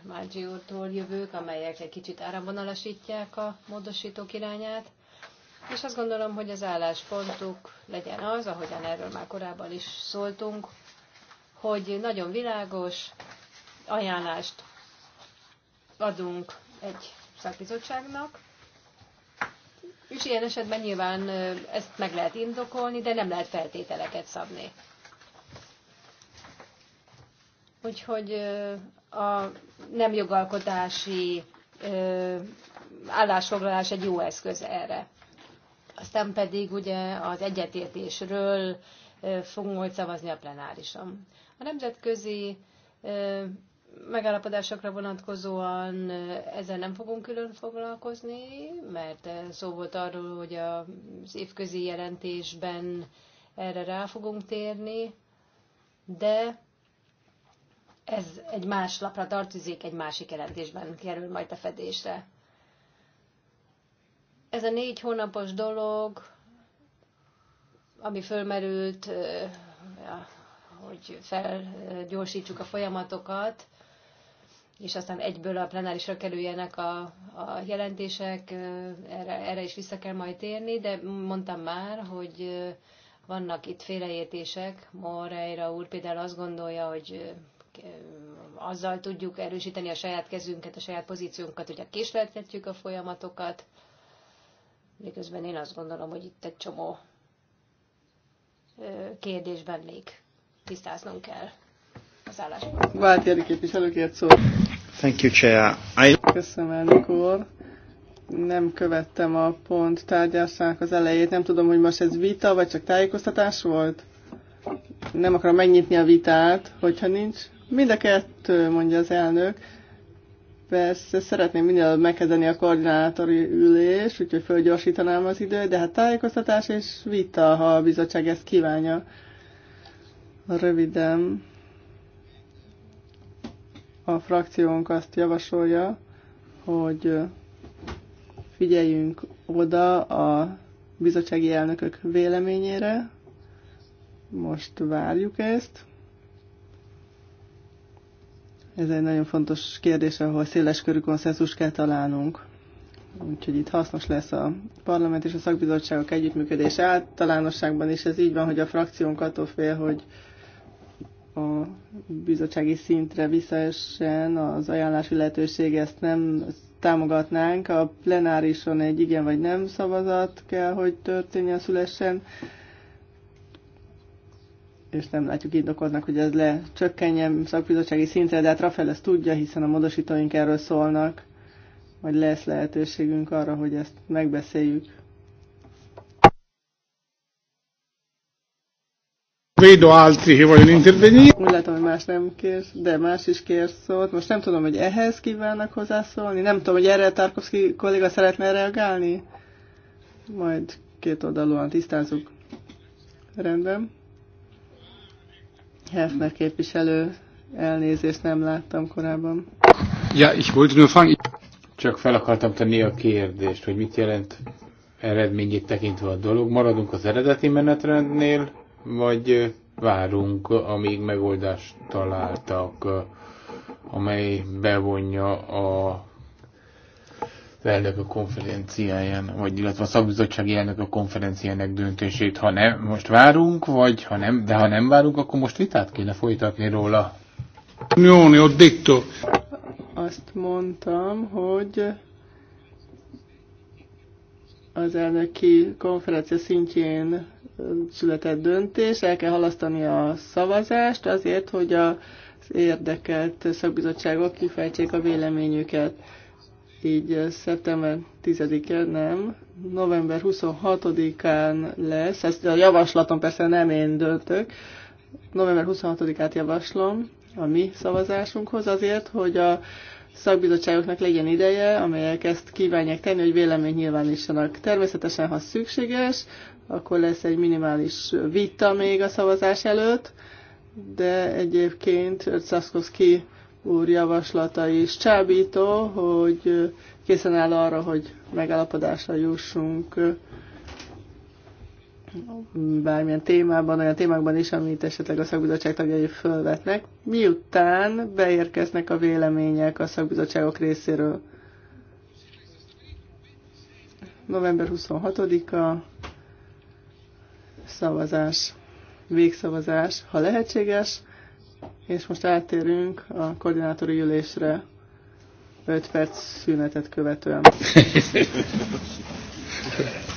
Mágyi úrtól jövők, amelyek egy kicsit áramvonalasítják a módosítók irányát és azt gondolom, hogy az álláspontuk legyen az, ahogyan erről már korábban is szóltunk, hogy nagyon világos ajánlást adunk egy szakbizottságnak, és ilyen esetben nyilván ezt meg lehet indokolni, de nem lehet feltételeket szabni. Úgyhogy a nem jogalkotási állásfoglalás egy jó eszköz erre. Aztán pedig ugye az egyetértésről fogunk majd szavazni a plenárison. A nemzetközi megállapodásokra vonatkozóan ezzel nem fogunk külön foglalkozni, mert szó volt arról, hogy az évközi jelentésben erre rá fogunk térni, de ez egy más lapra tartozik, egy másik jelentésben kerül majd a fedésre. Ez a négy hónapos dolog, ami fölmerült, hogy felgyorsítsuk a folyamatokat, és aztán egyből a plenárisra kerüljenek a, a jelentések, erre, erre is vissza kell majd térni, de mondtam már, hogy vannak itt félreértések. Moreira úr például azt gondolja, hogy azzal tudjuk erősíteni a saját kezünket, a saját pozíciónkat, hogy a késleltetjük a folyamatokat, Miközben én azt gondolom, hogy itt egy csomó kérdésben még tisztáznunk kell az álláspontot. Váltjeri képviselőkért szó. Thank you, Chair. I... Köszönöm, elnök úr. Nem követtem a pont tárgyásának az elejét. Nem tudom, hogy most ez vita, vagy csak tájékoztatás volt. Nem akarom megnyitni a vitát, hogyha nincs. Mind a kettő, mondja az elnök. Persze szeretném minél megkezdeni a koordinátori ülés, úgyhogy fölgyorsítanám az időt, de hát tájékoztatás és vita, ha a bizottság ezt kívánja. Röviden. A frakciónk azt javasolja, hogy figyeljünk oda a bizottsági elnökök véleményére. Most várjuk ezt. Ez egy nagyon fontos kérdés, ahol széles körű konszenzus kell találnunk. Úgyhogy itt hasznos lesz a parlament és a szakbizottságok együttműködése általánosságban, és ez így van, hogy a frakciónk attól fél, hogy a bizottsági szintre visszaessen az ajánlási lehetőség, ezt nem támogatnánk. A plenárison egy igen vagy nem szavazat kell, hogy történjen, szülessen és nem látjuk indokoznak, hogy ez lecsökkenjen szakbizottsági szintre, de hát Rafael ezt tudja, hiszen a módosítóink erről szólnak, vagy lesz lehetőségünk arra, hogy ezt megbeszéljük. Védő altri, hogy vogliono Úgy látom, hogy más nem kér, de más is kér szót. Most nem tudom, hogy ehhez kívánnak hozzászólni. Nem tudom, hogy erre Tarkovsky kolléga szeretne reagálni. Majd két oldalúan tisztázunk. Rendben. Hefner képviselő, elnézést nem láttam korábban. Ja, ich wollte nur fragen. Csak fel akartam tenni a kérdést, hogy mit jelent eredményét tekintve a dolog. Maradunk az eredeti menetrendnél, vagy várunk, amíg megoldást találtak, amely bevonja a a konferenciáján, vagy illetve a szakbizottsági a konferenciának döntését, ha nem, most várunk, vagy ha nem, de ha nem várunk, akkor most vitát kéne folytatni róla. Jó, jó, detto. Azt mondtam, hogy az elnöki konferencia szintjén született döntés, el kell halasztani a szavazást azért, hogy az érdekelt szakbizottságok kifejtsék a véleményüket így eh, szeptember 10-e nem, november 26-án lesz, ezt a javaslatom persze nem én döntök, november 26-át javaslom a mi szavazásunkhoz azért, hogy a szakbizottságoknak legyen ideje, amelyek ezt kívánják tenni, hogy véleményt nyilvánítsanak. Természetesen, ha szükséges, akkor lesz egy minimális vita még a szavazás előtt, de egyébként Szaszkowski úr javaslata is csábító, hogy készen áll arra, hogy megállapodásra jussunk bármilyen témában, olyan témákban is, amit esetleg a szakbizottság tagjai fölvetnek, miután beérkeznek a vélemények a szakbizottságok részéről. November 26-a szavazás, végszavazás, ha lehetséges, és most eltérünk a koordinátori ülésre 5 perc szünetet követően.